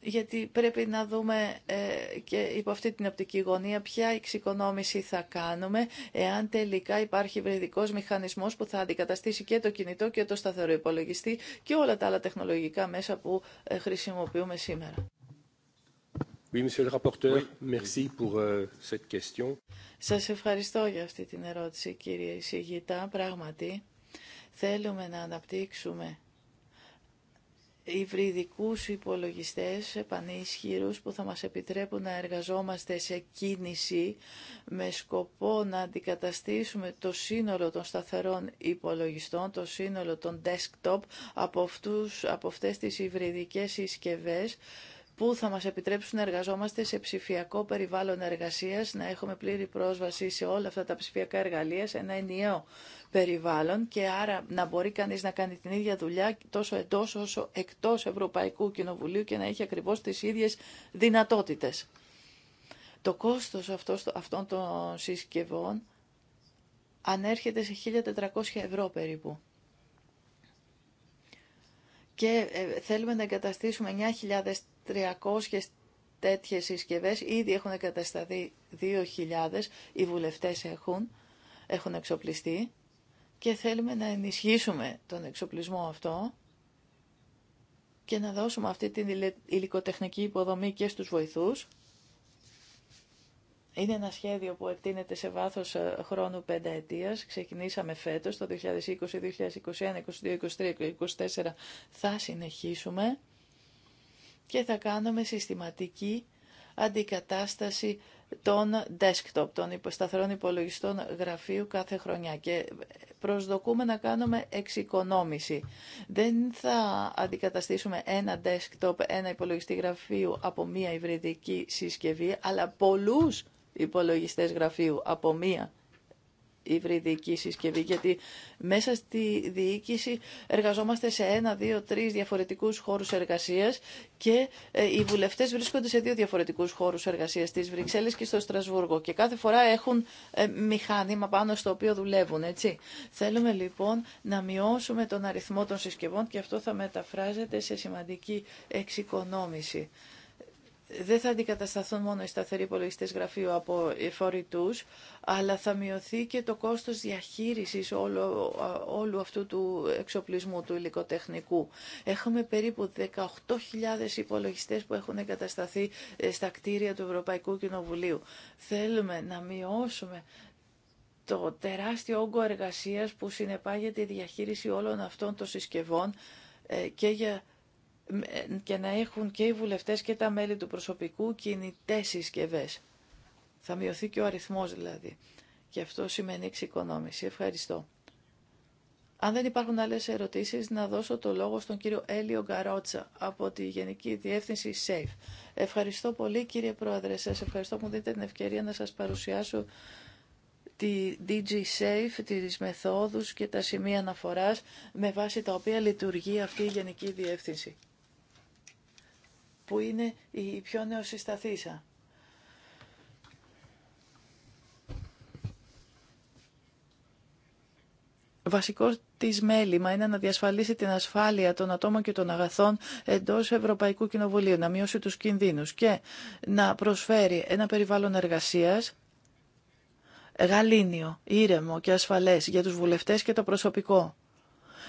S2: γιατί πρέπει να δούμε ε, και υπό αυτή την οπτική γωνία ποια εξοικονόμηση θα κάνουμε εάν τελικά υπάρχει βρεδικό μηχανισμός που θα αντικαταστήσει και το κινητό και το σταθερό υπολογιστή και όλα τα άλλα τεχνολογικά μέσα που ε, χρησιμοποιούμε σήμερα. Oui, monsieur le rapporteur, merci pour euh, cette question. Σας ευχαριστώ για αυτή την ερώτηση, κύριε εισηγητά. Πράγματι, θέλουμε να αναπτύξουμε υβριδικού υπολογιστές πανίσχυρους που θα μας επιτρέπουν να εργαζόμαστε σε κίνηση με σκοπό να αντικαταστήσουμε το σύνολο των σταθερών υπολογιστών, το σύνολο των desktop από, αυτούς, από αυτές τις υβριδικές συσκευές που θα μας επιτρέψουν να εργαζόμαστε σε ψηφιακό περιβάλλον εργασίας, να έχουμε πλήρη πρόσβαση σε όλα αυτά τα ψηφιακά εργαλεία, σε ένα ενιαίο περιβάλλον και άρα να μπορεί κανείς να κάνει την ίδια δουλειά τόσο εντός όσο εκτός Ευρωπαϊκού Κοινοβουλίου και να έχει ακριβώς τις ίδιες δυνατότητες. Το κόστος αυτών των συσκευών ανέρχεται σε 1.400 ευρώ περίπου. Και ε, θέλουμε να εγκαταστήσουμε 9.000 300 τέτοιες συσκευές, ήδη έχουν κατασταθεί 2.000, οι βουλευτές έχουν, έχουν εξοπλιστεί και θέλουμε να ενισχύσουμε τον εξοπλισμό αυτό και να δώσουμε αυτή την υλικοτεχνική υποδομή και στους βοηθούς. Είναι ένα σχέδιο που εκτείνεται σε βάθος ε, χρόνου ετών Ξεκινήσαμε φέτος, το 2020, 2021, 2022, 2023 και 2024 θα συνεχίσουμε και θα κάνουμε συστηματική αντικατάσταση των desktop, των σταθερών υπολογιστών γραφείου κάθε χρονιά και προσδοκούμε να κάνουμε εξοικονόμηση. Δεν θα αντικαταστήσουμε ένα desktop, ένα υπολογιστή γραφείου από μία υβριδική συσκευή, αλλά πολλούς υπολογιστές γραφείου από μία υβριδική συσκευή, γιατί μέσα στη διοίκηση εργαζόμαστε σε ένα, δύο, τρει διαφορετικούς χώρους εργασίας και ε, οι βουλευτέ βρίσκονται σε δύο διαφορετικούς χώρους εργασίας, στις Βρυξέλλες και στο Στρασβούργο και κάθε φορά έχουν ε, μηχάνημα πάνω στο οποίο δουλεύουν, έτσι. Θέλουμε λοιπόν να μειώσουμε τον αριθμό των συσκευών και αυτό θα μεταφράζεται σε σημαντική εξοικονόμηση δεν θα αντικατασταθούν μόνο οι σταθεροί υπολογιστέ γραφείου από φορητού, αλλά θα μειωθεί και το κόστο διαχείριση όλου, αυτού του εξοπλισμού του υλικοτεχνικού. Έχουμε περίπου 18.000 υπολογιστέ που έχουν εγκατασταθεί ε, στα κτίρια του Ευρωπαϊκού Κοινοβουλίου. Θέλουμε να μειώσουμε το τεράστιο όγκο εργασίας που συνεπάγεται η διαχείριση όλων αυτών των συσκευών ε, και για και να έχουν και οι βουλευτές και τα μέλη του προσωπικού κινητές συσκευέ. Θα μειωθεί και ο αριθμός δηλαδή. Και αυτό σημαίνει εξοικονόμηση. Ευχαριστώ. Αν δεν υπάρχουν άλλες ερωτήσεις, να δώσω το λόγο στον κύριο Έλιο Γκαρότσα από τη Γενική Διεύθυνση SAFE. Ευχαριστώ πολύ κύριε Πρόεδρε. Σας ευχαριστώ που μου δίνετε την ευκαιρία να σας παρουσιάσω τη DG Safe, τις μεθόδους και τα σημεία αναφοράς με βάση τα οποία λειτουργεί αυτή η Γενική Διεύθυνση που είναι η πιο νεοσυσταθήσα. βασικό τη μέλημα είναι να διασφαλίσει την ασφάλεια των ατόμων και των αγαθών εντό Ευρωπαϊκού Κοινοβουλίου, να μειώσει τους κινδύνου και να προσφέρει ένα περιβάλλον εργασία γαλήνιο, ήρεμο και ασφαλές για τους βουλευτές και το προσωπικό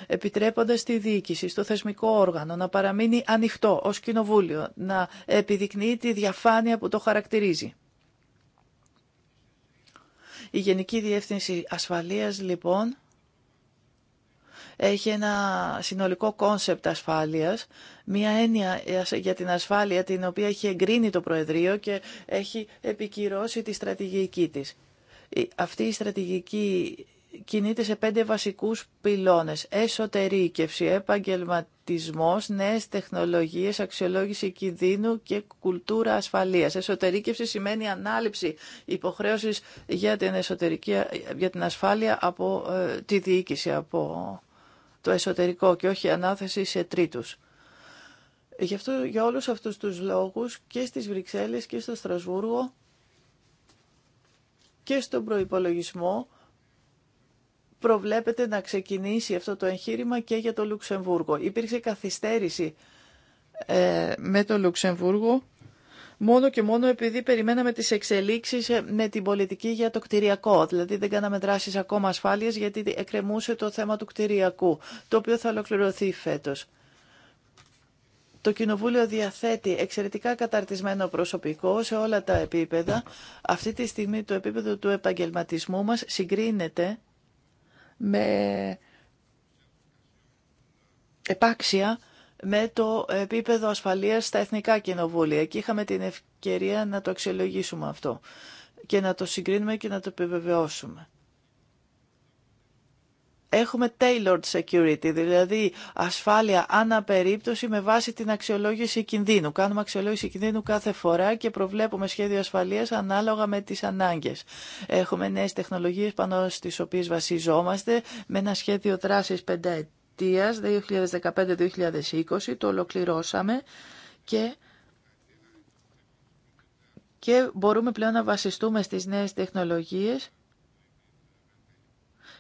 S2: επιτρέποντας τη διοίκηση, στο θεσμικό όργανο να παραμείνει ανοιχτό ως κοινοβούλιο, να επιδεικνύει τη διαφάνεια που το χαρακτηρίζει. Η Γενική Διεύθυνση Ασφαλείας, λοιπόν, έχει ένα συνολικό κόνσεπτ ασφάλειας, μια έννοια για την ασφάλεια την οποία έχει εγκρίνει το Προεδρείο και έχει επικυρώσει τη στρατηγική της. Αυτή η στρατηγική κινείται σε πέντε βασικούς πυλώνες. Εσωτερήκευση, επαγγελματισμός, νέες τεχνολογίες, αξιολόγηση κινδύνου και κουλτούρα ασφαλείας. Εσωτερήκευση σημαίνει ανάληψη υποχρέωσης για την, εσωτερική, για την ασφάλεια από ε, τη διοίκηση, από το εσωτερικό και όχι ανάθεση σε τρίτους. Γι' αυτό, για όλους αυτούς τους λόγους και στις Βρυξέλλες και στο Στρασβούργο και στον προϋπολογισμό προβλέπεται να ξεκινήσει αυτό το εγχείρημα και για το Λουξεμβούργο. Υπήρξε καθυστέρηση ε, με το Λουξεμβούργο μόνο και μόνο επειδή περιμέναμε τις εξελίξεις ε, με την πολιτική για το κτηριακό. Δηλαδή δεν κάναμε δράσεις ακόμα ασφάλειας γιατί εκκρεμούσε το θέμα του κτηριακού, το οποίο θα ολοκληρωθεί φέτος. Το Κοινοβούλιο διαθέτει εξαιρετικά καταρτισμένο προσωπικό σε όλα τα επίπεδα. Αυτή τη στιγμή το επίπεδο του επαγγελματισμού μας συγκρίνεται με επάξια με το επίπεδο ασφαλείας στα εθνικά κοινοβούλια και είχαμε την ευκαιρία να το αξιολογήσουμε αυτό και να το συγκρίνουμε και να το επιβεβαιώσουμε. Έχουμε tailored security, δηλαδή ασφάλεια αναπερίπτωση με βάση την αξιολόγηση κινδύνου. Κάνουμε αξιολόγηση κινδύνου κάθε φορά και προβλέπουμε σχέδιο ασφαλείας ανάλογα με τις ανάγκες. Έχουμε νέες τεχνολογίες πάνω στις οποίες βασιζόμαστε με ένα σχέδιο δράσης πενταετίας 2015-2020, το ολοκληρώσαμε και και μπορούμε πλέον να βασιστούμε στις νέες τεχνολογίες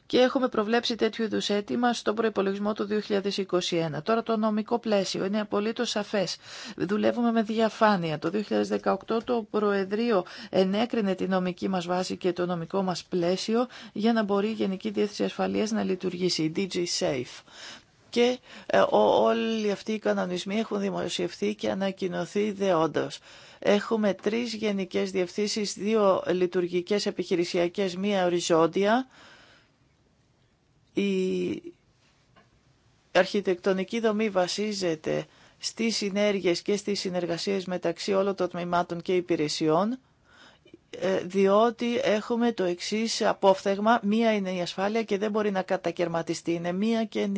S2: και έχουμε προβλέψει τέτοιου είδου αίτημα στον προπολογισμό του 2021. Τώρα το νομικό πλαίσιο είναι απολύτω σαφέ. Δουλεύουμε με διαφάνεια. Το 2018 το Προεδρείο ενέκρινε τη νομική μα βάση και το νομικό μα πλαίσιο για να μπορεί η Γενική Διεύθυνση Ασφαλεία να λειτουργήσει, η DG Safe και ε, όλοι αυτοί οι κανονισμοί έχουν δημοσιευθεί και ανακοινωθεί δεόντω. Έχουμε τρεις γενικές διευθύνσεις, δύο λειτουργικές επιχειρησιακές, μία οριζόντια η αρχιτεκτονική δομή βασίζεται στις συνέργειες και στις συνεργασίες μεταξύ όλων των τμήματων και υπηρεσιών, ε, διότι έχουμε το εξής απόφθεγμα, μία είναι η ασφάλεια και δεν μπορεί να κατακαιρματιστεί, είναι μία και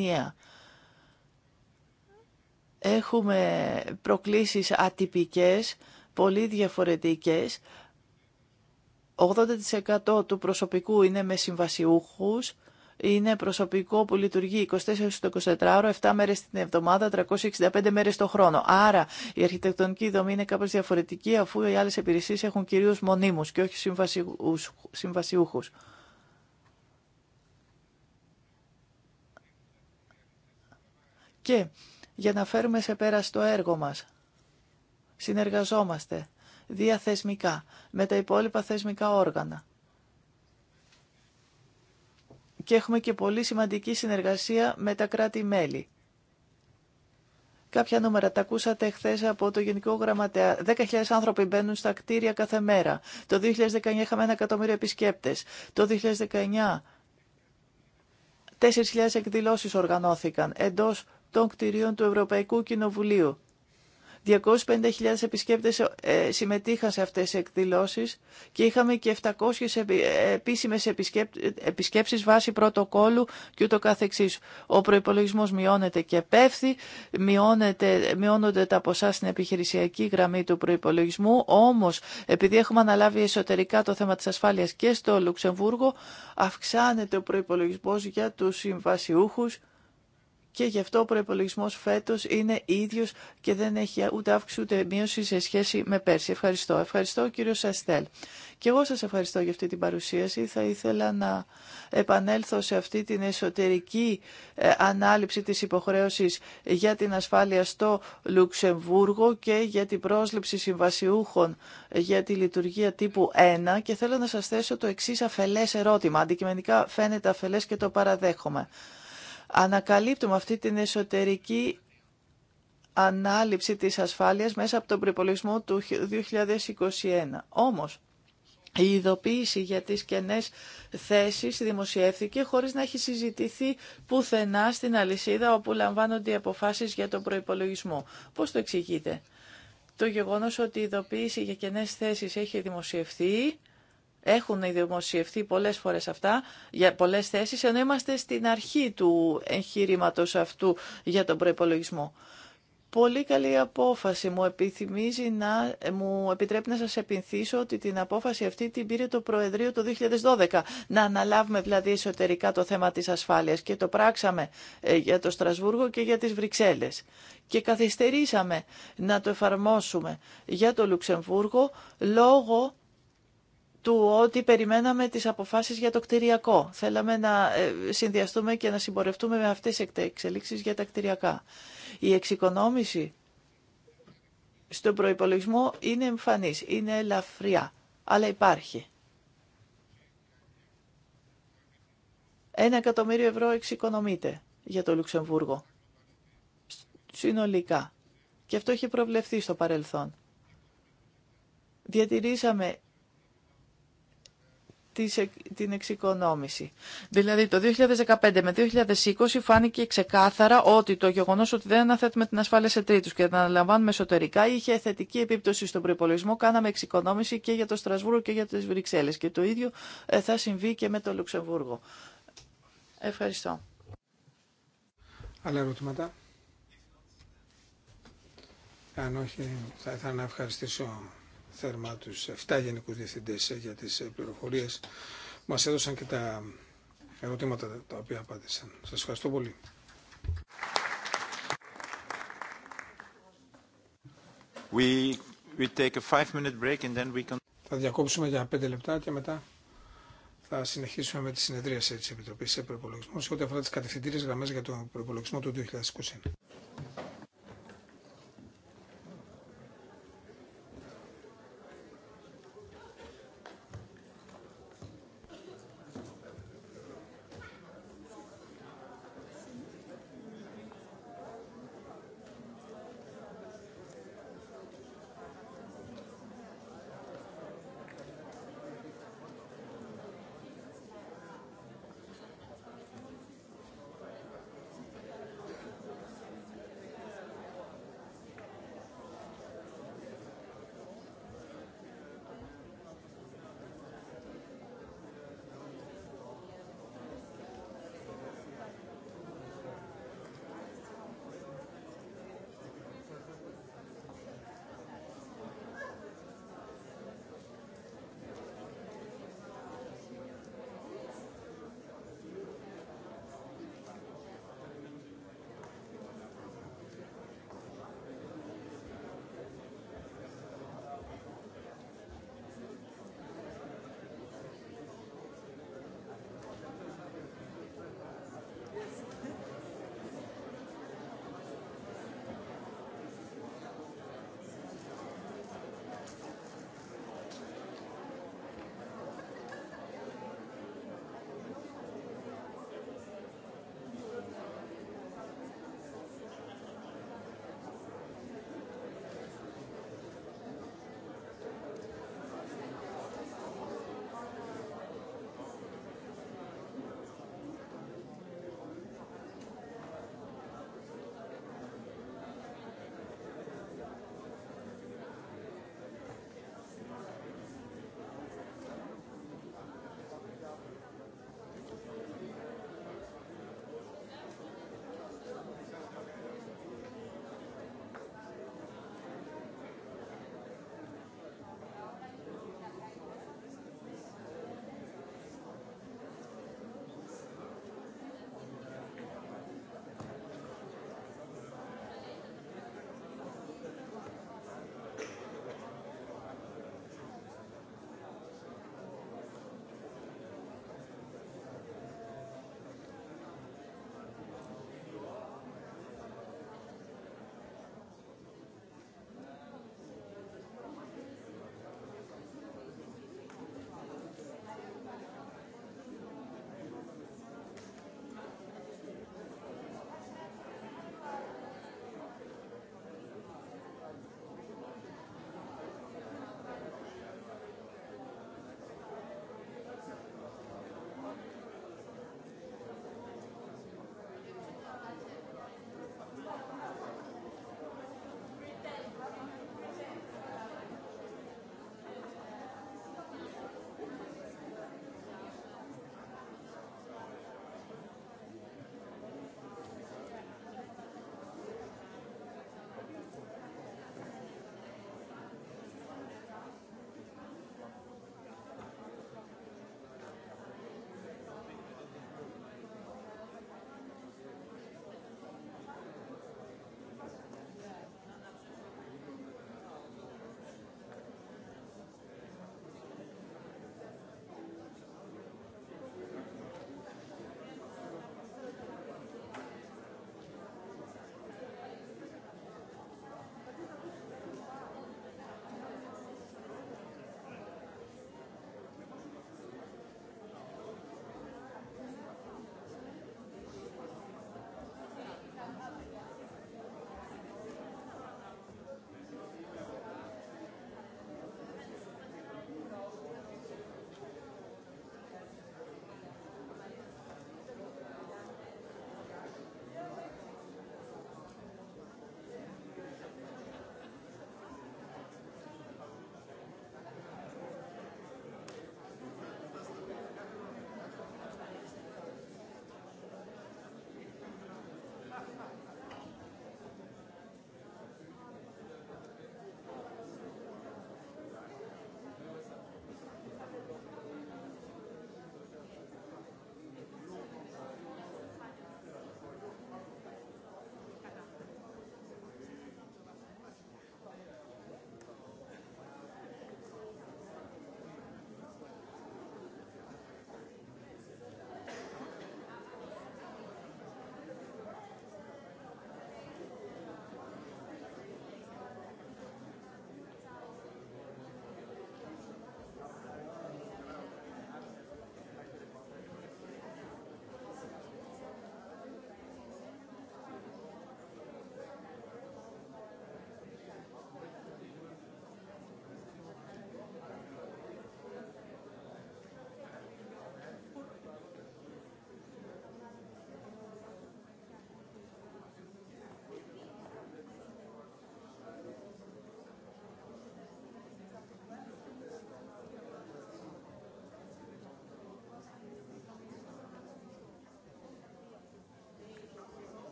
S2: Έχουμε προκλήσεις ατυπικές, πολύ διαφορετικές. 80% του προσωπικού είναι με συμβασιούχους, είναι προσωπικό που λειτουργεί 24 στο 24ωρο, 7 μέρες την εβδομάδα, 365 μέρες το χρόνο. Άρα η αρχιτεκτονική δομή είναι κάπως διαφορετική αφού οι άλλες υπηρεσίε έχουν κυρίως μονίμους και όχι συμβασιούχους. Και για να φέρουμε σε πέρα στο έργο μας, συνεργαζόμαστε διαθεσμικά με τα υπόλοιπα θεσμικά όργανα και έχουμε και πολύ σημαντική συνεργασία με τα κράτη-μέλη. Κάποια νούμερα τα ακούσατε χθε από το Γενικό Γραμματέα. 10.000 άνθρωποι μπαίνουν στα κτίρια κάθε μέρα. Το 2019 είχαμε ένα εκατομμύριο επισκέπτες. Το 2019 4.000 εκδηλώσεις οργανώθηκαν εντός των κτηρίων του Ευρωπαϊκού Κοινοβουλίου. 250.000 επισκέπτες ε, συμμετείχαν σε αυτές τις εκδηλώσεις και είχαμε και 700 ε, επίσημες επισκέψεις βάσει πρωτοκόλλου και ούτω καθεξής. Ο προϋπολογισμός μειώνεται και πέφτει, μειώνονται τα ποσά στην επιχειρησιακή γραμμή του προϋπολογισμού, όμως επειδή έχουμε αναλάβει εσωτερικά το θέμα της ασφάλειας και στο Λουξεμβούργο, αυξάνεται ο προϋπολογισμός για τους συμβασιούχους και γι' αυτό ο προπολογισμό φέτο είναι ίδιο και δεν έχει ούτε αύξηση ούτε μείωση σε σχέση με πέρσι. Ευχαριστώ. Ευχαριστώ, κύριο Σαστέλ. Και εγώ σα ευχαριστώ για αυτή την παρουσίαση. Θα ήθελα να επανέλθω σε αυτή την εσωτερική ε, ανάληψη τη υποχρέωση για την ασφάλεια στο Λουξεμβούργο και για την πρόσληψη συμβασιούχων για τη λειτουργία τύπου 1. Και θέλω να σα θέσω το εξή αφελέ ερώτημα. Αντικειμενικά φαίνεται αφελέ και το παραδέχομαι ανακαλύπτουμε αυτή την εσωτερική ανάληψη της ασφάλειας μέσα από τον προπολογισμό του 2021. Όμως, η ειδοποίηση για τις κενές θέσεις δημοσιεύθηκε χωρίς να έχει συζητηθεί πουθενά στην αλυσίδα όπου λαμβάνονται οι αποφάσεις για τον προϋπολογισμό. Πώς το εξηγείτε. Το γεγονός ότι η ειδοποίηση για κενές θέσεις έχει δημοσιευθεί έχουν δημοσιευθεί πολλές φορές αυτά για πολλές θέσεις, ενώ είμαστε στην αρχή του εγχειρήματος αυτού για τον προϋπολογισμό. Πολύ καλή απόφαση. Μου επιθυμίζει να μου επιτρέπει να σας επιθύσω ότι την απόφαση αυτή την πήρε το Προεδρείο το 2012. Να αναλάβουμε δηλαδή εσωτερικά το θέμα της ασφάλειας και το πράξαμε ε, για το Στρασβούργο και για τις Βρυξέλλες. Και καθυστερήσαμε να το εφαρμόσουμε για το Λουξεμβούργο λόγω του ότι περιμέναμε τις αποφάσεις για το κτηριακό. Θέλαμε να ε, συνδυαστούμε και να συμπορευτούμε με αυτές τις εξελίξεις για τα κτηριακά. Η εξοικονόμηση στον προϋπολογισμό είναι εμφανής, είναι ελαφριά, αλλά υπάρχει. Ένα εκατομμύριο ευρώ εξοικονομείται για το Λουξεμβούργο, συνολικά. Και αυτό είχε προβλεφθεί στο παρελθόν. Διατηρήσαμε την εξοικονόμηση. Δηλαδή το 2015 με 2020 φάνηκε ξεκάθαρα ότι το γεγονός ότι δεν αναθέτουμε την ασφάλεια σε τρίτους και την αναλαμβάνουμε εσωτερικά είχε θετική επίπτωση στον προϋπολογισμό Κάναμε εξοικονόμηση και για το Στρασβούργο και για τις Βρυξέλλες και το ίδιο ε, θα συμβεί και με το Λουξεμβούργο.
S4: Ευχαριστώ. Άλλα ερωτήματα. Αν όχι, θα ήθελα να ευχαριστήσω θερμά του 7 γενικού Διευθυντέ για τις πληροφορίες Μα έδωσαν και τα ερωτήματα τα οποία απάντησαν. Σα ευχαριστώ πολύ.
S1: We, we take a five minute break and then we can...
S4: Θα διακόψουμε για 5 λεπτά και μετά θα συνεχίσουμε με τη συνεδρία τη Επιτροπή σε προπολογισμό σε ό,τι αφορά τι κατευθυντήριε γραμμέ για τον προπολογισμό του 2021.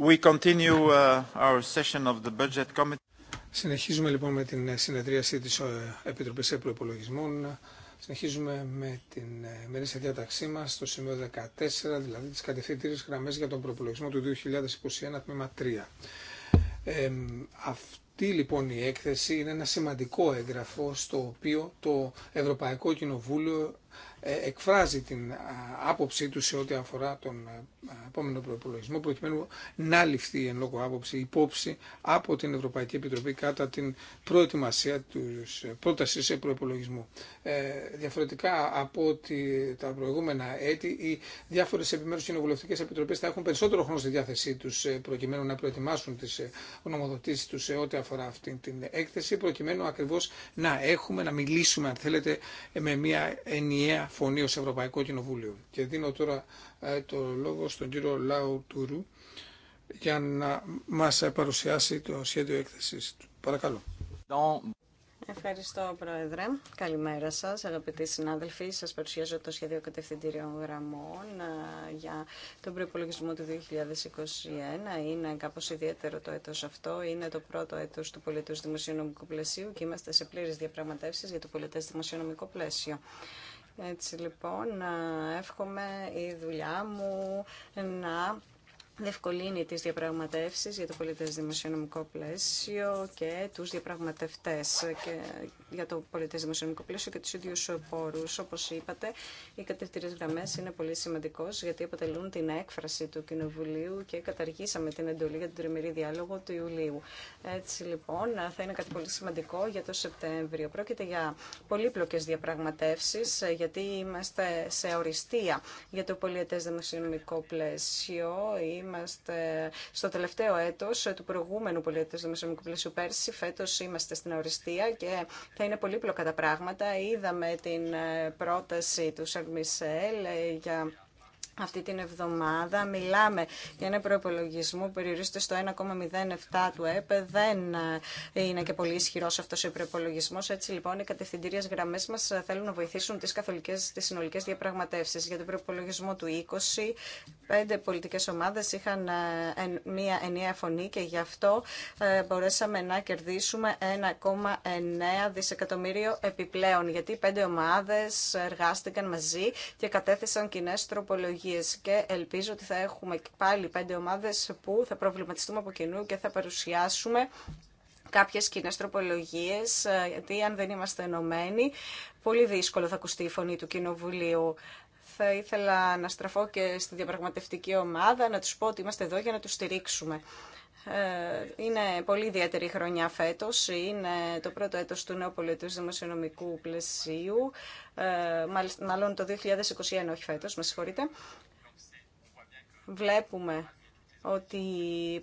S1: Uh,
S4: Συνεχίζουμε λοιπόν με την ε, συνεδρίαση της ε, Επιτροπής προπολογισμών. Συνεχίζουμε με την ε, μερίσια διάταξή μας στο σημείο 14, δηλαδή τις κατευθυντήρες γραμμές για τον προπολογισμό του 2021, τμήμα 3. Ε, αυτή λοιπόν η έκθεση είναι ένα σημαντικό έγγραφο στο οποίο το Ευρωπαϊκό Κοινοβούλιο ε, εκφράζει την άποψή του σε ό,τι αφορά τον ε, επόμενο προπολογισμό, προκειμένου να ληφθεί εν λόγω άποψη υπόψη από την Ευρωπαϊκή Επιτροπή κατά την προετοιμασία τη ε, πρόταση προπολογισμού. Διαφορετικά από ότι τα προηγούμενα έτη, οι διάφορε επιμέρου κοινοβουλευτικέ επιτροπέ θα έχουν περισσότερο χρόνο στη διάθεσή του προκειμένου να προετοιμάσουν τι ονομοδοτήσει του σε ό,τι αφορά αυτή την έκθεση, προκειμένου ακριβώ να έχουμε, να μιλήσουμε, αν θέλετε, με μια ενιαία μια φωνή ως Ευρωπαϊκό Κοινοβούλιο. Και δίνω τώρα ε, το λόγο στον κύριο Λάου Τουρού για να μας ε, παρουσιάσει το σχέδιο έκθεσης του. Παρακαλώ.
S3: Ευχαριστώ, Πρόεδρε. Καλημέρα σα, αγαπητοί συνάδελφοι. Σα παρουσιάζω το σχέδιο κατευθυντήριων γραμμών ε, για τον προϋπολογισμό του 2021. Είναι κάπω ιδιαίτερο το έτος αυτό. Είναι το πρώτο έτος του πολιτού δημοσιονομικού πλαισίου και είμαστε σε πλήρε διαπραγματεύσει για το πολιτέ δημοσιονομικό πλαίσιο. Έτσι λοιπόν, ε, εύχομαι η δουλειά μου να διευκολύνει τις διαπραγματεύσεις για το πολιτές δημοσιονομικό πλαίσιο και τους διαπραγματευτές για το πολιτές δημοσιονομικό πλαίσιο και τους ίδιους πόρου, Όπως είπατε, οι κατευθυντήρες γραμμές είναι πολύ σημαντικός γιατί αποτελούν την έκφραση του Κοινοβουλίου και καταργήσαμε την εντολή για τον τριμερή διάλογο του Ιουλίου. Έτσι λοιπόν θα είναι κάτι πολύ σημαντικό για το Σεπτέμβριο. Πρόκειται για πολύπλοκες διαπραγματεύσει, γιατί είμαστε σε οριστία για το πολιτέ δημοσιονομικό πλαίσιο Είμαστε στο τελευταίο έτος του προηγούμενου του δημοσιονομικού πλαίσιου πέρσι. Φέτος είμαστε στην οριστία και θα είναι πολύπλοκα τα πράγματα. Είδαμε την ε, πρόταση του Σαρμισελ ε, για αυτή την εβδομάδα. Μιλάμε για ένα προπολογισμό που περιορίζεται στο 1,07 του ΕΠΕ. Δεν ε, είναι και πολύ ισχυρό αυτό ο προπολογισμό. Έτσι λοιπόν, οι κατευθυντήριε γραμμέ μα θέλουν να βοηθήσουν τι καθολικέ, τι συνολικέ διαπραγματεύσει. Για τον προπολογισμό του 20, πέντε πολιτικέ ομάδε είχαν ε, μία ενιαία φωνή και γι' αυτό ε, μπορέσαμε να κερδίσουμε 1,9 δισεκατομμύριο επιπλέον. Γιατί πέντε ομάδε εργάστηκαν μαζί και κατέθεσαν κοινέ τροπολογίε και ελπίζω ότι θα έχουμε πάλι πέντε ομάδες που θα προβληματιστούμε από κοινού και θα παρουσιάσουμε κάποιες κοινέ τροπολογίες, ε, γιατί αν δεν είμαστε ενωμένοι, πολύ δύσκολο θα ακουστεί η φωνή του Κοινοβουλίου. Θα ήθελα να στραφώ και στη διαπραγματευτική ομάδα, να τους πω ότι είμαστε εδώ για να τους στηρίξουμε. Ε, είναι πολύ ιδιαίτερη χρονιά φέτος, είναι το πρώτο έτος του νέου πολιτικού δημοσιονομικού πλαισίου, ε, μάλλον το 2021, όχι φέτος, με συγχωρείτε. Βλέπουμε ότι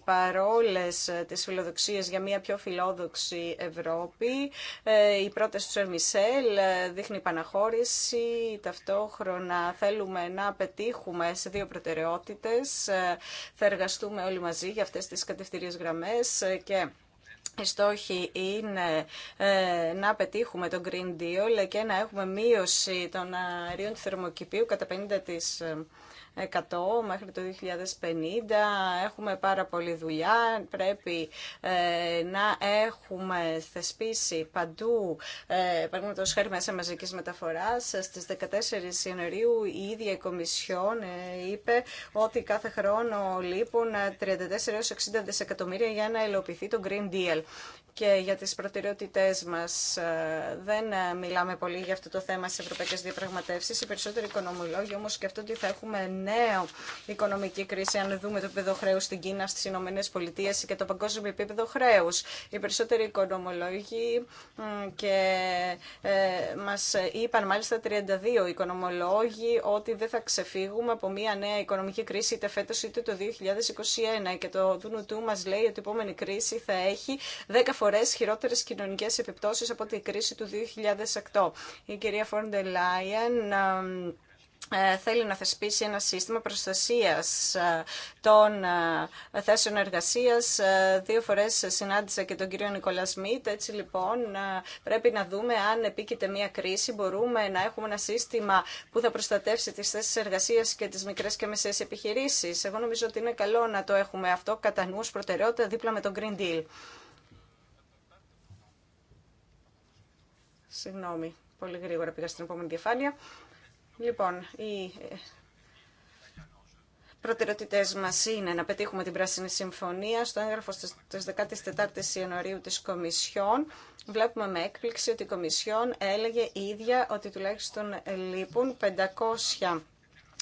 S3: παρόλες τις φιλοδοξίες για μια πιο φιλόδοξη Ευρώπη, ε, η πρόταση του Σερμισελ ε, δείχνει παναχώρηση. Ταυτόχρονα θέλουμε να πετύχουμε σε δύο προτεραιότητες. Ε, θα εργαστούμε όλοι μαζί για αυτές τις κατευθυντήριες γραμμές και η στόχοι είναι να πετύχουμε τον Green Deal και να έχουμε μείωση των αερίων του θερμοκηπίου κατά 50%. 100 μέχρι το 2050. Έχουμε πάρα πολλή δουλειά. Πρέπει ε, να έχουμε θεσπίσει παντού, ε, παραδείγματο χάρη μέσα μαζική μεταφορά. Στι 14 Ιανουαρίου η ίδια η Κομισιόν ε, είπε ότι κάθε χρόνο λείπουν 34 έω 60 δισεκατομμύρια για να υλοποιηθεί το Green Deal και για τις προτεραιότητές μας. Ε, δεν ε, μιλάμε πολύ για αυτό το θέμα στις ευρωπαϊκές διαπραγματεύσεις. Οι περισσότεροι οικονομολόγοι όμως σκέφτονται ότι θα έχουμε νέο οικονομική κρίση αν δούμε το επίπεδο χρέου στην Κίνα, στις Ηνωμένε Πολιτείες και το παγκόσμιο επίπεδο χρέου. Οι περισσότεροι οικονομολόγοι και ε, μας είπαν μάλιστα 32 οικονομολόγοι ότι δεν θα ξεφύγουμε από μια νέα οικονομική κρίση είτε φέτος είτε το 2021 και το του μας λέει ότι η επόμενη κρίση θα έχει 10 φορές χειρότερες κοινωνικές επιπτώσεις από την κρίση του 2008. Η κυρία Φόρντε Λάιεν ε, θέλει να θεσπίσει ένα σύστημα προστασίας ε, των ε, θέσεων εργασίας. Δύο φορές συνάντησα και τον κύριο Νικολά Σμίτ. Έτσι λοιπόν πρέπει να δούμε αν επίκειται μια κρίση μπορούμε να έχουμε ένα σύστημα που θα προστατεύσει τις θέσεις εργασίας και τις μικρές και μεσαίες επιχειρήσεις. Εγώ νομίζω ότι είναι καλό να το έχουμε αυτό κατά νου προτεραιότητα δίπλα με τον Green Deal. Συγγνώμη, πολύ γρήγορα πήγα στην επόμενη διαφάνεια. Λοιπόν, οι ε, προτεραιότητε μα είναι να πετύχουμε την Πράσινη Συμφωνία. Στο έγγραφο τη 14η Ιανουαρίου τη Κομισιόν βλέπουμε με έκπληξη ότι η Κομισιόν έλεγε η ίδια ιδια τουλάχιστον λείπουν 500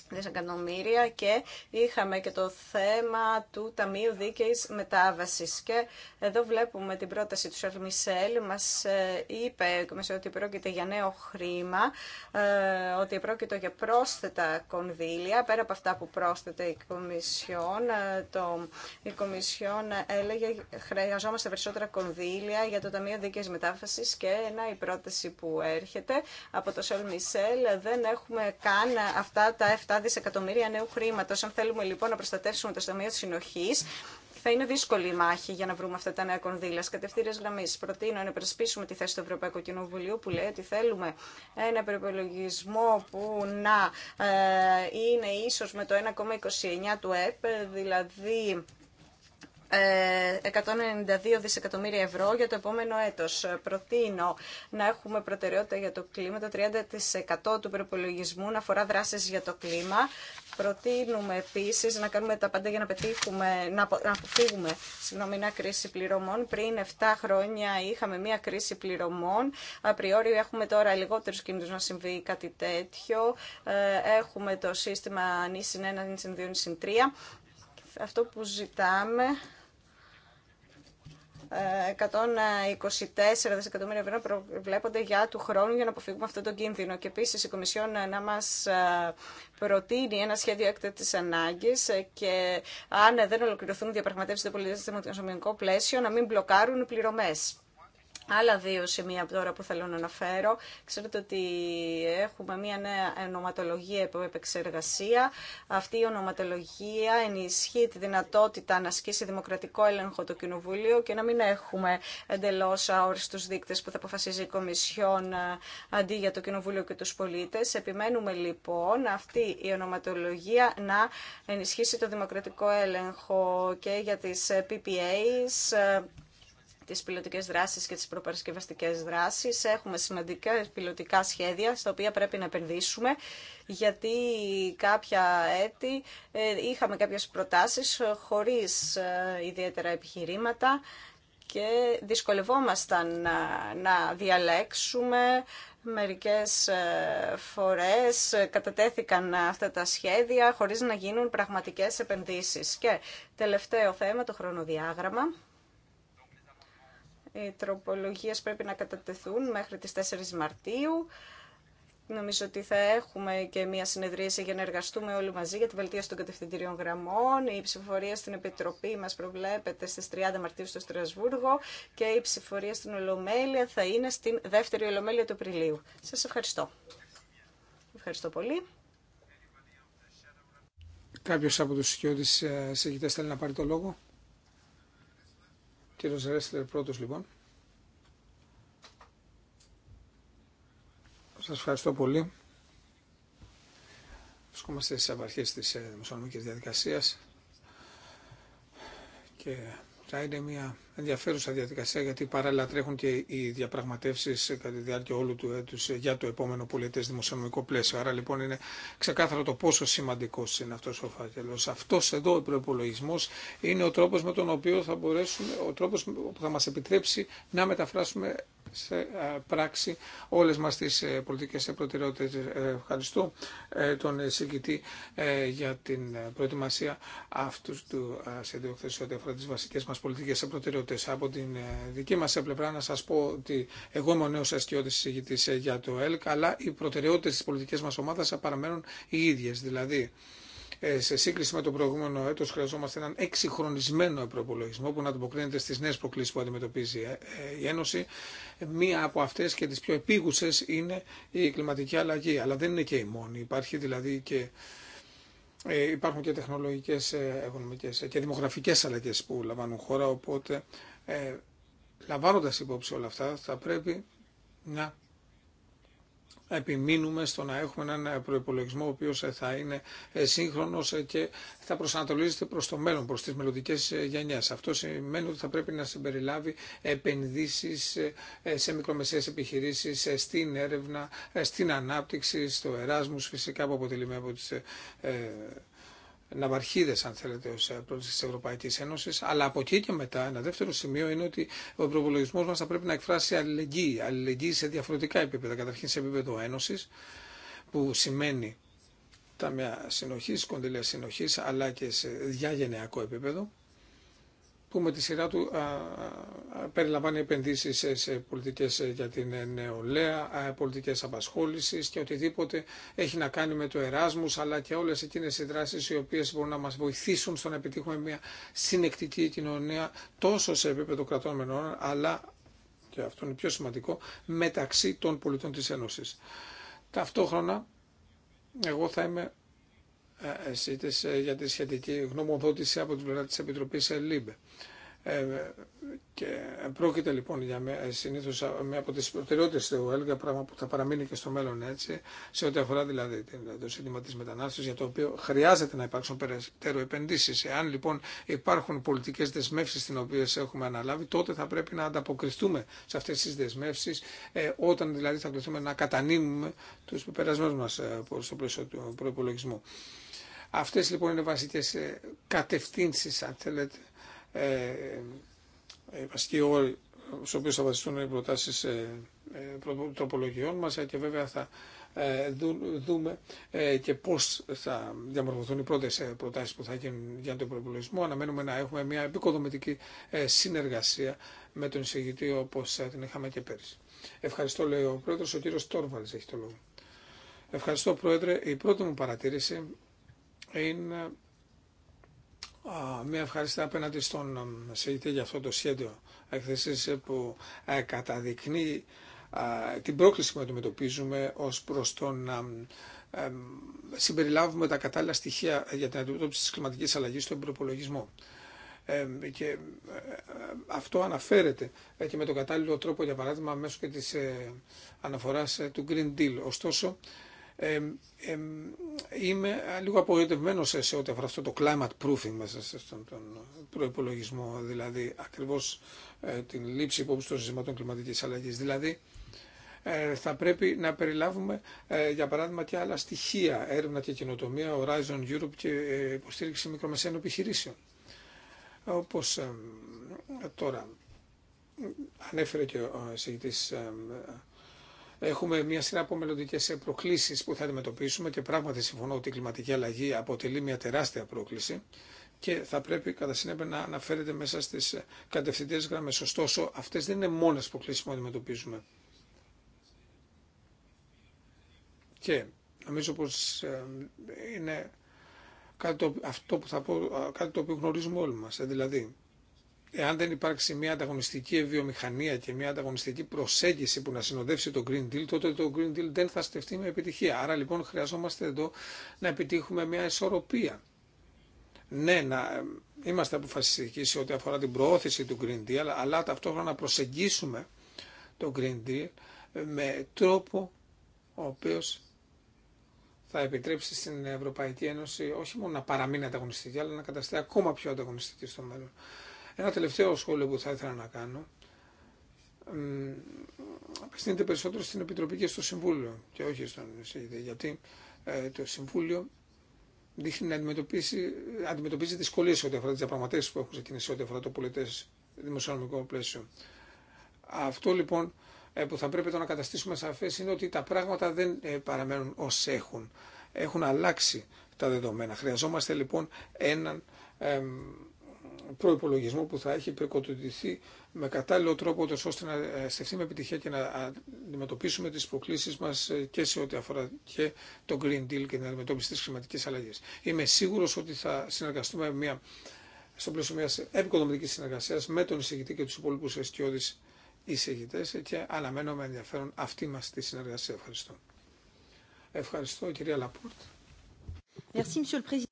S3: δισεκατομμύρια και είχαμε και το θέμα του Ταμείου Δίκαιης Μετάβασης. Και εδώ βλέπουμε την πρόταση του Σερ Μισελ. Μας ε, είπε ότι πρόκειται για νέο χρήμα, ε, ότι πρόκειται για πρόσθετα κονδύλια, πέρα από αυτά που πρόσθεται η Κομισιόν. Ε, το, η Κομισιόν έλεγε χρειαζόμαστε περισσότερα κονδύλια για το Ταμείο Δίκαιης Μετάβασης και ένα η πρόταση που έρχεται από το Σερ Μισελ δεν έχουμε καν αυτά τα 7 δισεκατομμύρια νέου χρήματο. Αν θέλουμε λοιπόν να προστατεύσουμε το σταμείο τη Συνοχής, θα είναι δύσκολη η μάχη για να βρούμε αυτά τα νέα κονδύλια. Κατευθύνε γραμμή. Προτείνω να υπερασπίσουμε τη θέση του Ευρωπαϊκού Κοινοβουλίου που λέει ότι θέλουμε ένα περιπολογισμό που να ε, είναι ίσω με το 1,29 του ΕΠ, δηλαδή 192 ε, δισεκατομμύρια ευρώ για το επόμενο έτος. Προτείνω να έχουμε προτεραιότητα για το κλίμα, το 30% του προπολογισμού να αφορά δράσεις για το κλίμα. Προτείνουμε επίσης να κάνουμε τα πάντα για να, πετύχουμε, να αποφύγουμε συγγνώμη, μια κρίση πληρωμών. Πριν 7 χρόνια είχαμε μια κρίση πληρωμών. Απριόριο έχουμε τώρα λιγότερους κινδύνους να συμβεί κάτι τέτοιο. Ε, έχουμε το σύστημα νησιν 1, νησιν 2, νησιν 3. Αυτό που ζητάμε 124 δισεκατομμύρια ευρώ προβλέπονται για του χρόνου για να αποφύγουμε αυτό το κίνδυνο. Και επίση η Κομισιόν ε, να μα ε, προτείνει ένα σχέδιο έκτακτη ανάγκη ε, και αν δεν ολοκληρωθούν διαπραγματεύσει στο δημοσιονομικό πλαίσιο να μην μπλοκάρουν πληρωμέ. Άλλα δύο σημεία τώρα που θέλω να αναφέρω. Ξέρετε ότι έχουμε μία νέα ονοματολογία από επεξεργασία. Αυτή η ονοματολογία ενισχύει τη δυνατότητα να ασκήσει δημοκρατικό έλεγχο το Κοινοβούλιο και να μην έχουμε εντελώ αόριστου δείκτε που θα αποφασίζει η Κομισιόν ε, αντί για το Κοινοβούλιο και του πολίτε. Επιμένουμε λοιπόν αυτή η ονοματολογία να ενισχύσει το δημοκρατικό έλεγχο και για τι PPAs ε, τις πιλωτικές δράσεις και τις προπαρασκευαστικές δράσεις. Έχουμε σημαντικά πιλωτικά σχέδια στα οποία πρέπει να επενδύσουμε γιατί κάποια έτη ε, είχαμε κάποιες προτάσεις χωρίς ε, ιδιαίτερα επιχειρήματα και δυσκολευόμασταν να, διαλέξουμε μερικές ε, φορές κατατέθηκαν αυτά τα σχέδια χωρίς να γίνουν πραγματικές επενδύσεις. Και τελευταίο θέμα, το χρονοδιάγραμμα. Οι ε, τροπολογίες πρέπει να κατατεθούν μέχρι τις 4 Μαρτίου. Νομίζω ότι θα έχουμε και μια συνεδρίαση για να εργαστούμε όλοι μαζί για τη βελτίωση των κατευθυντηρίων γραμμών. Η ψηφοφορία στην Επιτροπή μας προβλέπεται στις 30 Μαρτίου στο Στρασβούργο και η ψηφορία στην Ολομέλεια θα είναι στην δεύτερη Ολομέλεια του Απριλίου. Σας ευχαριστώ. Ευχαριστώ
S4: πολύ. Κάποιος από του οικειώδει ε, συγκεκριτέ θέλει να πάρει το λόγο. Κύριος Ρέσλερ πρώτος λοιπόν. Σας ευχαριστώ πολύ. Βρισκόμαστε στις απαρχές της δημοσιονομικής ε, διαδικασίας και θα είναι μια ενδιαφέρουσα διαδικασία γιατί παράλληλα τρέχουν και οι διαπραγματεύσει ε, κατά τη διάρκεια όλου του έτου ε, για το επόμενο πολιτέ δημοσιονομικό πλαίσιο. Άρα λοιπόν είναι ξεκάθαρο το πόσο σημαντικό είναι αυτό ο φάκελο. Αυτό εδώ ο προπολογισμό είναι ο τρόπο με τον οποίο θα μπορέσουμε, ο τρόπο που θα μα επιτρέψει να μεταφράσουμε σε ε, πράξη όλες μας τις πολιτικές προτεραιότητες. Ευχαριστώ τον συγκητή για την προετοιμασία αυτού του σχεδίου χθες ό,τι αφορά τις βασικές μας πολιτικές προτεραιότητες. Από την ε, δική μα πλευρά, να σα πω ότι εγώ είμαι ο νέο αστιώτη συζητητή ε, για το ΕΛΚ, αλλά οι προτεραιότητε τη πολιτική μα ομάδα παραμένουν οι ίδιε. Δηλαδή, ε, σε σύγκριση με το προηγούμενο έτος χρειαζόμαστε έναν εξυγχρονισμένο προπολογισμό που να αντιποκρίνεται στις νέες προκλήσεις που αντιμετωπίζει η Ένωση. Μία από αυτές και τις πιο επίγουσες είναι η κλιματική αλλαγή, αλλά δεν είναι και η μόνη. Υπάρχει δηλαδή και ε, υπάρχουν και τεχνολογικές, ε, οικονομικές και δημογραφικές αλλαγές που λαμβάνουν χώρα, οπότε ε, λαμβάνοντας υπόψη όλα αυτά θα πρέπει να επιμείνουμε στο να έχουμε έναν προπολογισμό ο οποίος θα είναι ε, σύγχρονος ε, και θα προσανατολίζεται προς το μέλλον, προς τις μελλοντικέ ε, γενιές. Αυτό σημαίνει ότι θα πρέπει να συμπεριλάβει επενδύσεις σε μικρομεσαίες επιχειρήσεις, στην έρευνα, στην ανάπτυξη, στο Εράσμου, φυσικά που αποτελεί από τι ναυαρχίδες αν θέλετε ως προς της Ευρωπαϊκής Ένωσης αλλά από εκεί και μετά ένα δεύτερο σημείο είναι ότι ο προπολογισμό μας θα πρέπει να εκφράσει αλληλεγγύη, αλληλεγγύη σε διαφορετικά επίπεδα, καταρχήν σε επίπεδο Ένωσης που σημαίνει ταμεία συνοχής, κονδυλία συνοχής αλλά και σε διαγενειακό επίπεδο που με τη σειρά του περιλαμβάνει επενδύσεις σε πολιτικές ε, για την ε, νεολαία, πολιτικές απασχόλησης και οτιδήποτε έχει να κάνει με το Εράσμους, αλλά και όλες εκείνες οι δράσεις οι οποίες μπορούν να μας βοηθήσουν στο να επιτύχουμε μια συνεκτική κοινωνία τόσο σε επίπεδο κρατών μενών, αλλά και αυτό είναι πιο σημαντικό, μεταξύ των πολιτών της Ένωσης. Ταυτόχρονα, εγώ θα είμαι ε, ε, για τη σχετική γνωμοδότηση από την πλευρά της Επιτροπής ε, ε και πρόκειται λοιπόν για με, συνήθως με από τις προτεραιότητες του ΕΛΓΑ πράγμα που θα παραμείνει και στο μέλλον έτσι σε ό,τι αφορά δηλαδή το σύντημα της μετανάστευσης για το οποίο χρειάζεται να υπάρξουν περαιτέρω επενδύσεις. Εάν λοιπόν υπάρχουν πολιτικές δεσμεύσεις τις οποίες έχουμε αναλάβει τότε θα πρέπει να ανταποκριθούμε σε αυτές τις δεσμεύσεις όταν δηλαδή θα κληθούμε να κατανείμουμε τους περασμένους μας στο πλαίσιο του προπολογισμού. Αυτές λοιπόν είναι βασικές ε, κατευθύνσεις, αν θέλετε, οι ε, ε, βασικοί όροι στους οποίους θα βασιστούν οι προτάσεις τροπολογιών μας και βέβαια θα δούμε και πώς θα διαμορφωθούν οι πρώτες προτάσεις που θα γίνουν για τον προπολογισμό. Αναμένουμε να έχουμε μια επικοδομητική συνεργασία με τον εισηγητή όπως την είχαμε και πέρυσι. Ευχαριστώ λέει ο πρόεδρος, ο κύριος Τόρβαλης έχει το λόγο. Ευχαριστώ πρόεδρε. Η πρώτη μου παρατήρηση είναι μια ευχαριστη απέναντι στον συγητή για αυτό το σχέδιο έκθεσης που ε, καταδεικνύει την πρόκληση που αντιμετωπίζουμε ως προς το να ε, συμπεριλάβουμε τα κατάλληλα στοιχεία για την αντιμετώπιση της κλιματικής αλλαγής στον προπολογισμό. Ε, και αυτό αναφέρεται και με τον κατάλληλο τρόπο, για παράδειγμα, μέσω και της αναφοράς του Green Deal. Ωστόσο, είμαι λίγο απογοητευμένος σε ό,τι αφορά αυτό το climate proofing μέσα στον τον προϋπολογισμό, δηλαδή ακριβώς ε, την λήψη υπόψη των συστηματών κλιματικής αλλαγής. Δηλαδή, ε, θα πρέπει να περιλάβουμε ε, για παράδειγμα και άλλα στοιχεία, έρευνα και καινοτομία, Horizon Europe και υποστήριξη μικρομεσαίων επιχειρήσεων. Όπως τώρα ανέφερε και ο εισηγητής έχουμε μια σειρά από μελλοντικέ προκλήσει που θα αντιμετωπίσουμε και πράγματι συμφωνώ ότι η κλιματική αλλαγή αποτελεί μια τεράστια πρόκληση και θα πρέπει κατά συνέπεια να αναφέρεται μέσα στι κατευθυντέ γραμμέ. Ωστόσο, αυτέ δεν είναι μόνε προκλήσει που αντιμετωπίζουμε. Και νομίζω πω ε, είναι κάτι το, αυτό που θα πω, ε, κάτι το οποίο γνωρίζουμε όλοι μα. Ε, δηλαδή, εάν δεν υπάρξει μια ανταγωνιστική βιομηχανία και μια ανταγωνιστική προσέγγιση που να συνοδεύσει το Green Deal, τότε το Green Deal δεν θα στεφτεί με επιτυχία. Άρα λοιπόν χρειαζόμαστε εδώ να επιτύχουμε μια ισορροπία. Ναι, να ε, είμαστε αποφασιστικοί σε ό,τι αφορά την προώθηση του Green Deal, αλλά ταυτόχρονα να προσεγγίσουμε το Green Deal ε, με τρόπο ο οποίος θα επιτρέψει στην Ευρωπαϊκή Ένωση όχι μόνο να παραμείνει ανταγωνιστική, αλλά να καταστεί ακόμα πιο ανταγωνιστική στο μέλλον. Ένα τελευταίο σχόλιο που θα ήθελα να κάνω απευθύνεται περισσότερο στην Επιτροπή και στο Συμβούλιο και όχι στον ΕΣΥΔΕ, γιατί ε, το Συμβούλιο δείχνει να αντιμετωπίσει, αντιμετωπίζει δυσκολίες ό,τι αφορά τις διαπραγματεύσεις που έχουν ξεκινήσει ό,τι αφορά το πολιτές δημοσιονομικό πλαίσιο. Αυτό λοιπόν ε, που θα πρέπει το να καταστήσουμε σαφές είναι ότι τα πράγματα δεν ε, παραμένουν ως έχουν. Έχουν αλλάξει τα δεδομένα. Χρειαζόμαστε λοιπόν έναν ε, προπολογισμό που θα έχει υπερκοτοτηθεί με κατάλληλο τρόπο ώστε να στεφθεί με επιτυχία και να αντιμετωπίσουμε τις προκλήσεις μας ε, και σε ό,τι αφορά και το Green Deal και την αντιμετώπιση της κλιματικής αλλαγής. Είμαι σίγουρος ότι θα συνεργαστούμε μια, στο πλαίσιο μιας επικοδομητικής συνεργασίας με τον εισηγητή και τους υπόλοιπους εστιώδεις εισηγητές ε, και αναμένω με ενδιαφέρον αυτή μας τη συνεργασία. Ευχαριστώ. Ευχαριστώ κυρία Λαπούρτ.
S3: Merci,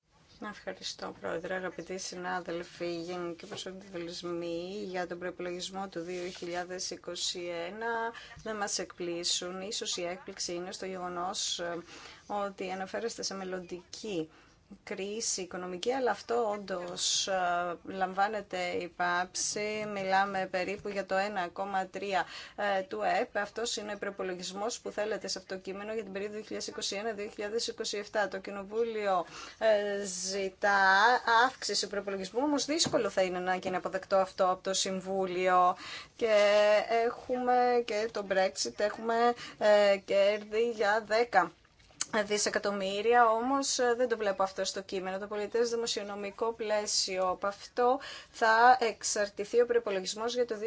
S3: Ευχαριστώ, Πρόεδρε. Αγαπητοί συνάδελφοι, γενικοί προσωπικοί για τον προπολογισμό του 2021 δεν μας εκπλήσουν. Ίσως η έκπληξη είναι στο γεγονός ε, ότι αναφέρεστε σε μελλοντική κρίση οικονομική, αλλά αυτό όντως ε, λαμβάνεται υπάψη. Μιλάμε περίπου για το 1,3 ε, του ΕΠ. Αυτός είναι ο προπολογισμό που θέλετε σε αυτό το κείμενο για την περίοδο 2021-2027. Το Κοινοβούλιο ε, ζητά αύξηση προπολογισμού, όμως δύσκολο θα είναι να γίνει αποδεκτό αυτό από το Συμβούλιο. Και έχουμε και το Brexit, έχουμε κέρδη για 10 δισεκατομμύρια, όμως ε, δεν το βλέπω αυτό στο κείμενο. Το πολιτές δημοσιονομικό πλαίσιο από αυτό θα εξαρτηθεί ο προπολογισμό για το 2021.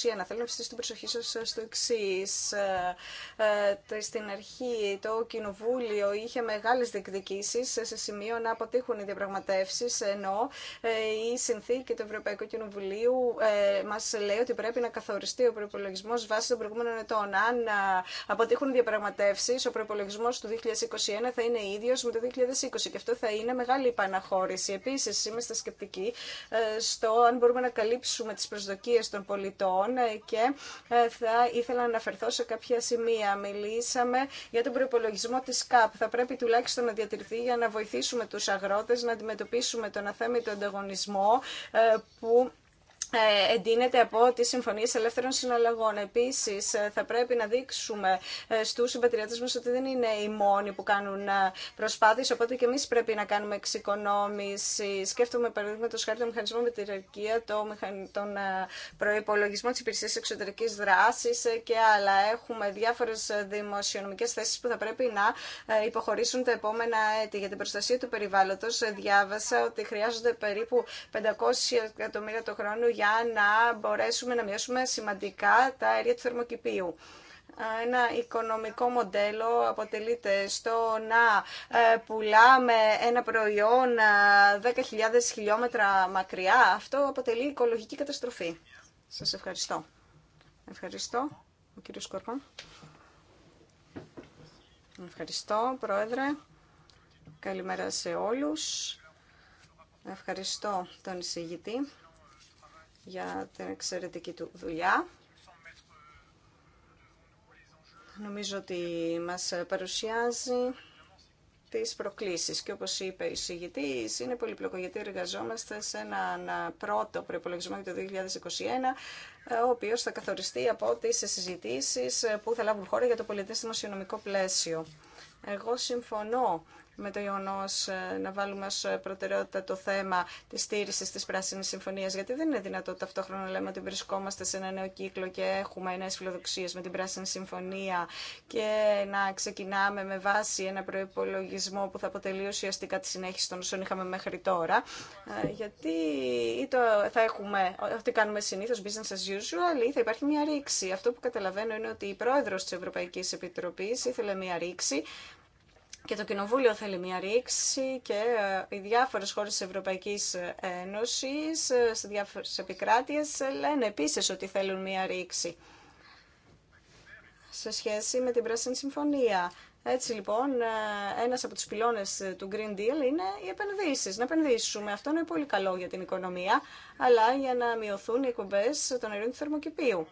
S3: Θέλω να ευχαριστήσω την προσοχή σας ε, στο εξή. Ε, στην αρχή το Κοινοβούλιο είχε μεγάλες διεκδικήσεις σε σημείο να αποτύχουν οι διαπραγματεύσεις, ενώ η συνθήκη του Ευρωπαϊκού Κοινοβουλίου μας λέει ότι πρέπει να καθοριστεί ο προπολογισμό βάσει των προηγούμενων ετών. Αν αποτύχουν οι διαπραγματεύσεις, ο προπολογισμό του θα είναι ίδιος με το 2020 και αυτό θα είναι μεγάλη επαναχώρηση. Επίσης, είμαστε σκεπτικοί ε, στο αν μπορούμε να καλύψουμε τις προσδοκίες των πολιτών ε, και ε, θα ήθελα να αναφερθώ σε κάποια σημεία. Μιλήσαμε για τον προπολογισμό της ΚΑΠ. Θα πρέπει τουλάχιστον να διατηρηθεί για να βοηθήσουμε τους αγρότες να αντιμετωπίσουμε τον αθέμητο ανταγωνισμό που ε, εντείνεται από τι συμφωνίε ελεύθερων συναλλαγών. Επίση, ε, θα πρέπει να δείξουμε ε, στου συμπατριώτε μα ότι δεν είναι οι μόνοι που κάνουν προσπάθειε, οπότε και εμεί πρέπει να κάνουμε εξοικονόμηση. Σκέφτομαι, παραδείγματο χάρη, το μηχανισμό με τη Ρερκία, το, τον προπολογισμό τη υπηρεσία εξωτερική δράση και άλλα. Έχουμε διάφορε δημοσιονομικέ θέσει που θα πρέπει να υποχωρήσουν τα επόμενα έτη. Για την προστασία του περιβάλλοντο, διάβασα ότι χρειάζονται περίπου 500 εκατομμύρια το χρόνο για να μπορέσουμε να μειώσουμε σημαντικά τα αέρια του θερμοκηπίου ένα οικονομικό μοντέλο αποτελείται στο να ε, πουλάμε ένα προϊόν 10.000 ε, χιλιόμετρα μακριά. Αυτό αποτελεί οικολογική καταστροφή. Σας ευχαριστώ. Ευχαριστώ, ο κύριος Ευχαριστώ, Πρόεδρε. Καλημέρα σε όλους. Ευχαριστώ τον εισηγητή για την εξαιρετική του δουλειά. Νομίζω ότι μας παρουσιάζει τις προκλήσεις και όπως είπε η συγητής είναι πολύπλοκο γιατί εργαζόμαστε σε έναν πρώτο προπολογισμό για το 2021 ο οποίος θα καθοριστεί από τις συζητήσεις που θα λάβουν χώρα για το πολιτιστικό οικονομικο πλαίσιο. Εγώ συμφωνώ με το γεγονό ε, να βάλουμε ως προτεραιότητα το θέμα τη στήριξης τη πράσινη συμφωνία, γιατί δεν είναι δυνατό ταυτόχρονα να λέμε ότι βρισκόμαστε σε ένα νέο κύκλο και έχουμε νέε φιλοδοξίε με την Πράσινη Συμφωνία και να ξεκινάμε με βάση ένα προπολογισμό που θα αποτελεί ουσιαστικά τη συνέχιση των όσων είχαμε μέχρι τώρα, ε, γιατί ή το θα έχουμε ό,τι κάνουμε συνήθω business as usual ή θα υπάρχει μια ρήξη. Αυτό που καταλαβαίνω είναι ότι η πρόεδρος της Ευρωπαϊκής Επιτροπής ήθελε μια ρηξη αυτο που καταλαβαινω ειναι οτι η προεδρο τη ευρωπαικη επιτροπη ηθελε μια ρηξη και το Κοινοβούλιο θέλει μια ρήξη και ε, οι διάφορες χώρες της Ευρωπαϊκής ε, Ένωσης σε διάφορες επικράτειες λένε επίσης ότι θέλουν μια ρήξη σε σχέση με την Πράσινη Συμφωνία. Έτσι λοιπόν, ε, ένας από τους πυλώνες του Green Deal είναι οι επενδύσεις. Να επενδύσουμε. Αυτό είναι πολύ καλό για την οικονομία, αλλά για να μειωθούν οι εκπομπές των αερίων του θερμοκηπίου.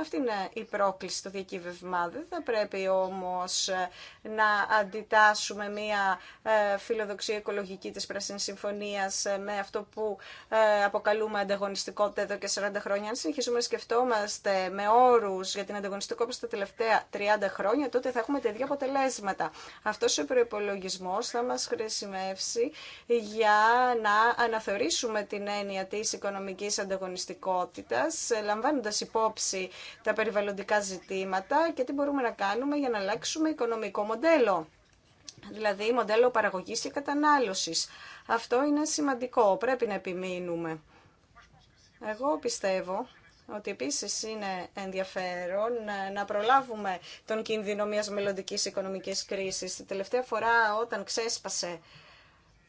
S3: Αυτή είναι η πρόκληση στο διακύβευμα. Δεν θα πρέπει όμως ε, να αντιτάσσουμε μια ε, φιλοδοξία οικολογική της Πράσινης Συμφωνίας ε, με αυτό που αποκαλούμε ανταγωνιστικότητα εδώ και 40 χρόνια. Αν συνεχίσουμε να σκεφτόμαστε με όρους για την ανταγωνιστικότητα τα τελευταία 30 χρόνια, τότε θα έχουμε τα ίδια αποτελέσματα. Αυτός ο προπολογισμό θα μας χρησιμεύσει για να αναθεωρήσουμε την έννοια της οικονομικής ανταγωνιστικότητας, λαμβάνοντας υπόψη τα περιβαλλοντικά ζητήματα και τι μπορούμε να κάνουμε για να αλλάξουμε οικονομικό μοντέλο. Δηλαδή μοντέλο παραγωγής και κατανάλωσης. Αυτό είναι σημαντικό, πρέπει να επιμείνουμε. Εγώ πιστεύω ότι επίσης είναι ενδιαφέρον να προλάβουμε τον κίνδυνο μιας μελλοντικής οικονομικής κρίσης. Τη τελευταία φορά όταν ξέσπασε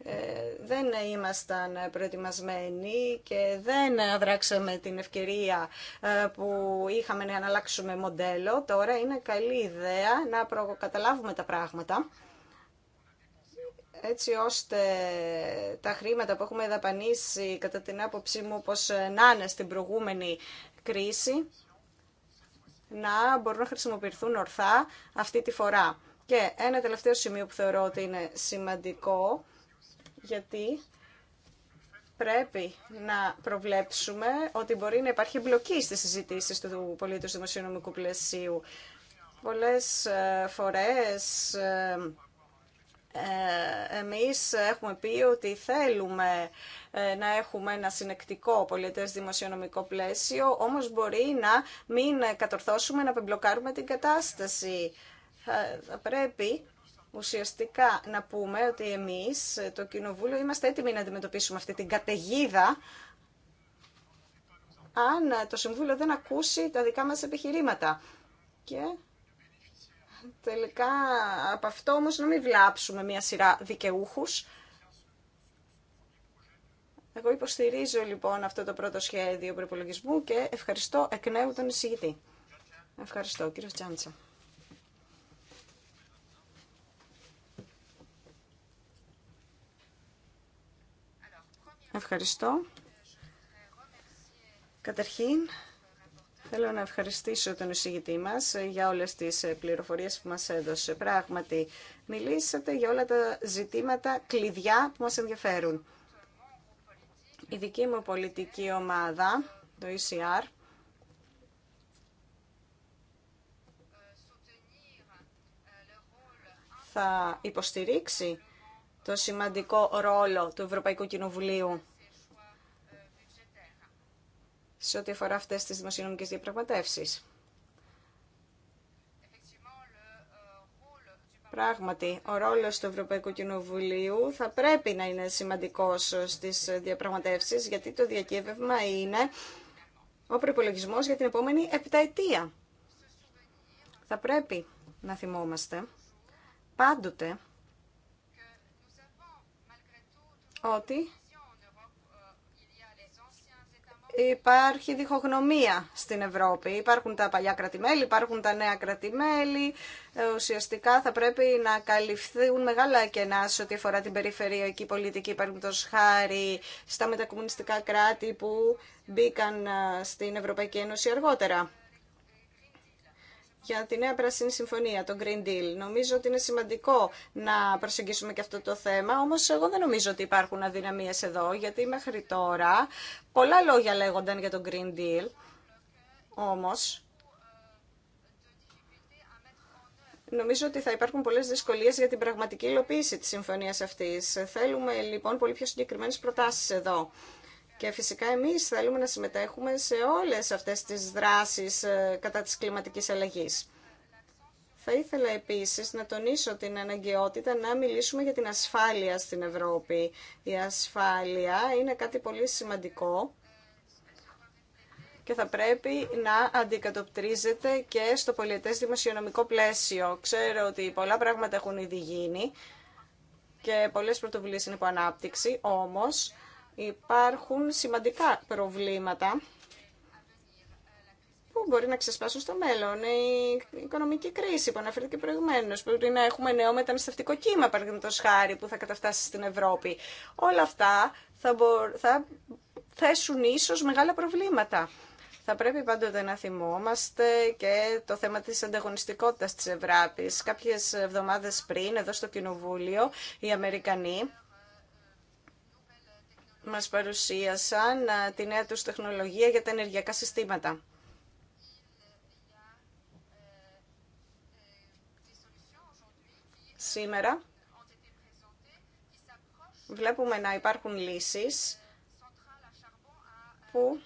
S3: ε, δεν ήμασταν προετοιμασμένοι και δεν αδράξαμε την ευκαιρία ε, που είχαμε να αλλάξουμε μοντέλο. Τώρα είναι καλή ιδέα να προκαταλάβουμε τα πράγματα έτσι ώστε τα χρήματα που έχουμε δαπανίσει κατά την άποψή μου πως να είναι στην προηγούμενη κρίση να μπορούν να χρησιμοποιηθούν ορθά αυτή τη φορά. Και ένα τελευταίο σημείο που θεωρώ ότι είναι σημαντικό γιατί πρέπει να προβλέψουμε ότι μπορεί να υπάρχει μπλοκή στις συζητήσει του πολίτου δημοσιονομικού πλαισίου. Πολλές ε, φορές ε, ε, εμείς έχουμε πει ότι θέλουμε να έχουμε ένα συνεκτικό πολιτές δημοσιονομικό πλαίσιο, όμως μπορεί να μην κατορθώσουμε να πεμπλοκάρουμε την κατάσταση. Πρέπει ουσιαστικά να πούμε ότι εμείς, το Κοινοβούλιο, είμαστε έτοιμοι να αντιμετωπίσουμε αυτή την καταιγίδα αν το Συμβούλιο δεν ακούσει τα δικά μας επιχειρήματα. Και τελικά από αυτό όμως να μην βλάψουμε μια σειρά δικαιούχους. Εγώ υποστηρίζω λοιπόν αυτό το πρώτο σχέδιο προπολογισμού και ευχαριστώ εκ νέου τον εισηγητή. Ευχαριστώ κύριο Τσάντσα. Ευχαριστώ. Καταρχήν, Θέλω να ευχαριστήσω τον εισηγητή μας για όλες τις πληροφορίες που μας έδωσε. Πράγματι, μιλήσατε για όλα τα ζητήματα κλειδιά που μας ενδιαφέρουν. Η δική μου πολιτική ομάδα, το ECR, θα υποστηρίξει το σημαντικό ρόλο του Ευρωπαϊκού Κοινοβουλίου σε ό,τι αφορά αυτές τις δημοσιονομικές διαπραγματεύσεις. Πράγματι, ο ρόλος του Ευρωπαϊκού Κοινοβουλίου θα πρέπει να είναι σημαντικός στις διαπραγματεύσεις, γιατί το διακύβευμα είναι ο προπολογισμό για την επόμενη επταετία. Θα πρέπει να θυμόμαστε πάντοτε ότι υπάρχει διχογνωμία στην Ευρώπη. Υπάρχουν τα παλιά κρατημέλη, υπάρχουν τα νέα κρατημέλη. Ε, ουσιαστικά θα πρέπει να καλυφθούν μεγάλα κενά σε ό,τι αφορά την περιφερειακή πολιτική, παραδείγματο χάρη στα μετακομμουνιστικά κράτη που μπήκαν ε, στην Ευρωπαϊκή Ένωση αργότερα για τη νέα πράσινη συμφωνία, τον Green Deal. Νομίζω ότι είναι σημαντικό να προσεγγίσουμε και αυτό το θέμα, όμως εγώ δεν νομίζω ότι υπάρχουν αδυναμίες εδώ, γιατί μέχρι τώρα πολλά λόγια λέγονταν για τον Green Deal, όμως Νομίζω ότι θα υπάρχουν πολλές δυσκολίες για την πραγματική υλοποίηση της συμφωνίας αυτής. Θέλουμε λοιπόν πολύ πιο συγκεκριμένε προτάσει εδώ. Και φυσικά εμείς θέλουμε να συμμετέχουμε σε όλες αυτές τις δράσεις ε, κατά της κλιματικής αλλαγής. Θα ήθελα επίσης να τονίσω την αναγκαιότητα να μιλήσουμε για την ασφάλεια στην Ευρώπη. Η ασφάλεια είναι κάτι πολύ σημαντικό και θα πρέπει να αντικατοπτρίζεται και στο πολιετές δημοσιονομικό πλαίσιο. Ξέρω ότι πολλά πράγματα έχουν ήδη γίνει και πολλές πρωτοβουλίες είναι υπό ανάπτυξη, όμως υπάρχουν σημαντικά προβλήματα που μπορεί να ξεσπάσουν στο μέλλον. Η οικονομική κρίση που αναφέρθηκε προηγουμένω, μπορεί να έχουμε νέο μεταναστευτικό κύμα, παραδείγματο χάρη, που θα καταφτάσει στην Ευρώπη. Όλα αυτά θα, μπο... θα θέσουν ίσω μεγάλα προβλήματα. Θα πρέπει πάντοτε να θυμόμαστε και το θέμα της ανταγωνιστικότητας της Ευράπης. Κάποιες εβδομάδες πριν, εδώ στο Κοινοβούλιο, οι Αμερικανοί μας παρουσίασαν ε, τη νέα τους τεχνολογία για τα ενεργειακά συστήματα. Σήμερα βλέπουμε να υπάρχουν λύσεις που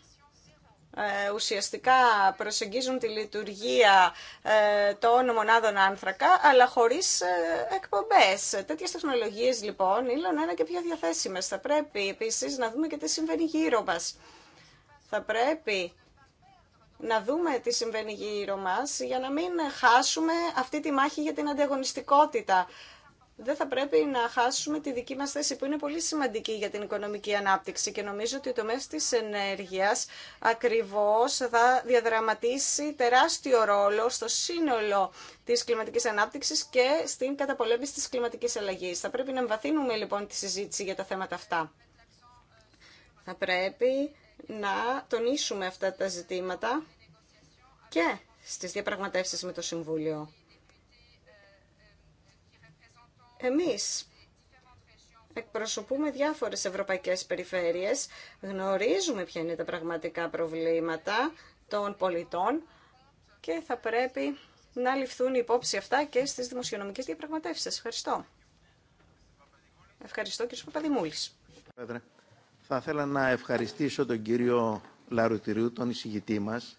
S3: ε, ουσιαστικά προσεγγίζουν τη λειτουργία ε, των μονάδων άνθρακα, αλλά χωρίς ε, εκπομπές. Τέτοιες τεχνολογίες λοιπόν είναι ένα και πιο διαθέσιμες. Θα πρέπει επίσης να δούμε και τι συμβαίνει γύρω μας. Θα πρέπει να δούμε τι συμβαίνει γύρω μας για να μην χάσουμε αυτή τη μάχη για την ανταγωνιστικότητα δεν θα πρέπει να χάσουμε τη δική μας θέση που είναι πολύ σημαντική για την οικονομική ανάπτυξη και νομίζω ότι το μέσο της ενέργειας ακριβώς θα διαδραματίσει τεράστιο ρόλο στο σύνολο της κλιματικής ανάπτυξης και στην καταπολέμηση της κλιματικής αλλαγής. Θα πρέπει να εμβαθύνουμε λοιπόν τη συζήτηση για τα θέματα αυτά. Θα πρέπει να τονίσουμε αυτά τα ζητήματα και στις διαπραγματεύσεις με το Συμβούλιο. Εμείς εκπροσωπούμε διάφορες ευρωπαϊκές περιφέρειες, γνωρίζουμε ποια είναι τα πραγματικά προβλήματα των πολιτών και θα πρέπει να ληφθούν υπόψη αυτά και στις δημοσιονομικές διαπραγματεύσεις. Σας ευχαριστώ. Ευχαριστώ κύριε Παπαδημούλης.
S1: θα ήθελα να ευχαριστήσω τον κύριο Λαρουτηρίου, τον εισηγητή μας,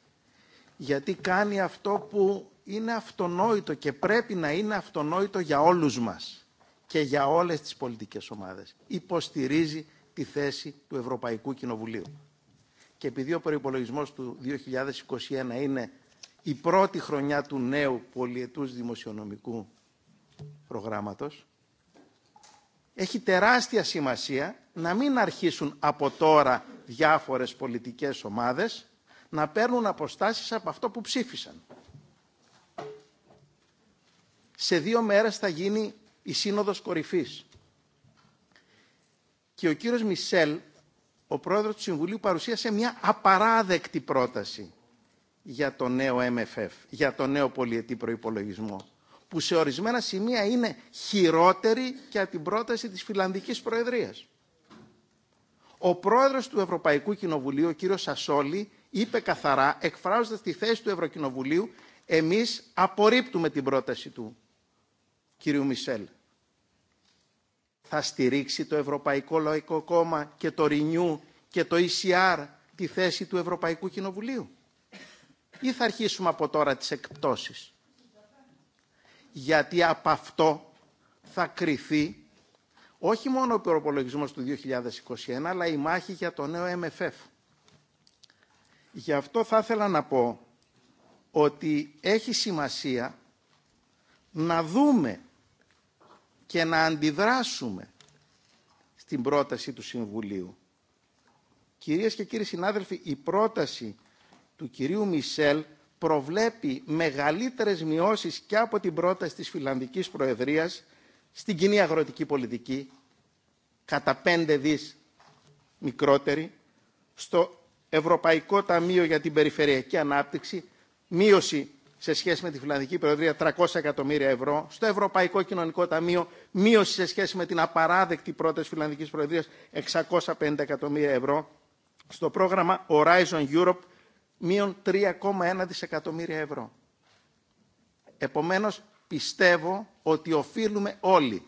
S1: γιατί κάνει αυτό που είναι αυτονόητο και πρέπει να είναι αυτονόητο για όλους μας και για όλες τις πολιτικές ομάδες. Υποστηρίζει τη θέση του Ευρωπαϊκού Κοινοβουλίου. Και επειδή ο προϋπολογισμός του 2021 είναι η πρώτη χρονιά του νέου πολιετούς δημοσιονομικού προγράμματος, έχει τεράστια σημασία να μην αρχίσουν από τώρα διάφορες πολιτικές ομάδες να παίρνουν αποστάσεις από αυτό που ψήφισαν. Σε δύο μέρες θα γίνει η Σύνοδος Κορυφής. Και ο κύριος Μισελ, ο πρόεδρος του Συμβουλίου, παρουσίασε μια απαράδεκτη πρόταση για το νέο MFF, για το νέο πολιετή προϋπολογισμό, που σε ορισμένα σημεία είναι χειρότερη και από την πρόταση της Φιλανδικής Προεδρίας. Ο πρόεδρος του Ευρωπαϊκού Κοινοβουλίου, ο κύριος Σασόλη, είπε καθαρά, εκφράζοντας τη θέση του Ευρωκοινοβουλίου, εμείς απορρίπτουμε την πρόταση του κυρίου Μισελ. Θα στηρίξει το Ευρωπαϊκό Λαϊκό Κόμμα και το Renew και το ECR τη θέση του Ευρωπαϊκού Κοινοβουλίου. Ή θα αρχίσουμε από τώρα τις εκπτώσεις. Γιατί από αυτό θα κριθεί όχι μόνο ο προπολογισμός του 2021, αλλά η μάχη για το νέο MFF. Γι' αυτό θα ήθελα να πω ότι έχει σημασία να δούμε και να αντιδράσουμε στην πρόταση του Συμβουλίου. Κυρίες και κύριοι συνάδελφοι, η πρόταση του κυρίου Μισελ προβλέπει μεγαλύτερες μειώσεις και από την πρόταση της Φιλανδικής Προεδρίας στην κοινή αγροτική πολιτική, κατά 5 δις μικρότερη, στο Ευρωπαϊκό Ταμείο για την Περιφερειακή Ανάπτυξη, μείωση σε σχέση με τη Φιλανδική Προεδρία 300 εκατομμύρια ευρώ, στο Ευρωπαϊκό Κοινωνικό Ταμείο μείωση σε σχέση με την απαράδεκτη πρόταση Φιλανδικής Προεδρίας 650 εκατομμύρια ευρώ, στο πρόγραμμα Horizon Europe μείον 3,1 δισεκατομμύρια ευρώ. Επομένως, πιστεύω ότι οφείλουμε όλοι,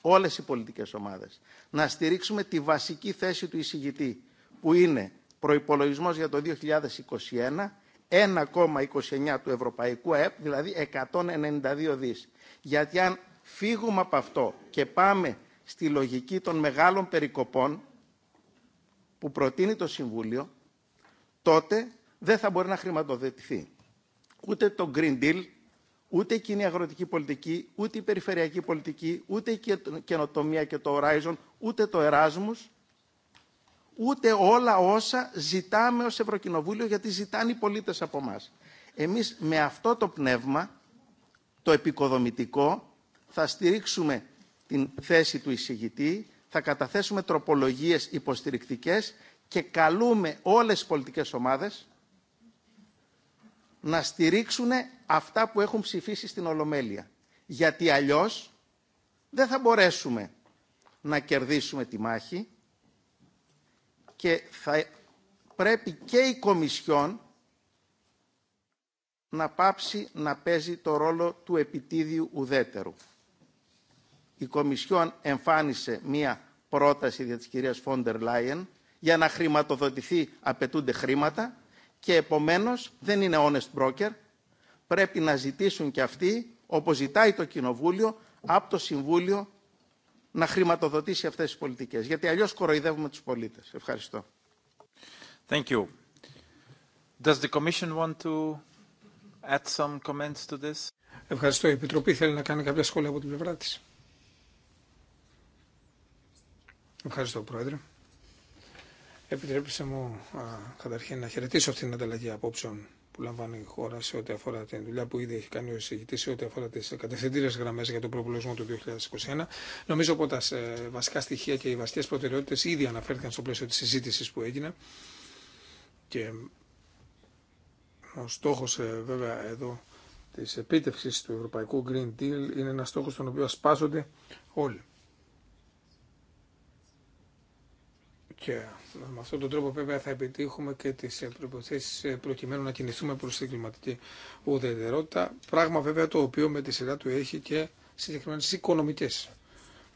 S1: όλες οι πολιτικές ομάδες, να στηρίξουμε τη βασική θέση του εισηγητή, που είναι προϋπολογισμός για το 2021 1,29 του Ευρωπαϊκού ΑΕΠ, δηλαδή 192 δις. Γιατί αν φύγουμε από αυτό και πάμε στη λογική των μεγάλων περικοπών που προτείνει το Συμβούλιο, τότε δεν θα μπορεί να χρηματοδοτηθεί. Ούτε το Green Deal, ούτε η κοινή αγροτική πολιτική, ούτε η περιφερειακή πολιτική, ούτε η καινοτομία και το Horizon, ούτε το Erasmus, ούτε όλα όσα ζητάμε ως Ευρωκοινοβούλιο γιατί ζητάνε οι πολίτες από εμά. Εμείς με αυτό το πνεύμα, το επικοδομητικό, θα στηρίξουμε την θέση του εισηγητή, θα καταθέσουμε τροπολογίες υποστηρικτικές και καλούμε όλες τις πολιτικές ομάδες να στηρίξουν αυτά που έχουν ψηφίσει στην Ολομέλεια. Γιατί αλλιώς δεν θα μπορέσουμε να κερδίσουμε τη μάχη, και θα πρέπει και η Κομισιόν να πάψει να παίζει το ρόλο του επιτίδιου ουδέτερου. Η Κομισιόν εμφάνισε μία πρόταση για της κυρίας Φόντερ Λάιεν για να χρηματοδοτηθεί απαιτούνται χρήματα και επομένως δεν είναι honest broker. Πρέπει να ζητήσουν και αυτοί, όπως ζητάει το Κοινοβούλιο, από το Συμβούλιο να χρηματοδοτήσει αυτές τις πολιτικές. Γιατί αλλιώς κοροϊδεύουμε τους πολίτες. Ευχαριστώ. Thank you. Does the Commission want to add some comments to this?
S4: Ευχαριστώ. Η Επιτροπή θέλει να κάνει κάποια σχόλια από την πλευρά της. Ευχαριστώ, Πρόεδρε. Επιτρέψτε μου καταρχήν να χαιρετήσω αυτήν την ανταλλαγή απόψεων που λαμβάνει η χώρα σε ό,τι αφορά την δουλειά που ήδη έχει κάνει ο εισηγητή, σε ό,τι αφορά τι κατευθυντήρε γραμμέ για τον προπολογισμό του 2021. Νομίζω πω τα ε, βασικά στοιχεία και οι βασικέ προτεραιότητε ήδη αναφέρθηκαν στο πλαίσιο τη συζήτηση που έγινε. Και ο στόχο ε, βέβαια εδώ τη επίτευξη του Ευρωπαϊκού Green Deal είναι ένα στόχο στον οποίο ασπάζονται όλοι με αυτόν τον τρόπο βέβαια θα επιτύχουμε και τις ε, προποθέσει ε, προκειμένου να κινηθούμε προς την κλιματική ουδετερότητα, πράγμα βέβαια το οποίο με τη σειρά του έχει και συγκεκριμένες οικονομικές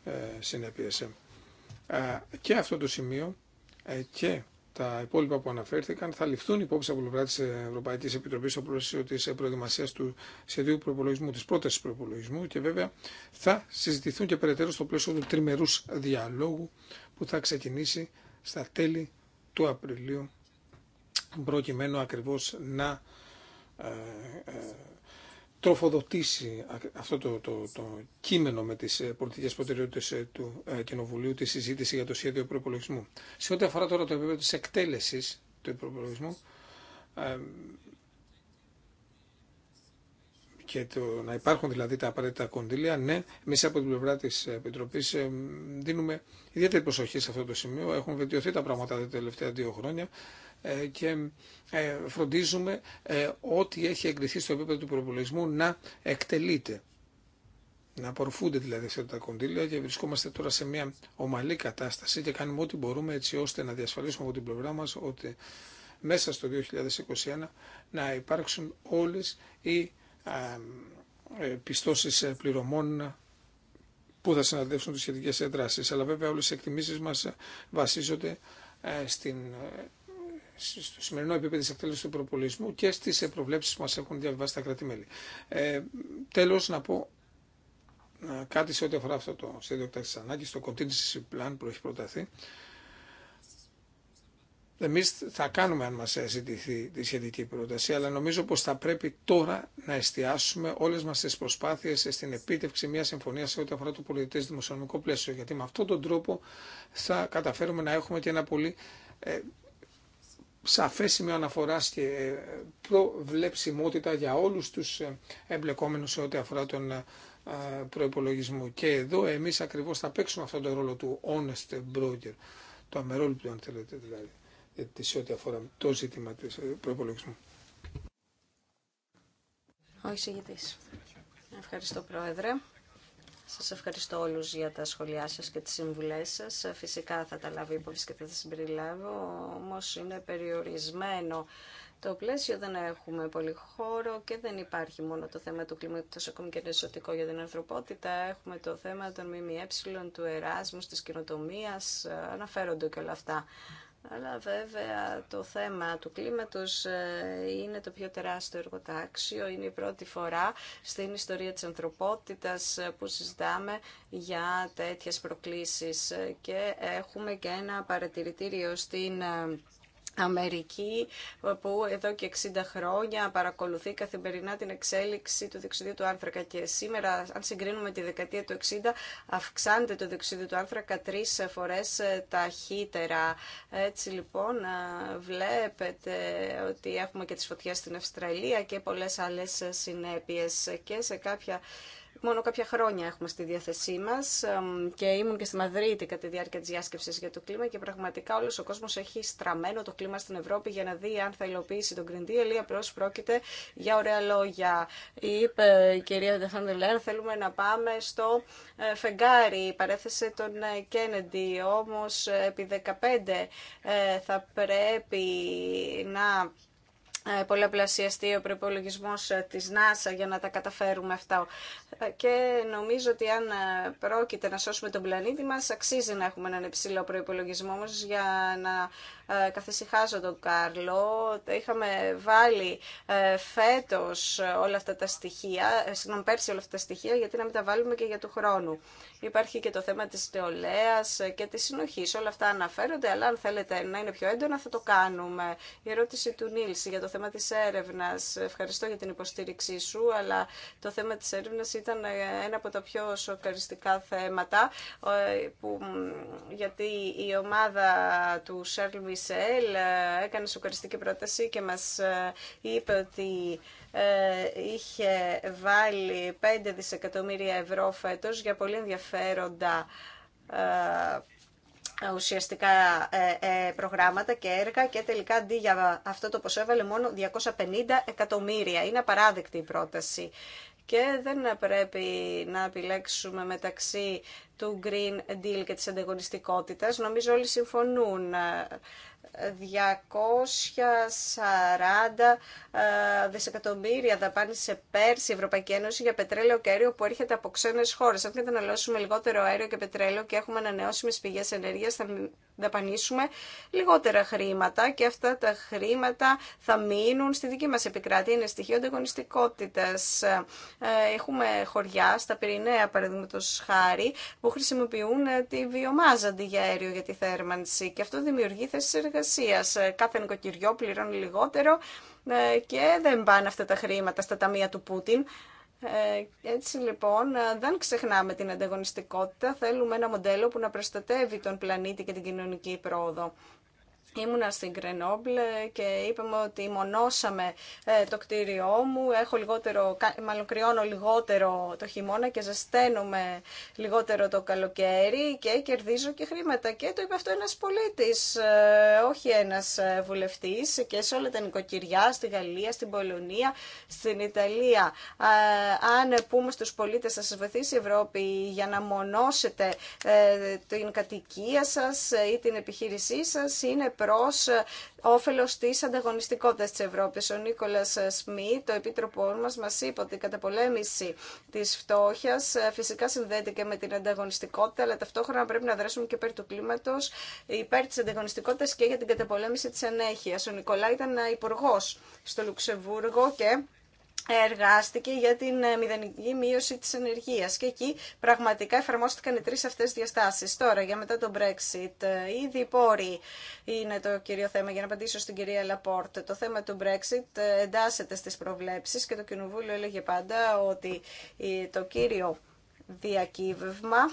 S4: ε, συνέπειες. Και αυτό το σημείο και τα υπόλοιπα που αναφέρθηκαν θα ληφθούν υπόψη από πλευρά τη Ευρωπαϊκή Επιτροπή στο πλαίσιο τη προετοιμασία του σχεδίου προπολογισμού, τη πρόταση προπολογισμού και βέβαια θα συζητηθούν και περαιτέρω στο πλαίσιο του τριμερού διαλόγου που θα ξεκινήσει στα τέλη του Απριλίου προκειμένου ακριβώς να ε, ε τροφοδοτήσει αυτό το, το, το, κείμενο με τις ε, πολιτικές προτεραιότητες ε, του ε, Κοινοβουλίου τη συζήτηση για το σχέδιο προπολογισμού. Σε ό,τι αφορά τώρα το επίπεδο της εκτέλεσης του προπολογισμού, και το να υπάρχουν δηλαδή τα απαραίτητα κονδύλια, ναι, εμεί από την πλευρά τη Επιτροπή δίνουμε ιδιαίτερη προσοχή σε αυτό το σημείο. Έχουν βελτιωθεί τα πράγματα τα τελευταία δύο χρόνια ε, και ε, φροντίζουμε ε, ό,τι έχει εγκριθεί στο επίπεδο του προπολογισμού να εκτελείται. Να απορροφούνται δηλαδή αυτά τα κονδύλια και βρισκόμαστε τώρα σε μια ομαλή κατάσταση και κάνουμε ό,τι μπορούμε έτσι ώστε να διασφαλίσουμε από την πλευρά μα ότι μέσα στο 2021 να υπάρξουν όλες οι ε, ε, πιστώσεις ε, πληρωμών που θα συναντεύσουν τις σχετικές εντράσεις. Αλλά βέβαια όλες οι εκτιμήσεις μας βασίζονται στην στο σημερινό επίπεδο της εκτέλεσης του προπολισμού και στις προβλέψεις που μα έχουν διαβιβάσει τα κράτη-μέλη. Ε, Τέλο, να πω κάτι σε ό,τι αφορά αυτό το σχέδιο εκτάξη ανάγκη, το contingency plan που έχει προταθεί. Εμεί θα κάνουμε αν μας ζητηθεί τη σχετική πρόταση, αλλά νομίζω πω θα πρέπει τώρα να εστιάσουμε όλε μα τι προσπάθειε στην επίτευξη μια συμφωνία σε ό,τι αφορά το πολιτικό δημοσιονομικό πλαίσιο, γιατί με αυτόν τον τρόπο θα καταφέρουμε να έχουμε και ένα πολύ ε, σαφέ σημείο αναφορά και ε, προβλεψιμότητα για όλους τους ε, εμπλεκόμενου σε ό,τι αφορά τον ε, προπολογισμό. Και εδώ εμεί ακριβώ θα παίξουμε αυτόν τον ρόλο του honest broker, του αμερόληπτου αν θέλετε δηλαδή. Ε, σε ό,τι αφορά το ζήτημα της ε, προπολογισμού.
S3: Ο εισηγητής. Ευχαριστώ Πρόεδρε. Σας ευχαριστώ όλους για τα σχολιά σας και τις συμβουλές σας. Ε, φυσικά θα τα λάβω υπόψη και θα τα συμπεριλάβω, όμως είναι περιορισμένο το πλαίσιο, δεν έχουμε πολύ χώρο και δεν υπάρχει μόνο το θέμα του κλίματος, ακόμη και είναι για την ανθρωπότητα. Έχουμε το θέμα των ΜΜΕ, του Εράσμου, της κοινοτομίας, αναφέρονται και όλα αυτά. Αλλά βέβαια το θέμα του κλίματος ε, είναι το πιο τεράστιο εργοτάξιο. Είναι η πρώτη φορά στην ιστορία της ανθρωπότητας ε, που συζητάμε για τέτοιες προκλήσεις. Ε, και έχουμε και ένα παρατηρητήριο στην Αμερική που εδώ και 60 χρόνια παρακολουθεί καθημερινά την εξέλιξη του διοξιδίου του άνθρακα και σήμερα αν συγκρίνουμε τη δεκαετία του 60 αυξάνεται το διοξιδίου του άνθρακα τρεις φορές ε, ταχύτερα. Έτσι λοιπόν ε, βλέπετε ότι έχουμε και τις φωτιές στην Αυστραλία και πολλές άλλες συνέπειες και σε κάποια Μόνο κάποια χρόνια έχουμε στη διάθεσή μα και ήμουν και στη Μαδρίτη κατά τη διάρκεια τη διάσκεψης για το κλίμα και πραγματικά όλο ο κόσμο έχει στραμμένο το κλίμα στην Ευρώπη για να δει αν θα υλοποιήσει τον Green Deal ή απλώς πρόκειται για ωραία λόγια. Είπε η απλω προκειται για ωραια Δεφάνδελερ, θέλουμε να πάμε στο ε, φεγγάρι, παρέθεσε τον ε, Κέννεντι, Όμω ε, επί 15 θα πρέπει να ε, πολλαπλασιαστεί ο προπολογισμό ε, της ΝΑΣΑ για να τα καταφέρουμε αυτά. Ε, και νομίζω ότι αν πρόκειται να σώσουμε τον πλανήτη μας, αξίζει να έχουμε έναν υψηλό προπολογισμό όμως για να καθησυχάζω τον Κάρλο. Είχαμε βάλει φέτος όλα αυτά τα στοιχεία, συγγνώμη πέρσι όλα αυτά τα στοιχεία, γιατί να μην τα βάλουμε και για του χρόνου. Υπάρχει και το θέμα της νεολαίας και της συνοχής. Όλα αυτά αναφέρονται, αλλά αν θέλετε να είναι πιο έντονα θα το κάνουμε. Η ερώτηση του Νίλση για το θέμα της έρευνας. Ευχαριστώ για την υποστήριξή σου, αλλά το θέμα της έρευνας ήταν ένα από τα πιο σοκαριστικά θέματα, ε, που, γιατί η ομάδα του Σέρλ Μισελ έκανε σοκαριστική πρόταση και μας ε, είπε ότι ε, είχε βάλει 5 δισεκατομμύρια ευρώ φέτος για πολύ ενδιαφέροντα ε, ουσιαστικά ε, προγράμματα και έργα και τελικά αντί για αυτό το ποσό έβαλε μόνο 250 εκατομμύρια. Είναι απαράδεκτη η πρόταση και δεν πρέπει να επιλέξουμε μεταξύ του Green Deal και της ανταγωνιστικότητας. Νομίζω όλοι συμφωνούν 240 ε, δισεκατομμύρια σε πέρσι η Ευρωπαϊκή Ένωση για πετρέλαιο και αέριο που έρχεται από ξένε χώρε. Αν καταναλώσουμε λιγότερο αέριο και πετρέλαιο και έχουμε ανανεώσιμε πηγέ ενέργεια, θα δαπανίσουμε λιγότερα χρήματα και αυτά τα χρήματα θα μείνουν στη δική μα επικράτεια. Είναι στοιχείο ανταγωνιστικότητα. Ε, έχουμε χωριά στα Πυρηναία, παραδείγματο χάρη, που χρησιμοποιούν τη βιομάζα αντί για αέριο για τη θέρμανση και αυτό δημιουργεί θέσει ε, κάθε νοικοκυριό πληρώνει λιγότερο ε, και δεν πάνε αυτά τα χρήματα στα ταμεία του Πούτιν. Ε, έτσι λοιπόν δεν ξεχνάμε την ανταγωνιστικότητα. Θέλουμε ένα μοντέλο που να προστατεύει τον πλανήτη και την κοινωνική πρόοδο. Ήμουνα στην Κρενόμπλε και είπαμε ότι μονώσαμε ε, το κτίριό μου, έχω λιγότερο, μάλλον κρυώνω λιγότερο το χειμώνα και ζεσταίνομαι λιγότερο το καλοκαίρι και κερδίζω και χρήματα. Και το είπε αυτό ένας πολίτης, ε, όχι ένας ε, βουλευτής και σε όλα τα νοικοκυριά, στη Γαλλία, στην Πολωνία, στην Ιταλία. Αν πούμε στους πολίτες θα σας βοηθήσει η Ευρώπη για να μονώσετε την κατοικία σας ή την επιχείρησή σας, είναι προς ε, όφελος της ανταγωνιστικότητας της Ευρώπης. Ο Νίκολας ε, Σμι, το επίτροπό μας, μας είπε ότι η καταπολέμηση της φτώχειας ε, φυσικά συνδέεται και με την ανταγωνιστικότητα, αλλά ταυτόχρονα πρέπει να δράσουμε και υπέρ του κλίματος, υπέρ της ανταγωνιστικότητας και για την καταπολέμηση της ανέχειας. Ο Νικολά ήταν υπουργό στο Λουξεμβούργο και εργάστηκε για την ε, μηδενική μείωση της ενεργείας και εκεί πραγματικά εφαρμόστηκαν οι τρεις αυτές διαστάσεις. Τώρα για μετά το Brexit, ε, ήδη οι πόροι είναι το κύριο θέμα για να απαντήσω στην κυρία Λαπόρτ. Το θέμα του Brexit ε, εντάσσεται στις προβλέψεις και το Κοινοβούλιο έλεγε πάντα ότι το κύριο διακύβευμα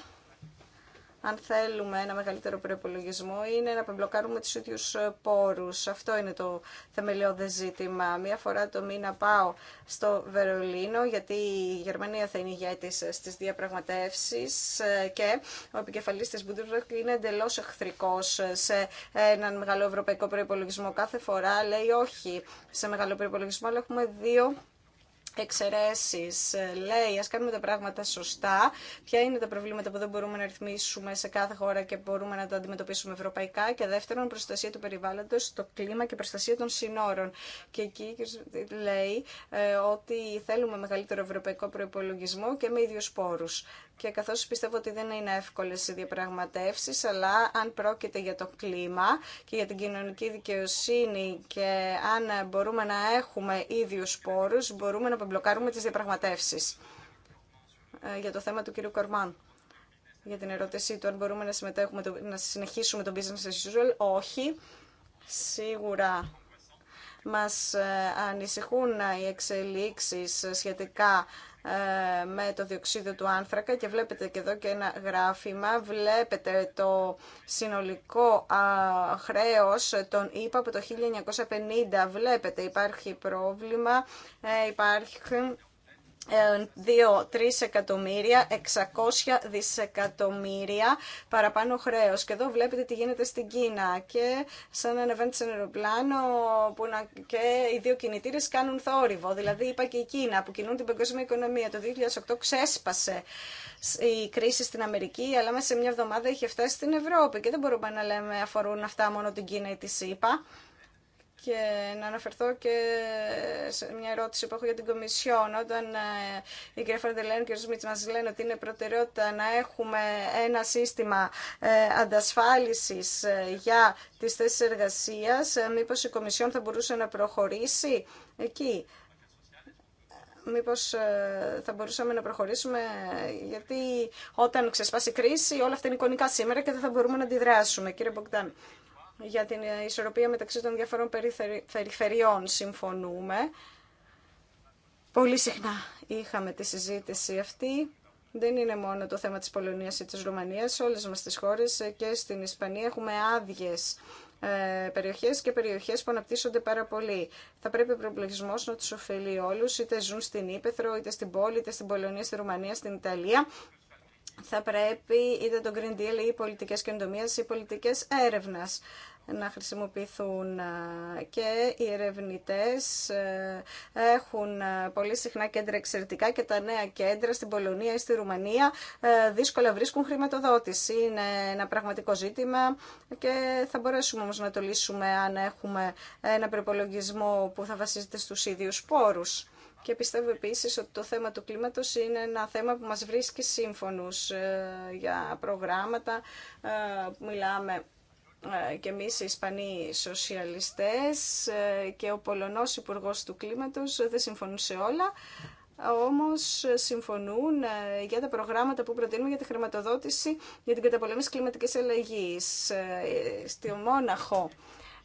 S3: αν θέλουμε ένα μεγαλύτερο προπολογισμό, είναι να πεμπλοκάρουμε του ίδιου πόρου. Αυτό είναι το θεμελιώδε ζήτημα. Μία φορά το μήνα πάω στο Βερολίνο, γιατί η Γερμανία θα είναι ηγέτη στι διαπραγματεύσει και ο επικεφαλή τη Μπουντουρδοκ είναι εντελώ εχθρικό σε έναν μεγάλο ευρωπαϊκό προπολογισμό. Κάθε φορά λέει όχι σε μεγάλο προπολογισμό, αλλά έχουμε δύο εξαιρέσεις. Ε, λέει, ας κάνουμε τα πράγματα σωστά, ποια είναι τα προβλήματα που δεν μπορούμε να ρυθμίσουμε σε κάθε χώρα και μπορούμε να τα αντιμετωπίσουμε ευρωπαϊκά και δεύτερον, προστασία του περιβάλλοντος, το κλίμα και προστασία των συνόρων. Και εκεί λέει ε, ότι θέλουμε μεγαλύτερο ευρωπαϊκό προϋπολογισμό και με ίδιους πόρους και καθώς πιστεύω ότι δεν είναι εύκολες οι διαπραγματεύσεις, αλλά αν πρόκειται για το κλίμα και για την κοινωνική δικαιοσύνη και αν μπορούμε να έχουμε ίδιους πόρους, μπορούμε να πεμπλοκάρουμε τις διαπραγματεύσεις. Ε, για το θέμα του κ. Κορμάν για την ερώτησή του αν μπορούμε να, να συνεχίσουμε το business as usual. Όχι, σίγουρα μας ε, ανησυχούν οι εξελίξεις σχετικά ε, με το διοξείδιο του άνθρακα και βλέπετε και εδώ και ένα γράφημα. Βλέπετε το συνολικό χρέος των ήπα από το 1950. Βλέπετε υπάρχει πρόβλημα, ε, υπάρχουν 2-3 εκατομμύρια, 600 δισεκατομμύρια παραπάνω χρέος. Και εδώ βλέπετε τι γίνεται στην Κίνα. Και σαν έναν σε αεροπλάνο που να, και οι δύο κινητήρες κάνουν θόρυβο. Δηλαδή είπα και η Κίνα που κινούν την παγκόσμια οικονομία. Το 2008 ξέσπασε η κρίση στην Αμερική, αλλά μέσα σε μια εβδομάδα είχε φτάσει στην Ευρώπη. Και δεν μπορούμε να λέμε αφορούν αυτά μόνο την Κίνα ή τη ΣΥΠΑ. Και να αναφερθώ και σε μια ερώτηση που έχω για την Κομισιόν. Όταν ε, η κυρία Φαρντελέν και ο Σμιτ μα λένε ότι είναι προτεραιότητα να έχουμε ένα σύστημα ε, αντασφάλιση ε, για τι θέσει εργασία, μήπω η Κομισιόν θα μπορούσε να προχωρήσει εκεί. Μήπως θα μπορούσαμε να προχωρήσουμε, γιατί όταν ξεσπάσει η κρίση όλα αυτά είναι εικονικά σήμερα και δεν θα μπορούμε να αντιδράσουμε. Κύριε για την ισορροπία μεταξύ των διαφορών περιφερειών συμφωνούμε. Πολύ συχνά είχαμε τη συζήτηση αυτή. Δεν είναι μόνο το θέμα της Πολωνίας ή της Ρουμανίας. Σε όλες μας τις χώρες και στην Ισπανία έχουμε άδειε ε, περιοχές και περιοχές που αναπτύσσονται πάρα πολύ. Θα πρέπει ο προπλογισμός να τους ωφελεί όλους, είτε ζουν στην Ήπεθρο, είτε στην πόλη, είτε στην Πολωνία, στη Ρουμανία, στην Ιταλία θα πρέπει είτε το Green Deal ή οι πολιτικές καινοτομίας ή οι πολιτικές έρευνας να χρησιμοποιηθούν και οι ερευνητέ ε, έχουν ε, πολύ συχνά κέντρα εξαιρετικά και τα νέα κέντρα στην Πολωνία ή στη Ρουμανία ε, δύσκολα βρίσκουν χρηματοδότηση. Είναι ένα πραγματικό ζήτημα και θα μπορέσουμε όμως να το λύσουμε αν έχουμε ένα προπολογισμό που θα βασίζεται στους ίδιους πόρους. Και πιστεύω επίσης ότι το θέμα του κλίματος είναι ένα θέμα που μας βρίσκει σύμφωνους ε, για προγράμματα ε, που μιλάμε ε, και εμεί οι Ισπανοί σοσιαλιστές και ο Πολωνός υπουργό του Κλίματος δεν συμφωνούν σε όλα, όμως συμφωνούν για τα προγράμματα που προτείνουμε για τη χρηματοδότηση για την καταπολέμηση κλιματικής αλλαγής. στη Μόναχο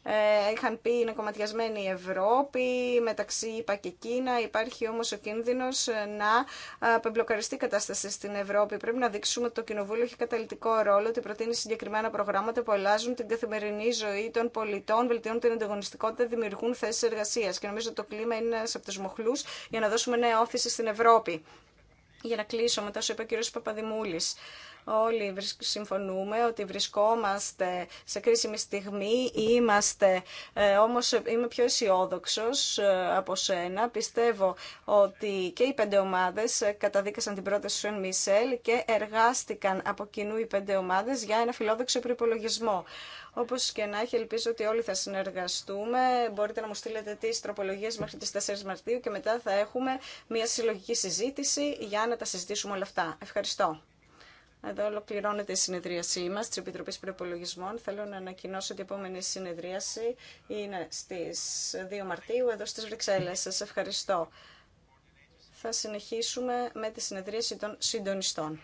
S3: ε, είχαν πει είναι κομματιασμένη η Ευρώπη, μεταξύ είπα και Κίνα. Υπάρχει όμω ο κίνδυνο ε, να ε, απεμπλοκαριστεί η κατάσταση στην Ευρώπη. Πρέπει να δείξουμε ότι το Κοινοβούλιο έχει καταλητικό ρόλο, ότι προτείνει συγκεκριμένα προγράμματα που αλλάζουν την καθημερινή ζωή των πολιτών, βελτιώνουν την ανταγωνιστικότητα, δημιουργούν θέσει εργασία. Και νομίζω ότι το κλίμα είναι ένα από του μοχλού για να δώσουμε νέα όθηση στην Ευρώπη. Για να κλείσω μετά όσο είπε ο κ. Παπαδημούλη. Όλοι συμφωνούμε ότι βρισκόμαστε σε κρίσιμη στιγμή, είμαστε, ε, όμως είμαι πιο αισιόδοξο ε, από σένα. Πιστεύω ότι και οι πέντε ομάδες ε, καταδίκασαν την πρόταση του Μισελ και εργάστηκαν από κοινού οι πέντε ομάδες για ένα φιλόδοξο προπολογισμό. Όπω και να έχει, ελπίζω ότι όλοι θα συνεργαστούμε. Μπορείτε να μου στείλετε τις τροπολογίες μέχρι τις 4 Μαρτίου και μετά θα έχουμε μια συλλογική συζήτηση για να τα συζητήσουμε όλα αυτά. Ευχαριστώ. Εδώ ολοκληρώνεται η συνεδρίασή μας της Επιτροπής Προπολογισμών. Θέλω να ανακοινώσω ότι η επόμενη συνεδρίαση είναι στις 2 Μαρτίου εδώ στις Βρυξέλλες. Σας ευχαριστώ. Θα συνεχίσουμε με τη συνεδρίαση των συντονιστών.